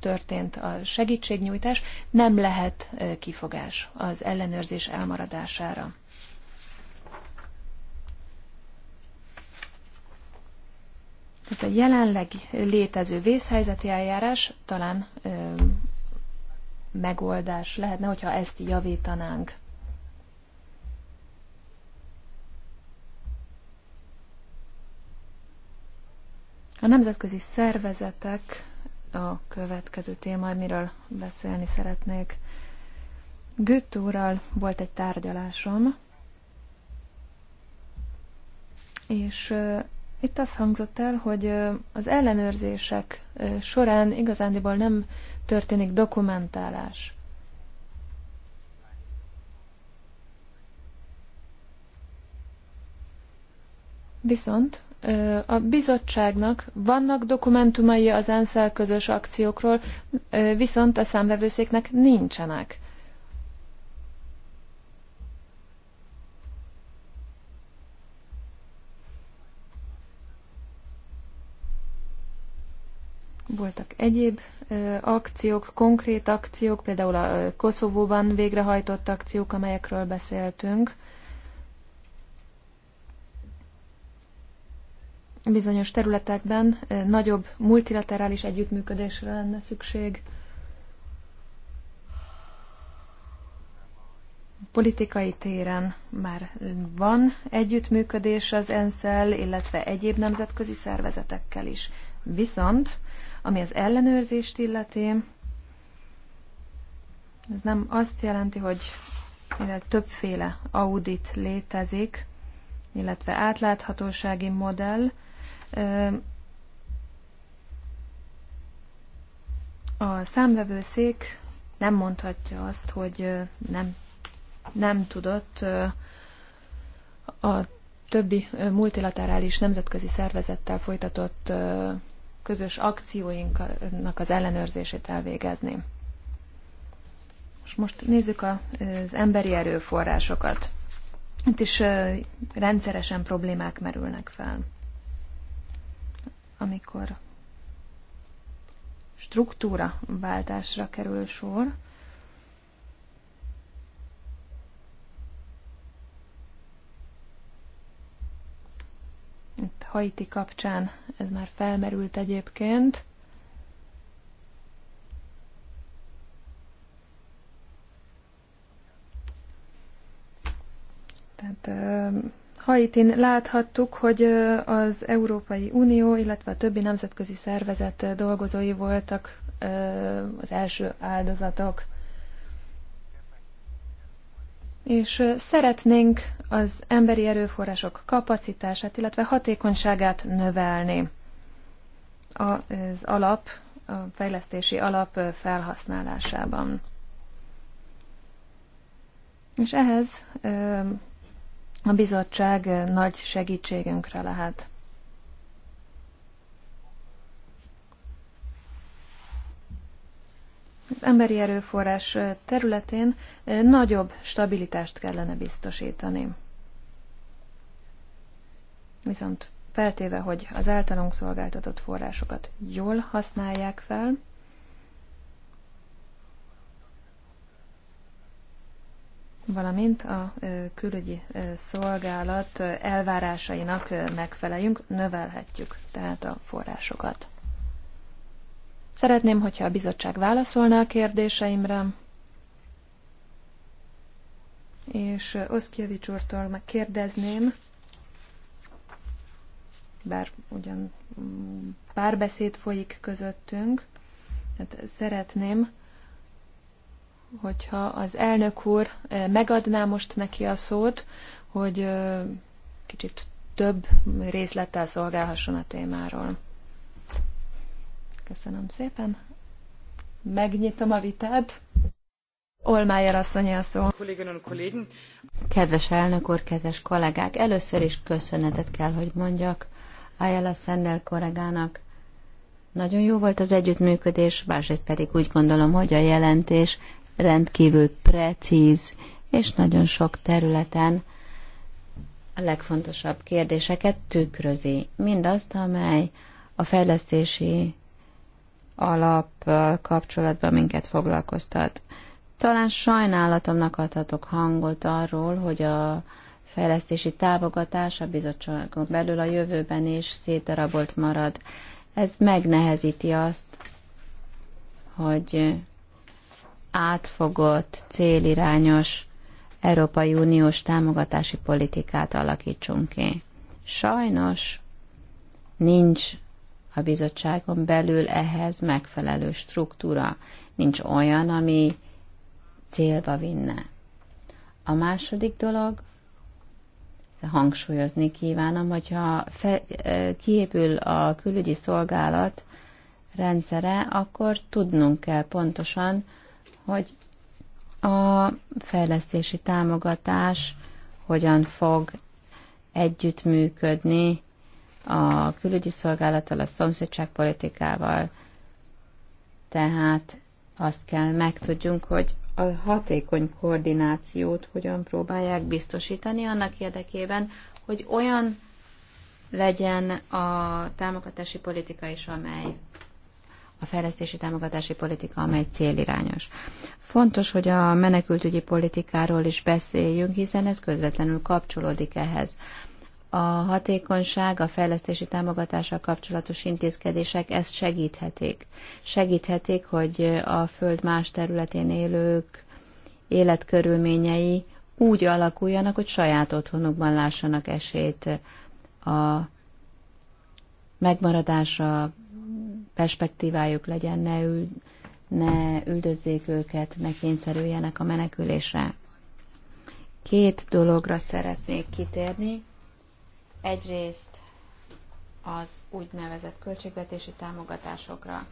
történt a segítségnyújtás, nem lehet kifogás az ellenőrzés elmaradására. Tehát a jelenleg létező vészhelyzeti eljárás talán ö, megoldás lehetne, hogyha ezt javítanánk. A nemzetközi szervezetek a következő téma, amiről beszélni szeretnék. Güttúrral volt egy tárgyalásom, és itt az hangzott el, hogy az ellenőrzések során igazándiból nem történik dokumentálás. Viszont a bizottságnak vannak dokumentumai az ensz közös akciókról, viszont a számvevőszéknek nincsenek. Voltak egyéb akciók, konkrét akciók, például a Koszovóban végrehajtott akciók, amelyekről beszéltünk. Bizonyos területekben nagyobb multilaterális együttműködésre lenne szükség. politikai téren már van együttműködés az ensz illetve egyéb nemzetközi szervezetekkel is. Viszont ami az ellenőrzést illeti, ez nem azt jelenti, hogy többféle audit létezik, illetve átláthatósági modell. A számvevőszék nem mondhatja azt, hogy nem, nem tudott a többi multilaterális nemzetközi szervezettel folytatott közös akcióinknak az ellenőrzését elvégezni. most nézzük az emberi erőforrásokat. Itt is rendszeresen problémák merülnek fel. Amikor struktúra váltásra kerül sor, Itt Haiti kapcsán ez már felmerült egyébként. Tehát Haitin láthattuk, hogy az Európai Unió, illetve a többi nemzetközi szervezet dolgozói voltak az első áldozatok és szeretnénk az emberi erőforrások kapacitását, illetve hatékonyságát növelni az alap, a fejlesztési alap felhasználásában. És ehhez a bizottság nagy segítségünkre lehet. az emberi erőforrás területén nagyobb stabilitást kellene biztosítani. Viszont feltéve, hogy az általunk szolgáltatott forrásokat jól használják fel, valamint a külügyi szolgálat elvárásainak megfeleljünk, növelhetjük tehát a forrásokat. Szeretném, hogyha a bizottság válaszolná a kérdéseimre, és oszkiewicz úrtól meg kérdezném, bár ugyan mm, párbeszéd folyik közöttünk, tehát szeretném, hogyha az elnök úr megadná most neki a szót, hogy kicsit több részlettel szolgálhasson a témáról. Köszönöm szépen. Megnyitom a vitát. Olmájer asszony a szó. Kedves elnök úr, kedves kollégák, először is köszönetet kell, hogy mondjak Ayala Szendel kollégának. Nagyon jó volt az együttműködés, másrészt pedig úgy gondolom, hogy a jelentés rendkívül precíz, és nagyon sok területen a legfontosabb kérdéseket tükrözi. Mindazt, amely a fejlesztési alap kapcsolatban minket foglalkoztat. Talán sajnálatomnak adhatok hangot arról, hogy a fejlesztési támogatás a bizottságon belül a jövőben is szétdarabolt marad. Ez megnehezíti azt, hogy átfogott, célirányos Európai Uniós támogatási politikát alakítsunk ki. Sajnos nincs a bizottságon belül ehhez megfelelő struktúra. Nincs olyan, ami célba vinne. A második dolog, hangsúlyozni kívánom, hogyha fe, kiépül a külügyi szolgálat rendszere, akkor tudnunk kell pontosan, hogy a fejlesztési támogatás hogyan fog együttműködni a külügyi szolgálattal, a szomszédságpolitikával. Tehát azt kell megtudjunk, hogy a hatékony koordinációt hogyan próbálják biztosítani annak érdekében, hogy olyan legyen a támogatási politika is, amely a fejlesztési támogatási politika, amely célirányos. Fontos, hogy a menekültügyi politikáról is beszéljünk, hiszen ez közvetlenül kapcsolódik ehhez a hatékonyság, a fejlesztési támogatással kapcsolatos intézkedések ezt segíthetik. Segíthetik, hogy a Föld más területén élők életkörülményei úgy alakuljanak, hogy saját otthonukban lássanak esélyt a megmaradásra, perspektívájuk legyen, ne, üld, ne üldözzék őket, ne kényszerüljenek a menekülésre. Két dologra szeretnék kitérni Egyrészt az úgynevezett költségvetési támogatásokra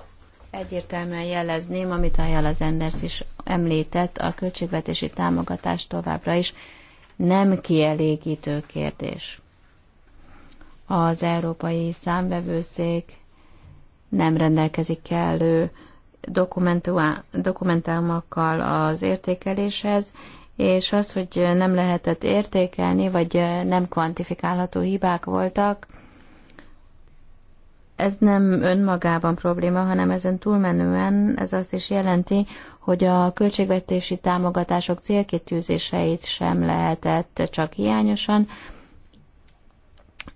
egyértelműen jelezném, amit a az Enders is említett, a költségvetési támogatás továbbra is nem kielégítő kérdés. Az Európai Számvevőszék nem rendelkezik kellő dokumentumokkal az értékeléshez, és az, hogy nem lehetett értékelni, vagy nem kvantifikálható hibák voltak, ez nem önmagában probléma, hanem ezen túlmenően ez azt is jelenti, hogy a költségvetési támogatások célkitűzéseit sem lehetett csak hiányosan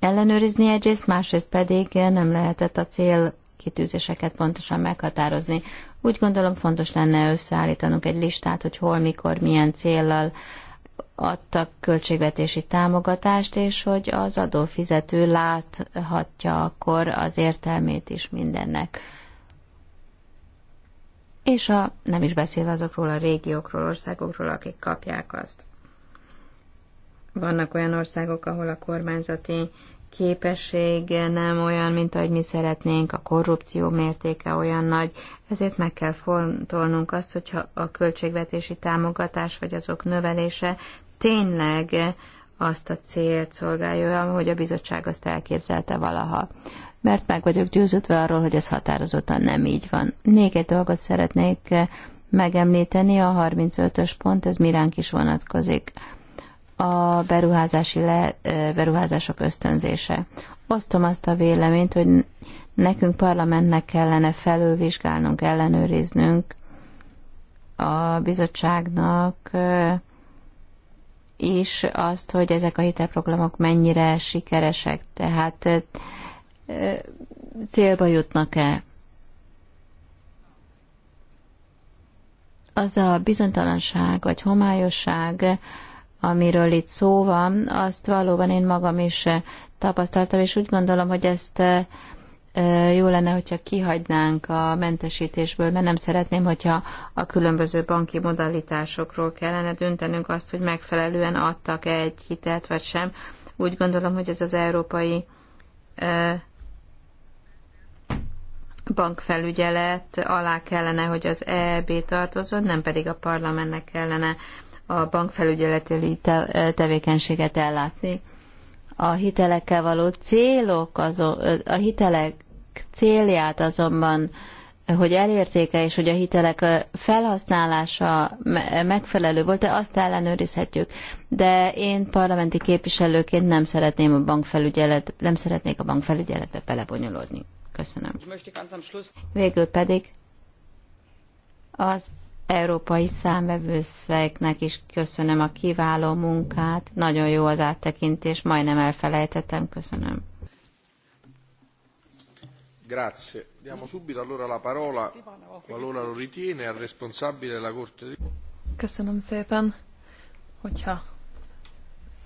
ellenőrizni egyrészt, másrészt pedig nem lehetett a cél kitűzéseket pontosan meghatározni. Úgy gondolom fontos lenne összeállítanunk egy listát, hogy hol, mikor, milyen céllal adtak költségvetési támogatást, és hogy az adófizető láthatja akkor az értelmét is mindennek. És a, nem is beszél azokról a régiókról, országokról, akik kapják azt. Vannak olyan országok, ahol a kormányzati képesség nem olyan, mint ahogy mi szeretnénk, a korrupció mértéke olyan nagy, ezért meg kell fontolnunk azt, hogyha a költségvetési támogatás vagy azok növelése tényleg azt a célt szolgálja, hogy a bizottság azt elképzelte valaha. Mert meg vagyok győződve arról, hogy ez határozottan nem így van. Még egy dolgot szeretnék megemlíteni, a 35-ös pont, ez miránk is vonatkozik a beruházási le, beruházások ösztönzése. Osztom azt a véleményt, hogy nekünk parlamentnek kellene felülvizsgálnunk, ellenőriznünk a bizottságnak is azt, hogy ezek a hitelprogramok mennyire sikeresek, tehát célba jutnak-e. Az a bizonytalanság vagy homályosság, amiről itt szó van, azt valóban én magam is eh, tapasztaltam, és úgy gondolom, hogy ezt eh, eh, jó lenne, hogyha kihagynánk a mentesítésből, mert nem szeretném, hogyha a különböző banki modalitásokról kellene döntenünk azt, hogy megfelelően adtak -e egy hitelt vagy sem. Úgy gondolom, hogy ez az európai bankfelügyelet alá kellene, hogy az EB tartozon, nem pedig a parlamentnek kellene a bankfelügyeleti eh, tevékenységet ellátni. A hitelekkel való célok, azon, eh, a hitelek célját azonban, eh, hogy elértéke és hogy a hitelek felhasználása megfelelő volt-e, azt ellenőrizhetjük. De én parlamenti képviselőként nem szeretném a bankfelügyelet, nem szeretnék a bankfelügyeletbe belebonyolódni. Köszönöm. Végül pedig az Európai Számvevőszeknek is köszönöm a kiváló munkát, nagyon jó az áttekintés, majdnem elfelejtettem, köszönöm. Grazie. Diamo subito allora la parola, qualora lo ritiene, al responsabile della Corte di... Köszönöm szépen, hogyha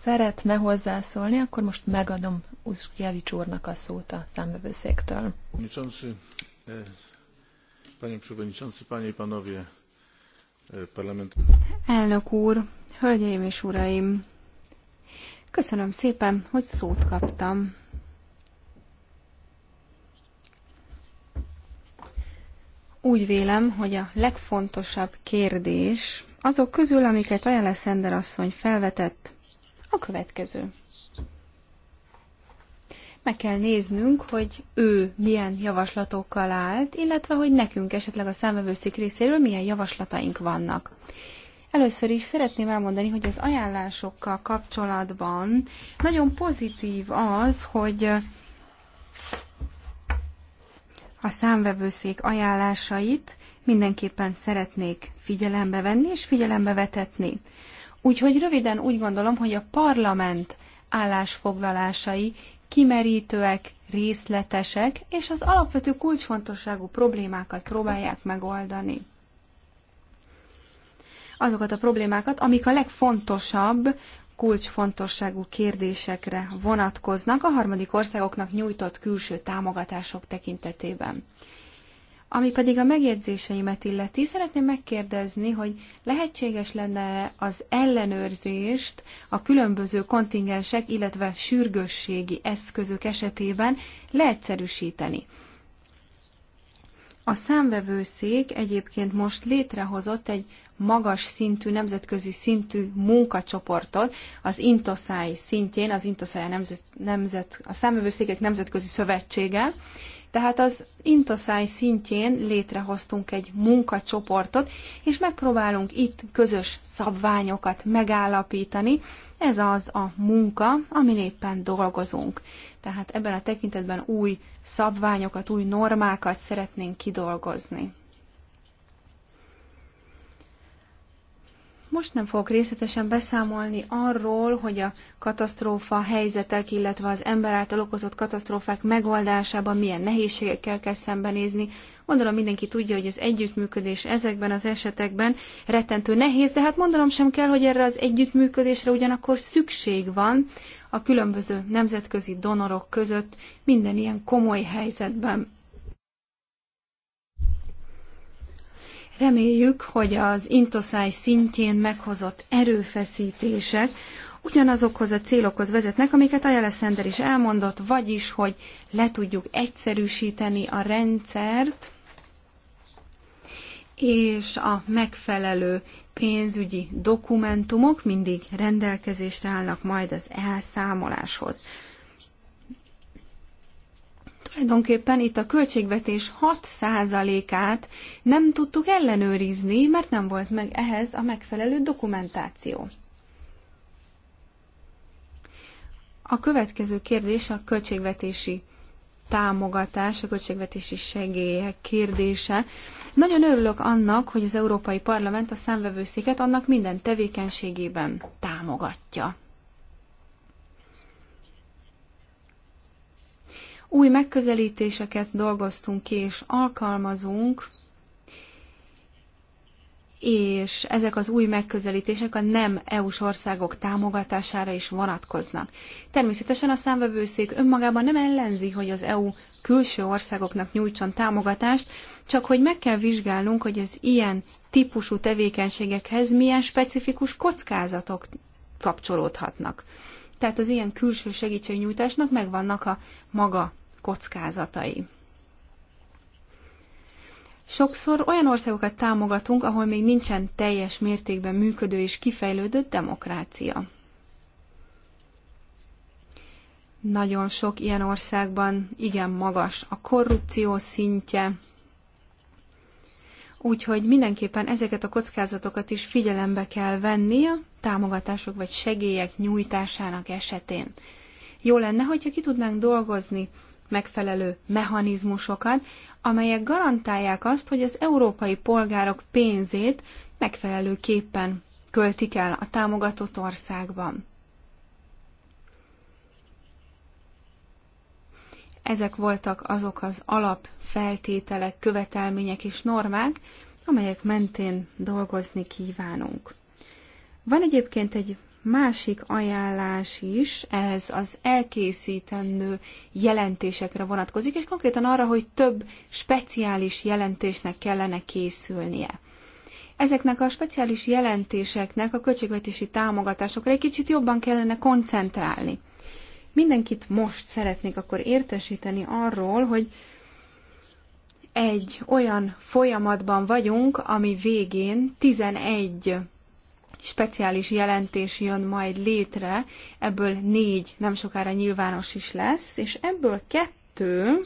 szeretne hozzászólni, akkor most megadom Uszkiewicz úrnak a szót a számbevőszéktől. Panie Przewodniczący, Panie i Panowie Parlament. Elnök úr, hölgyeim és uraim! Köszönöm szépen, hogy szót kaptam. Úgy vélem, hogy a legfontosabb kérdés azok közül, amiket Ajala Szender asszony felvetett, a következő meg kell néznünk, hogy ő milyen javaslatokkal állt, illetve hogy nekünk esetleg a számvevőszék részéről milyen javaslataink vannak. Először is szeretném elmondani, hogy az ajánlásokkal kapcsolatban nagyon pozitív az, hogy a számvevőszék ajánlásait mindenképpen szeretnék figyelembe venni és figyelembe vetetni. Úgyhogy röviden úgy gondolom, hogy a parlament állásfoglalásai kimerítőek, részletesek, és az alapvető kulcsfontosságú problémákat próbálják megoldani. Azokat a problémákat, amik a legfontosabb kulcsfontosságú kérdésekre vonatkoznak a harmadik országoknak nyújtott külső támogatások tekintetében. Ami pedig a megjegyzéseimet illeti, szeretném megkérdezni, hogy lehetséges lenne az ellenőrzést a különböző kontingensek, illetve sürgősségi eszközök esetében leegyszerűsíteni. A számvevőszék egyébként most létrehozott egy magas szintű, nemzetközi szintű munkacsoportot az Intoszáj szintjén, az Intoszáj nemzet, nemzet, a számvevőszékek nemzetközi szövetsége, tehát az Intoszáj szintjén létrehoztunk egy munkacsoportot, és megpróbálunk itt közös szabványokat megállapítani. Ez az a munka, amin éppen dolgozunk. Tehát ebben a tekintetben új szabványokat, új normákat szeretnénk kidolgozni. Most nem fogok részletesen beszámolni arról, hogy a katasztrófa helyzetek, illetve az ember által okozott katasztrófák megoldásában milyen nehézségekkel kell szembenézni. Gondolom mindenki tudja, hogy az együttműködés ezekben az esetekben rettentő nehéz, de hát mondanom sem kell, hogy erre az együttműködésre ugyanakkor szükség van a különböző nemzetközi donorok között minden ilyen komoly helyzetben. Reméljük, hogy az Intoszáj szintjén meghozott erőfeszítések ugyanazokhoz a célokhoz vezetnek, amiket Ajala Szender is elmondott, vagyis, hogy le tudjuk egyszerűsíteni a rendszert, és a megfelelő pénzügyi dokumentumok mindig rendelkezésre állnak majd az elszámoláshoz. Tulajdonképpen itt a költségvetés 6%-át nem tudtuk ellenőrizni, mert nem volt meg ehhez a megfelelő dokumentáció. A következő kérdés a költségvetési támogatás, a költségvetési segélyek kérdése. Nagyon örülök annak, hogy az Európai Parlament a számvevőszéket annak minden tevékenységében támogatja. Új megközelítéseket dolgoztunk ki és alkalmazunk, és ezek az új megközelítések a nem EU-s országok támogatására is vonatkoznak. Természetesen a számvevőszék önmagában nem ellenzi, hogy az EU külső országoknak nyújtson támogatást, csak hogy meg kell vizsgálnunk, hogy az ilyen típusú tevékenységekhez milyen specifikus kockázatok kapcsolódhatnak. Tehát az ilyen külső segítségnyújtásnak megvannak a maga kockázatai. Sokszor olyan országokat támogatunk, ahol még nincsen teljes mértékben működő és kifejlődött demokrácia. Nagyon sok ilyen országban igen magas a korrupció szintje, úgyhogy mindenképpen ezeket a kockázatokat is figyelembe kell venni a támogatások vagy segélyek nyújtásának esetén. Jó lenne, hogyha ki tudnánk dolgozni megfelelő mechanizmusokat, amelyek garantálják azt, hogy az európai polgárok pénzét megfelelőképpen költik el a támogatott országban. Ezek voltak azok az alapfeltételek, követelmények és normák, amelyek mentén dolgozni kívánunk. Van egyébként egy másik ajánlás is, ez az elkészítendő jelentésekre vonatkozik, és konkrétan arra, hogy több speciális jelentésnek kellene készülnie. Ezeknek a speciális jelentéseknek a költségvetési támogatásokra egy kicsit jobban kellene koncentrálni. Mindenkit most szeretnék akkor értesíteni arról, hogy egy olyan folyamatban vagyunk, ami végén 11 speciális jelentés jön majd létre, ebből négy nem sokára nyilvános is lesz, és ebből kettő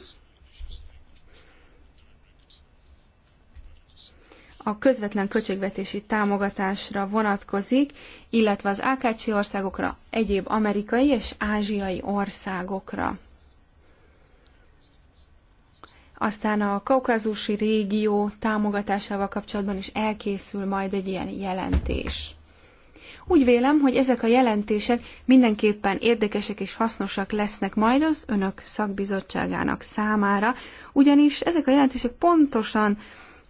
a közvetlen költségvetési támogatásra vonatkozik, illetve az Ákácsi országokra, egyéb amerikai és ázsiai országokra. Aztán a kaukázusi régió támogatásával kapcsolatban is elkészül majd egy ilyen jelentés. Úgy vélem, hogy ezek a jelentések mindenképpen érdekesek és hasznosak lesznek majd az önök szakbizottságának számára, ugyanis ezek a jelentések pontosan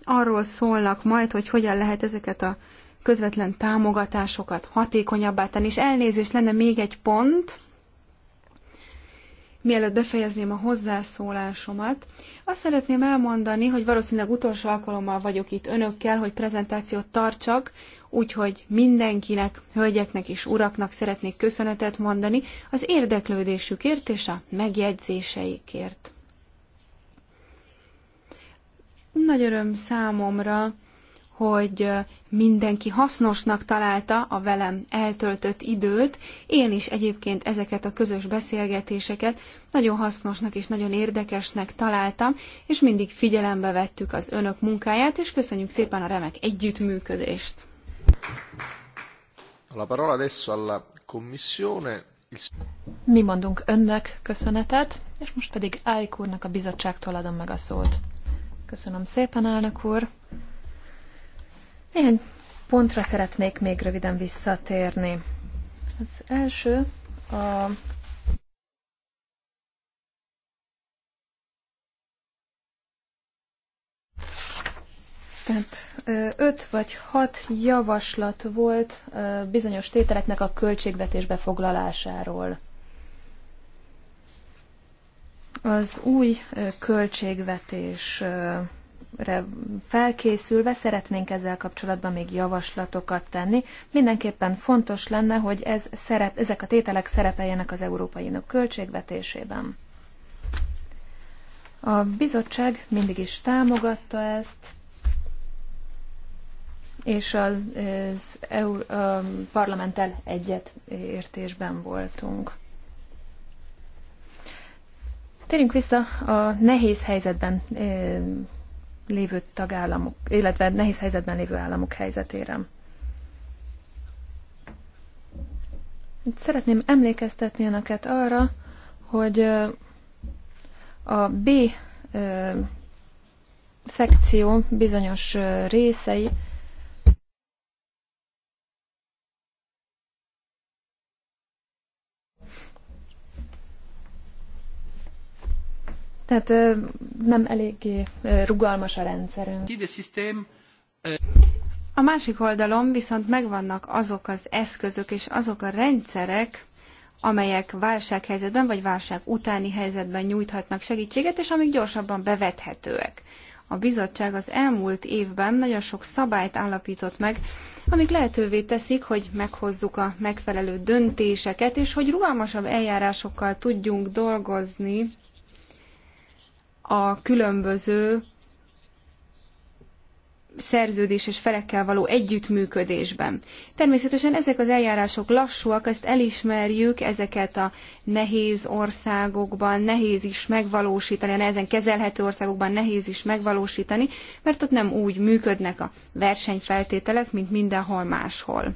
arról szólnak majd, hogy hogyan lehet ezeket a közvetlen támogatásokat hatékonyabbá tenni. És elnézést lenne még egy pont, mielőtt befejezném a hozzászólásomat, azt szeretném elmondani, hogy valószínűleg utolsó alkalommal vagyok itt önökkel, hogy prezentációt tartsak, úgyhogy mindenkinek, hölgyeknek és uraknak szeretnék köszönetet mondani az érdeklődésükért és a megjegyzéseikért. Nagy öröm számomra, hogy mindenki hasznosnak találta a velem eltöltött időt. Én is egyébként ezeket a közös beszélgetéseket nagyon hasznosnak és nagyon érdekesnek találtam, és mindig figyelembe vettük az önök munkáját, és köszönjük szépen a remek együttműködést. La parola adesso alla commissione. Mi mondunk önnek köszönetet, és most pedig Ájk úrnak a bizottságtól adom meg a szót. Köszönöm szépen, elnök úr! Néhány pontra szeretnék még röviden visszatérni. Az első a Tehát öt vagy hat javaslat volt bizonyos tételeknek a költségvetésbe foglalásáról. Az új költségvetés erre felkészülve szeretnénk ezzel kapcsolatban még javaslatokat tenni. Mindenképpen fontos lenne, hogy ez szerep, ezek a tételek szerepeljenek az Európai Unió költségvetésében. A bizottság mindig is támogatta ezt, és az, az EU, a parlamenttel egyet értésben voltunk. Térjünk vissza a nehéz helyzetben lévő tagállamok, illetve nehéz helyzetben lévő államok helyzetére. Szeretném emlékeztetni önöket arra, hogy a B szekció bizonyos részei Tehát nem eléggé rugalmas a rendszerünk. A másik oldalon viszont megvannak azok az eszközök és azok a rendszerek, amelyek válsághelyzetben vagy válság utáni helyzetben nyújthatnak segítséget, és amik gyorsabban bevethetőek. A bizottság az elmúlt évben nagyon sok szabályt állapított meg, amik lehetővé teszik, hogy meghozzuk a megfelelő döntéseket, és hogy rugalmasabb eljárásokkal tudjunk dolgozni a különböző szerződéses felekkel való együttműködésben. Természetesen ezek az eljárások lassúak, ezt elismerjük, ezeket a nehéz országokban nehéz is megvalósítani, a nehezen kezelhető országokban nehéz is megvalósítani, mert ott nem úgy működnek a versenyfeltételek, mint mindenhol máshol.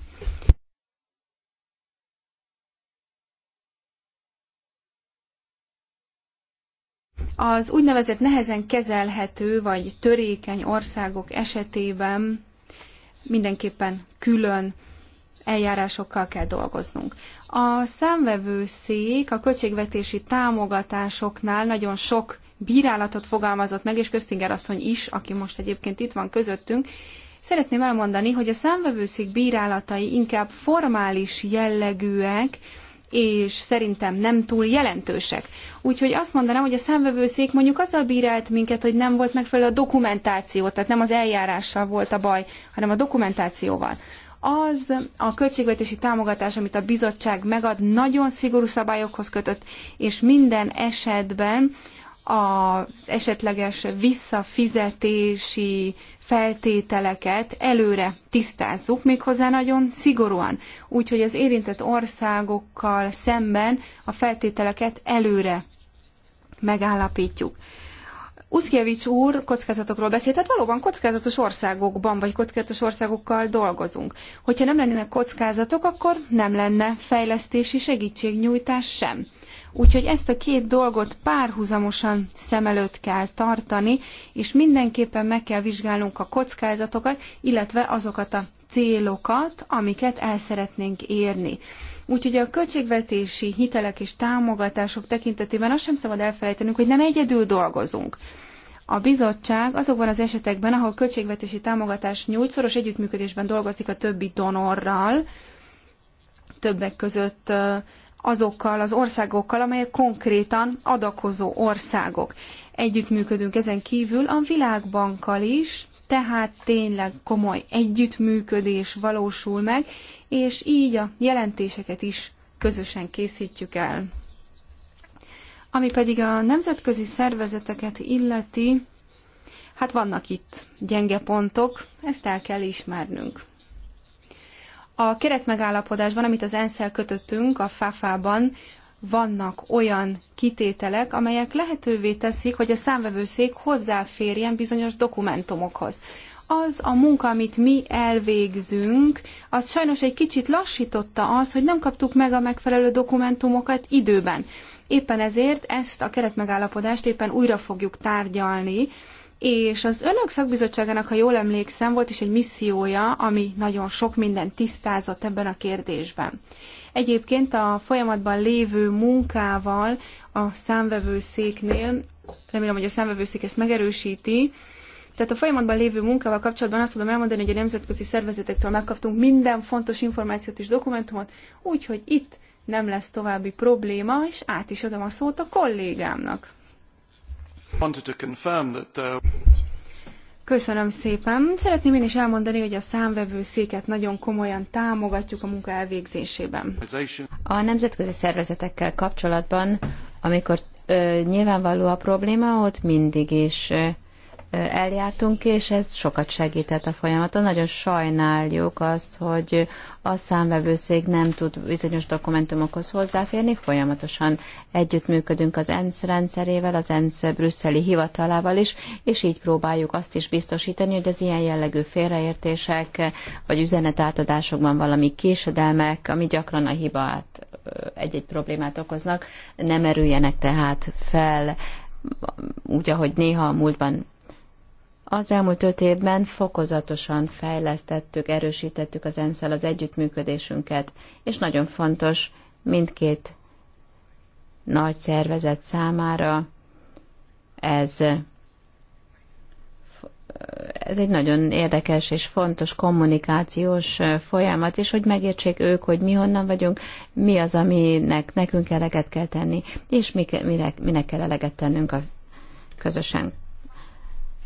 Az úgynevezett nehezen kezelhető vagy törékeny országok esetében mindenképpen külön eljárásokkal kell dolgoznunk. A számvevőszék a költségvetési támogatásoknál nagyon sok bírálatot fogalmazott meg, és Köztinger asszony is, aki most egyébként itt van közöttünk, szeretném elmondani, hogy a számvevőszék bírálatai inkább formális jellegűek, és szerintem nem túl jelentősek. Úgyhogy azt mondanám, hogy a számvevőszék mondjuk azzal bírált minket, hogy nem volt megfelelő a dokumentáció, tehát nem az eljárással volt a baj, hanem a dokumentációval az a költségvetési támogatás, amit a bizottság megad, nagyon szigorú szabályokhoz kötött, és minden esetben az esetleges visszafizetési feltételeket előre tisztázzuk, méghozzá nagyon szigorúan. Úgyhogy az érintett országokkal szemben a feltételeket előre megállapítjuk. Uszkiewicz úr kockázatokról beszélt, tehát valóban kockázatos országokban, vagy kockázatos országokkal dolgozunk. Hogyha nem lennének kockázatok, akkor nem lenne fejlesztési segítségnyújtás sem. Úgyhogy ezt a két dolgot párhuzamosan szem előtt kell tartani, és mindenképpen meg kell vizsgálnunk a kockázatokat, illetve azokat a célokat, amiket el szeretnénk érni. Úgyhogy a költségvetési hitelek és támogatások tekintetében azt sem szabad elfelejtenünk, hogy nem egyedül dolgozunk. A bizottság azokban az esetekben, ahol költségvetési támogatás nyújt, szoros együttműködésben dolgozik a többi donorral, többek között azokkal az országokkal, amelyek konkrétan adakozó országok. Együttműködünk ezen kívül a világbankkal is, tehát tényleg komoly együttműködés valósul meg, és így a jelentéseket is közösen készítjük el. Ami pedig a nemzetközi szervezeteket illeti, hát vannak itt gyenge pontok, ezt el kell ismernünk. A keretmegállapodásban, amit az ENSZ-el kötöttünk a FAFA-ban, vannak olyan kitételek, amelyek lehetővé teszik, hogy a számvevőszék hozzáférjen bizonyos dokumentumokhoz. Az a munka, amit mi elvégzünk, az sajnos egy kicsit lassította az, hogy nem kaptuk meg a megfelelő dokumentumokat időben. Éppen ezért ezt a keretmegállapodást éppen újra fogjuk tárgyalni, és az önök szakbizottságának, ha jól emlékszem, volt is egy missziója, ami nagyon sok mindent tisztázott ebben a kérdésben. Egyébként a folyamatban lévő munkával a számvevőszéknél, remélem, hogy a számvevőszék ezt megerősíti, tehát a folyamatban lévő munkával kapcsolatban azt tudom elmondani, hogy a nemzetközi szervezetektől megkaptunk minden fontos információt és dokumentumot, úgyhogy itt nem lesz további probléma, és át is adom a szót a kollégámnak. Uh, Köszönöm szépen. Szeretném én is elmondani, hogy a számvevőszéket nagyon komolyan támogatjuk a munka elvégzésében. A nemzetközi szervezetekkel kapcsolatban, amikor ö, nyilvánvaló a probléma, ott mindig is eljártunk, és ez sokat segített a folyamaton. Nagyon sajnáljuk azt, hogy a számvevőszék nem tud bizonyos dokumentumokhoz hozzáférni. Folyamatosan együttműködünk az ENSZ rendszerével, az ENSZ brüsszeli hivatalával is, és így próbáljuk azt is biztosítani, hogy az ilyen jellegű félreértések vagy üzenetátadásokban valami késedelmek, ami gyakran a hibát, egy-egy problémát okoznak, nem erüljenek tehát fel úgy, ahogy néha a múltban az elmúlt öt évben fokozatosan fejlesztettük, erősítettük az ensz az együttműködésünket, és nagyon fontos mindkét nagy szervezet számára ez, ez egy nagyon érdekes és fontos kommunikációs folyamat, és hogy megértsék ők, hogy mi honnan vagyunk, mi az, aminek nekünk eleget kell tenni, és mire, minek kell eleget tennünk az közösen.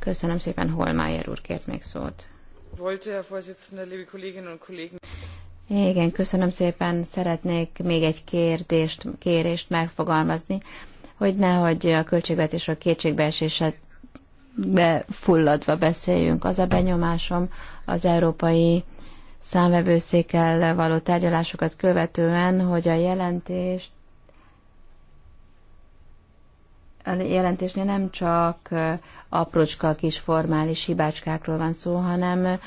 Köszönöm szépen, Holmájer úr kért még szót. Igen, köszönöm szépen. Szeretnék még egy kérdést, kérést megfogalmazni, hogy nehogy a költségvetésről kétségbeesésbe fulladva beszéljünk. Az a benyomásom az európai számvevőszékkel való tárgyalásokat követően, hogy a jelentést a jelentésnél nem csak aprócska kis formális hibácskákról van szó, hanem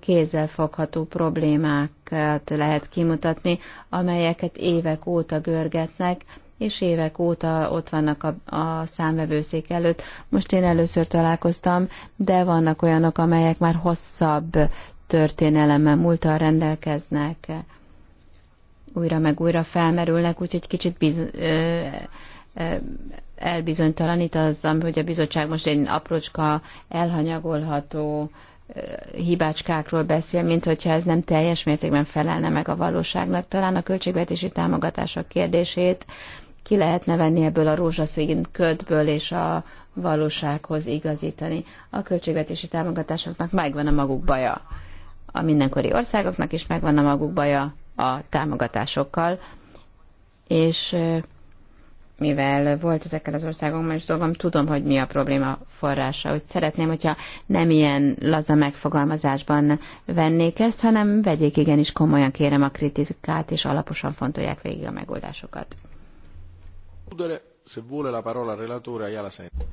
kézzelfogható problémákat lehet kimutatni, amelyeket évek óta görgetnek, és évek óta ott vannak a, a számvevőszék előtt. Most én először találkoztam, de vannak olyanok, amelyek már hosszabb történelemmel, múltal rendelkeznek, újra meg újra felmerülnek, úgyhogy kicsit biz, ö, elbizonytalanít az, hogy a bizottság most egy aprócska elhanyagolható hibácskákról beszél, mint hogyha ez nem teljes mértékben felelne meg a valóságnak. Talán a költségvetési támogatások kérdését ki lehetne venni ebből a rózsaszín ködből és a valósághoz igazítani. A költségvetési támogatásoknak megvan a maguk baja. A mindenkori országoknak is megvan a maguk baja a támogatásokkal, és mivel volt ezekkel az országokban is dolgom, szóval tudom, hogy mi a probléma forrása. Hogy szeretném, hogyha nem ilyen laza megfogalmazásban vennék ezt, hanem vegyék igenis komolyan kérem a kritikát, és alaposan fontolják végig a megoldásokat.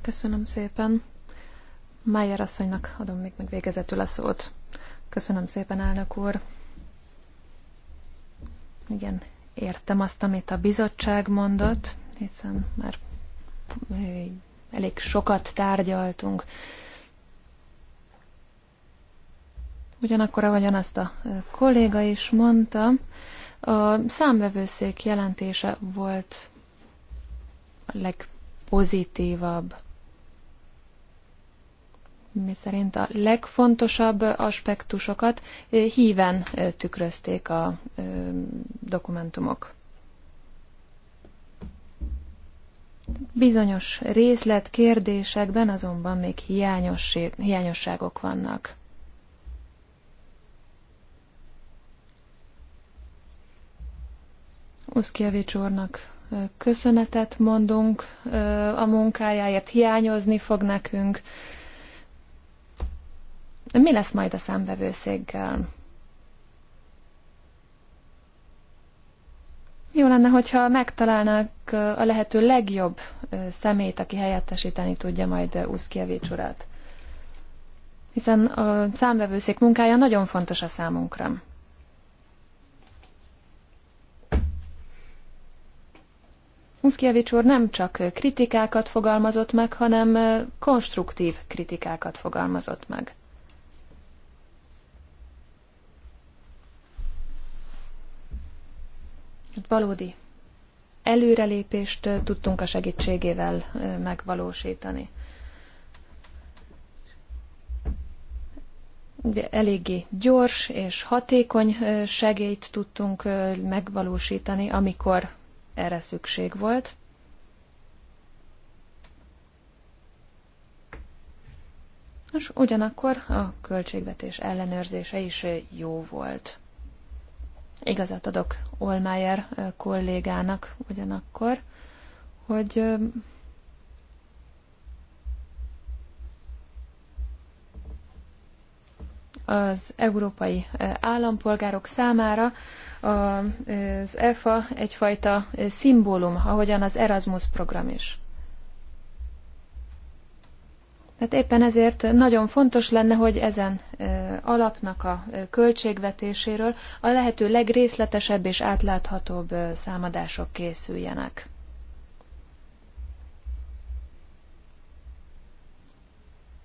Köszönöm szépen. Májer asszonynak adom még meg végezetül a szót. Köszönöm szépen, elnök úr. Igen, értem azt, amit a bizottság mondott hiszen már eh, elég sokat tárgyaltunk. Ugyanakkor, ahogyan azt a eh, kolléga is mondta, a számvevőszék jelentése volt a legpozitívabb. Mi szerint a legfontosabb aspektusokat eh, híven tükrözték a dokumentumok. Bizonyos részletkérdésekben azonban még hiányosságok vannak. Uszkiewicz úrnak köszönetet mondunk a munkájáért, hiányozni fog nekünk. Mi lesz majd a számbevőszéggel? Jó lenne, hogyha megtalálnák a lehető legjobb szemét, aki helyettesíteni tudja majd Uszkievics urat. Hiszen a számvevőszék munkája nagyon fontos a számunkra. Muszkiewicz úr nem csak kritikákat fogalmazott meg, hanem konstruktív kritikákat fogalmazott meg. Itt valódi előrelépést tudtunk a segítségével megvalósítani. eléggé gyors és hatékony segélyt tudtunk megvalósítani, amikor erre szükség volt. És ugyanakkor a költségvetés ellenőrzése is jó volt. Igazat adok Olmájer kollégának ugyanakkor, hogy az európai állampolgárok számára az EFA egyfajta szimbólum, ahogyan az Erasmus program is. Tehát éppen ezért nagyon fontos lenne, hogy ezen alapnak a költségvetéséről a lehető legrészletesebb és átláthatóbb számadások készüljenek.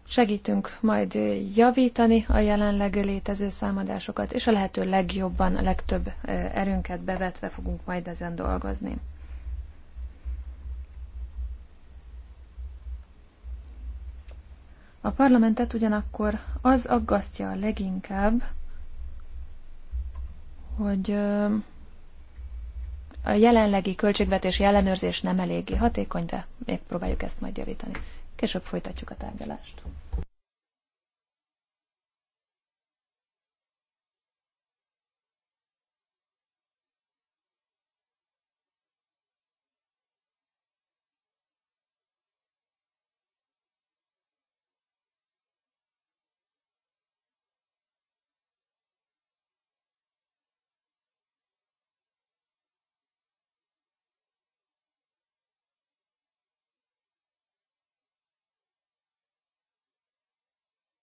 Segítünk majd javítani a jelenleg létező számadásokat, és a lehető legjobban, a legtöbb erőnket bevetve fogunk majd ezen dolgozni. A parlamentet ugyanakkor az aggasztja leginkább, hogy a jelenlegi költségvetési ellenőrzés nem eléggé hatékony, de még próbáljuk ezt majd javítani. Később folytatjuk a tárgyalást.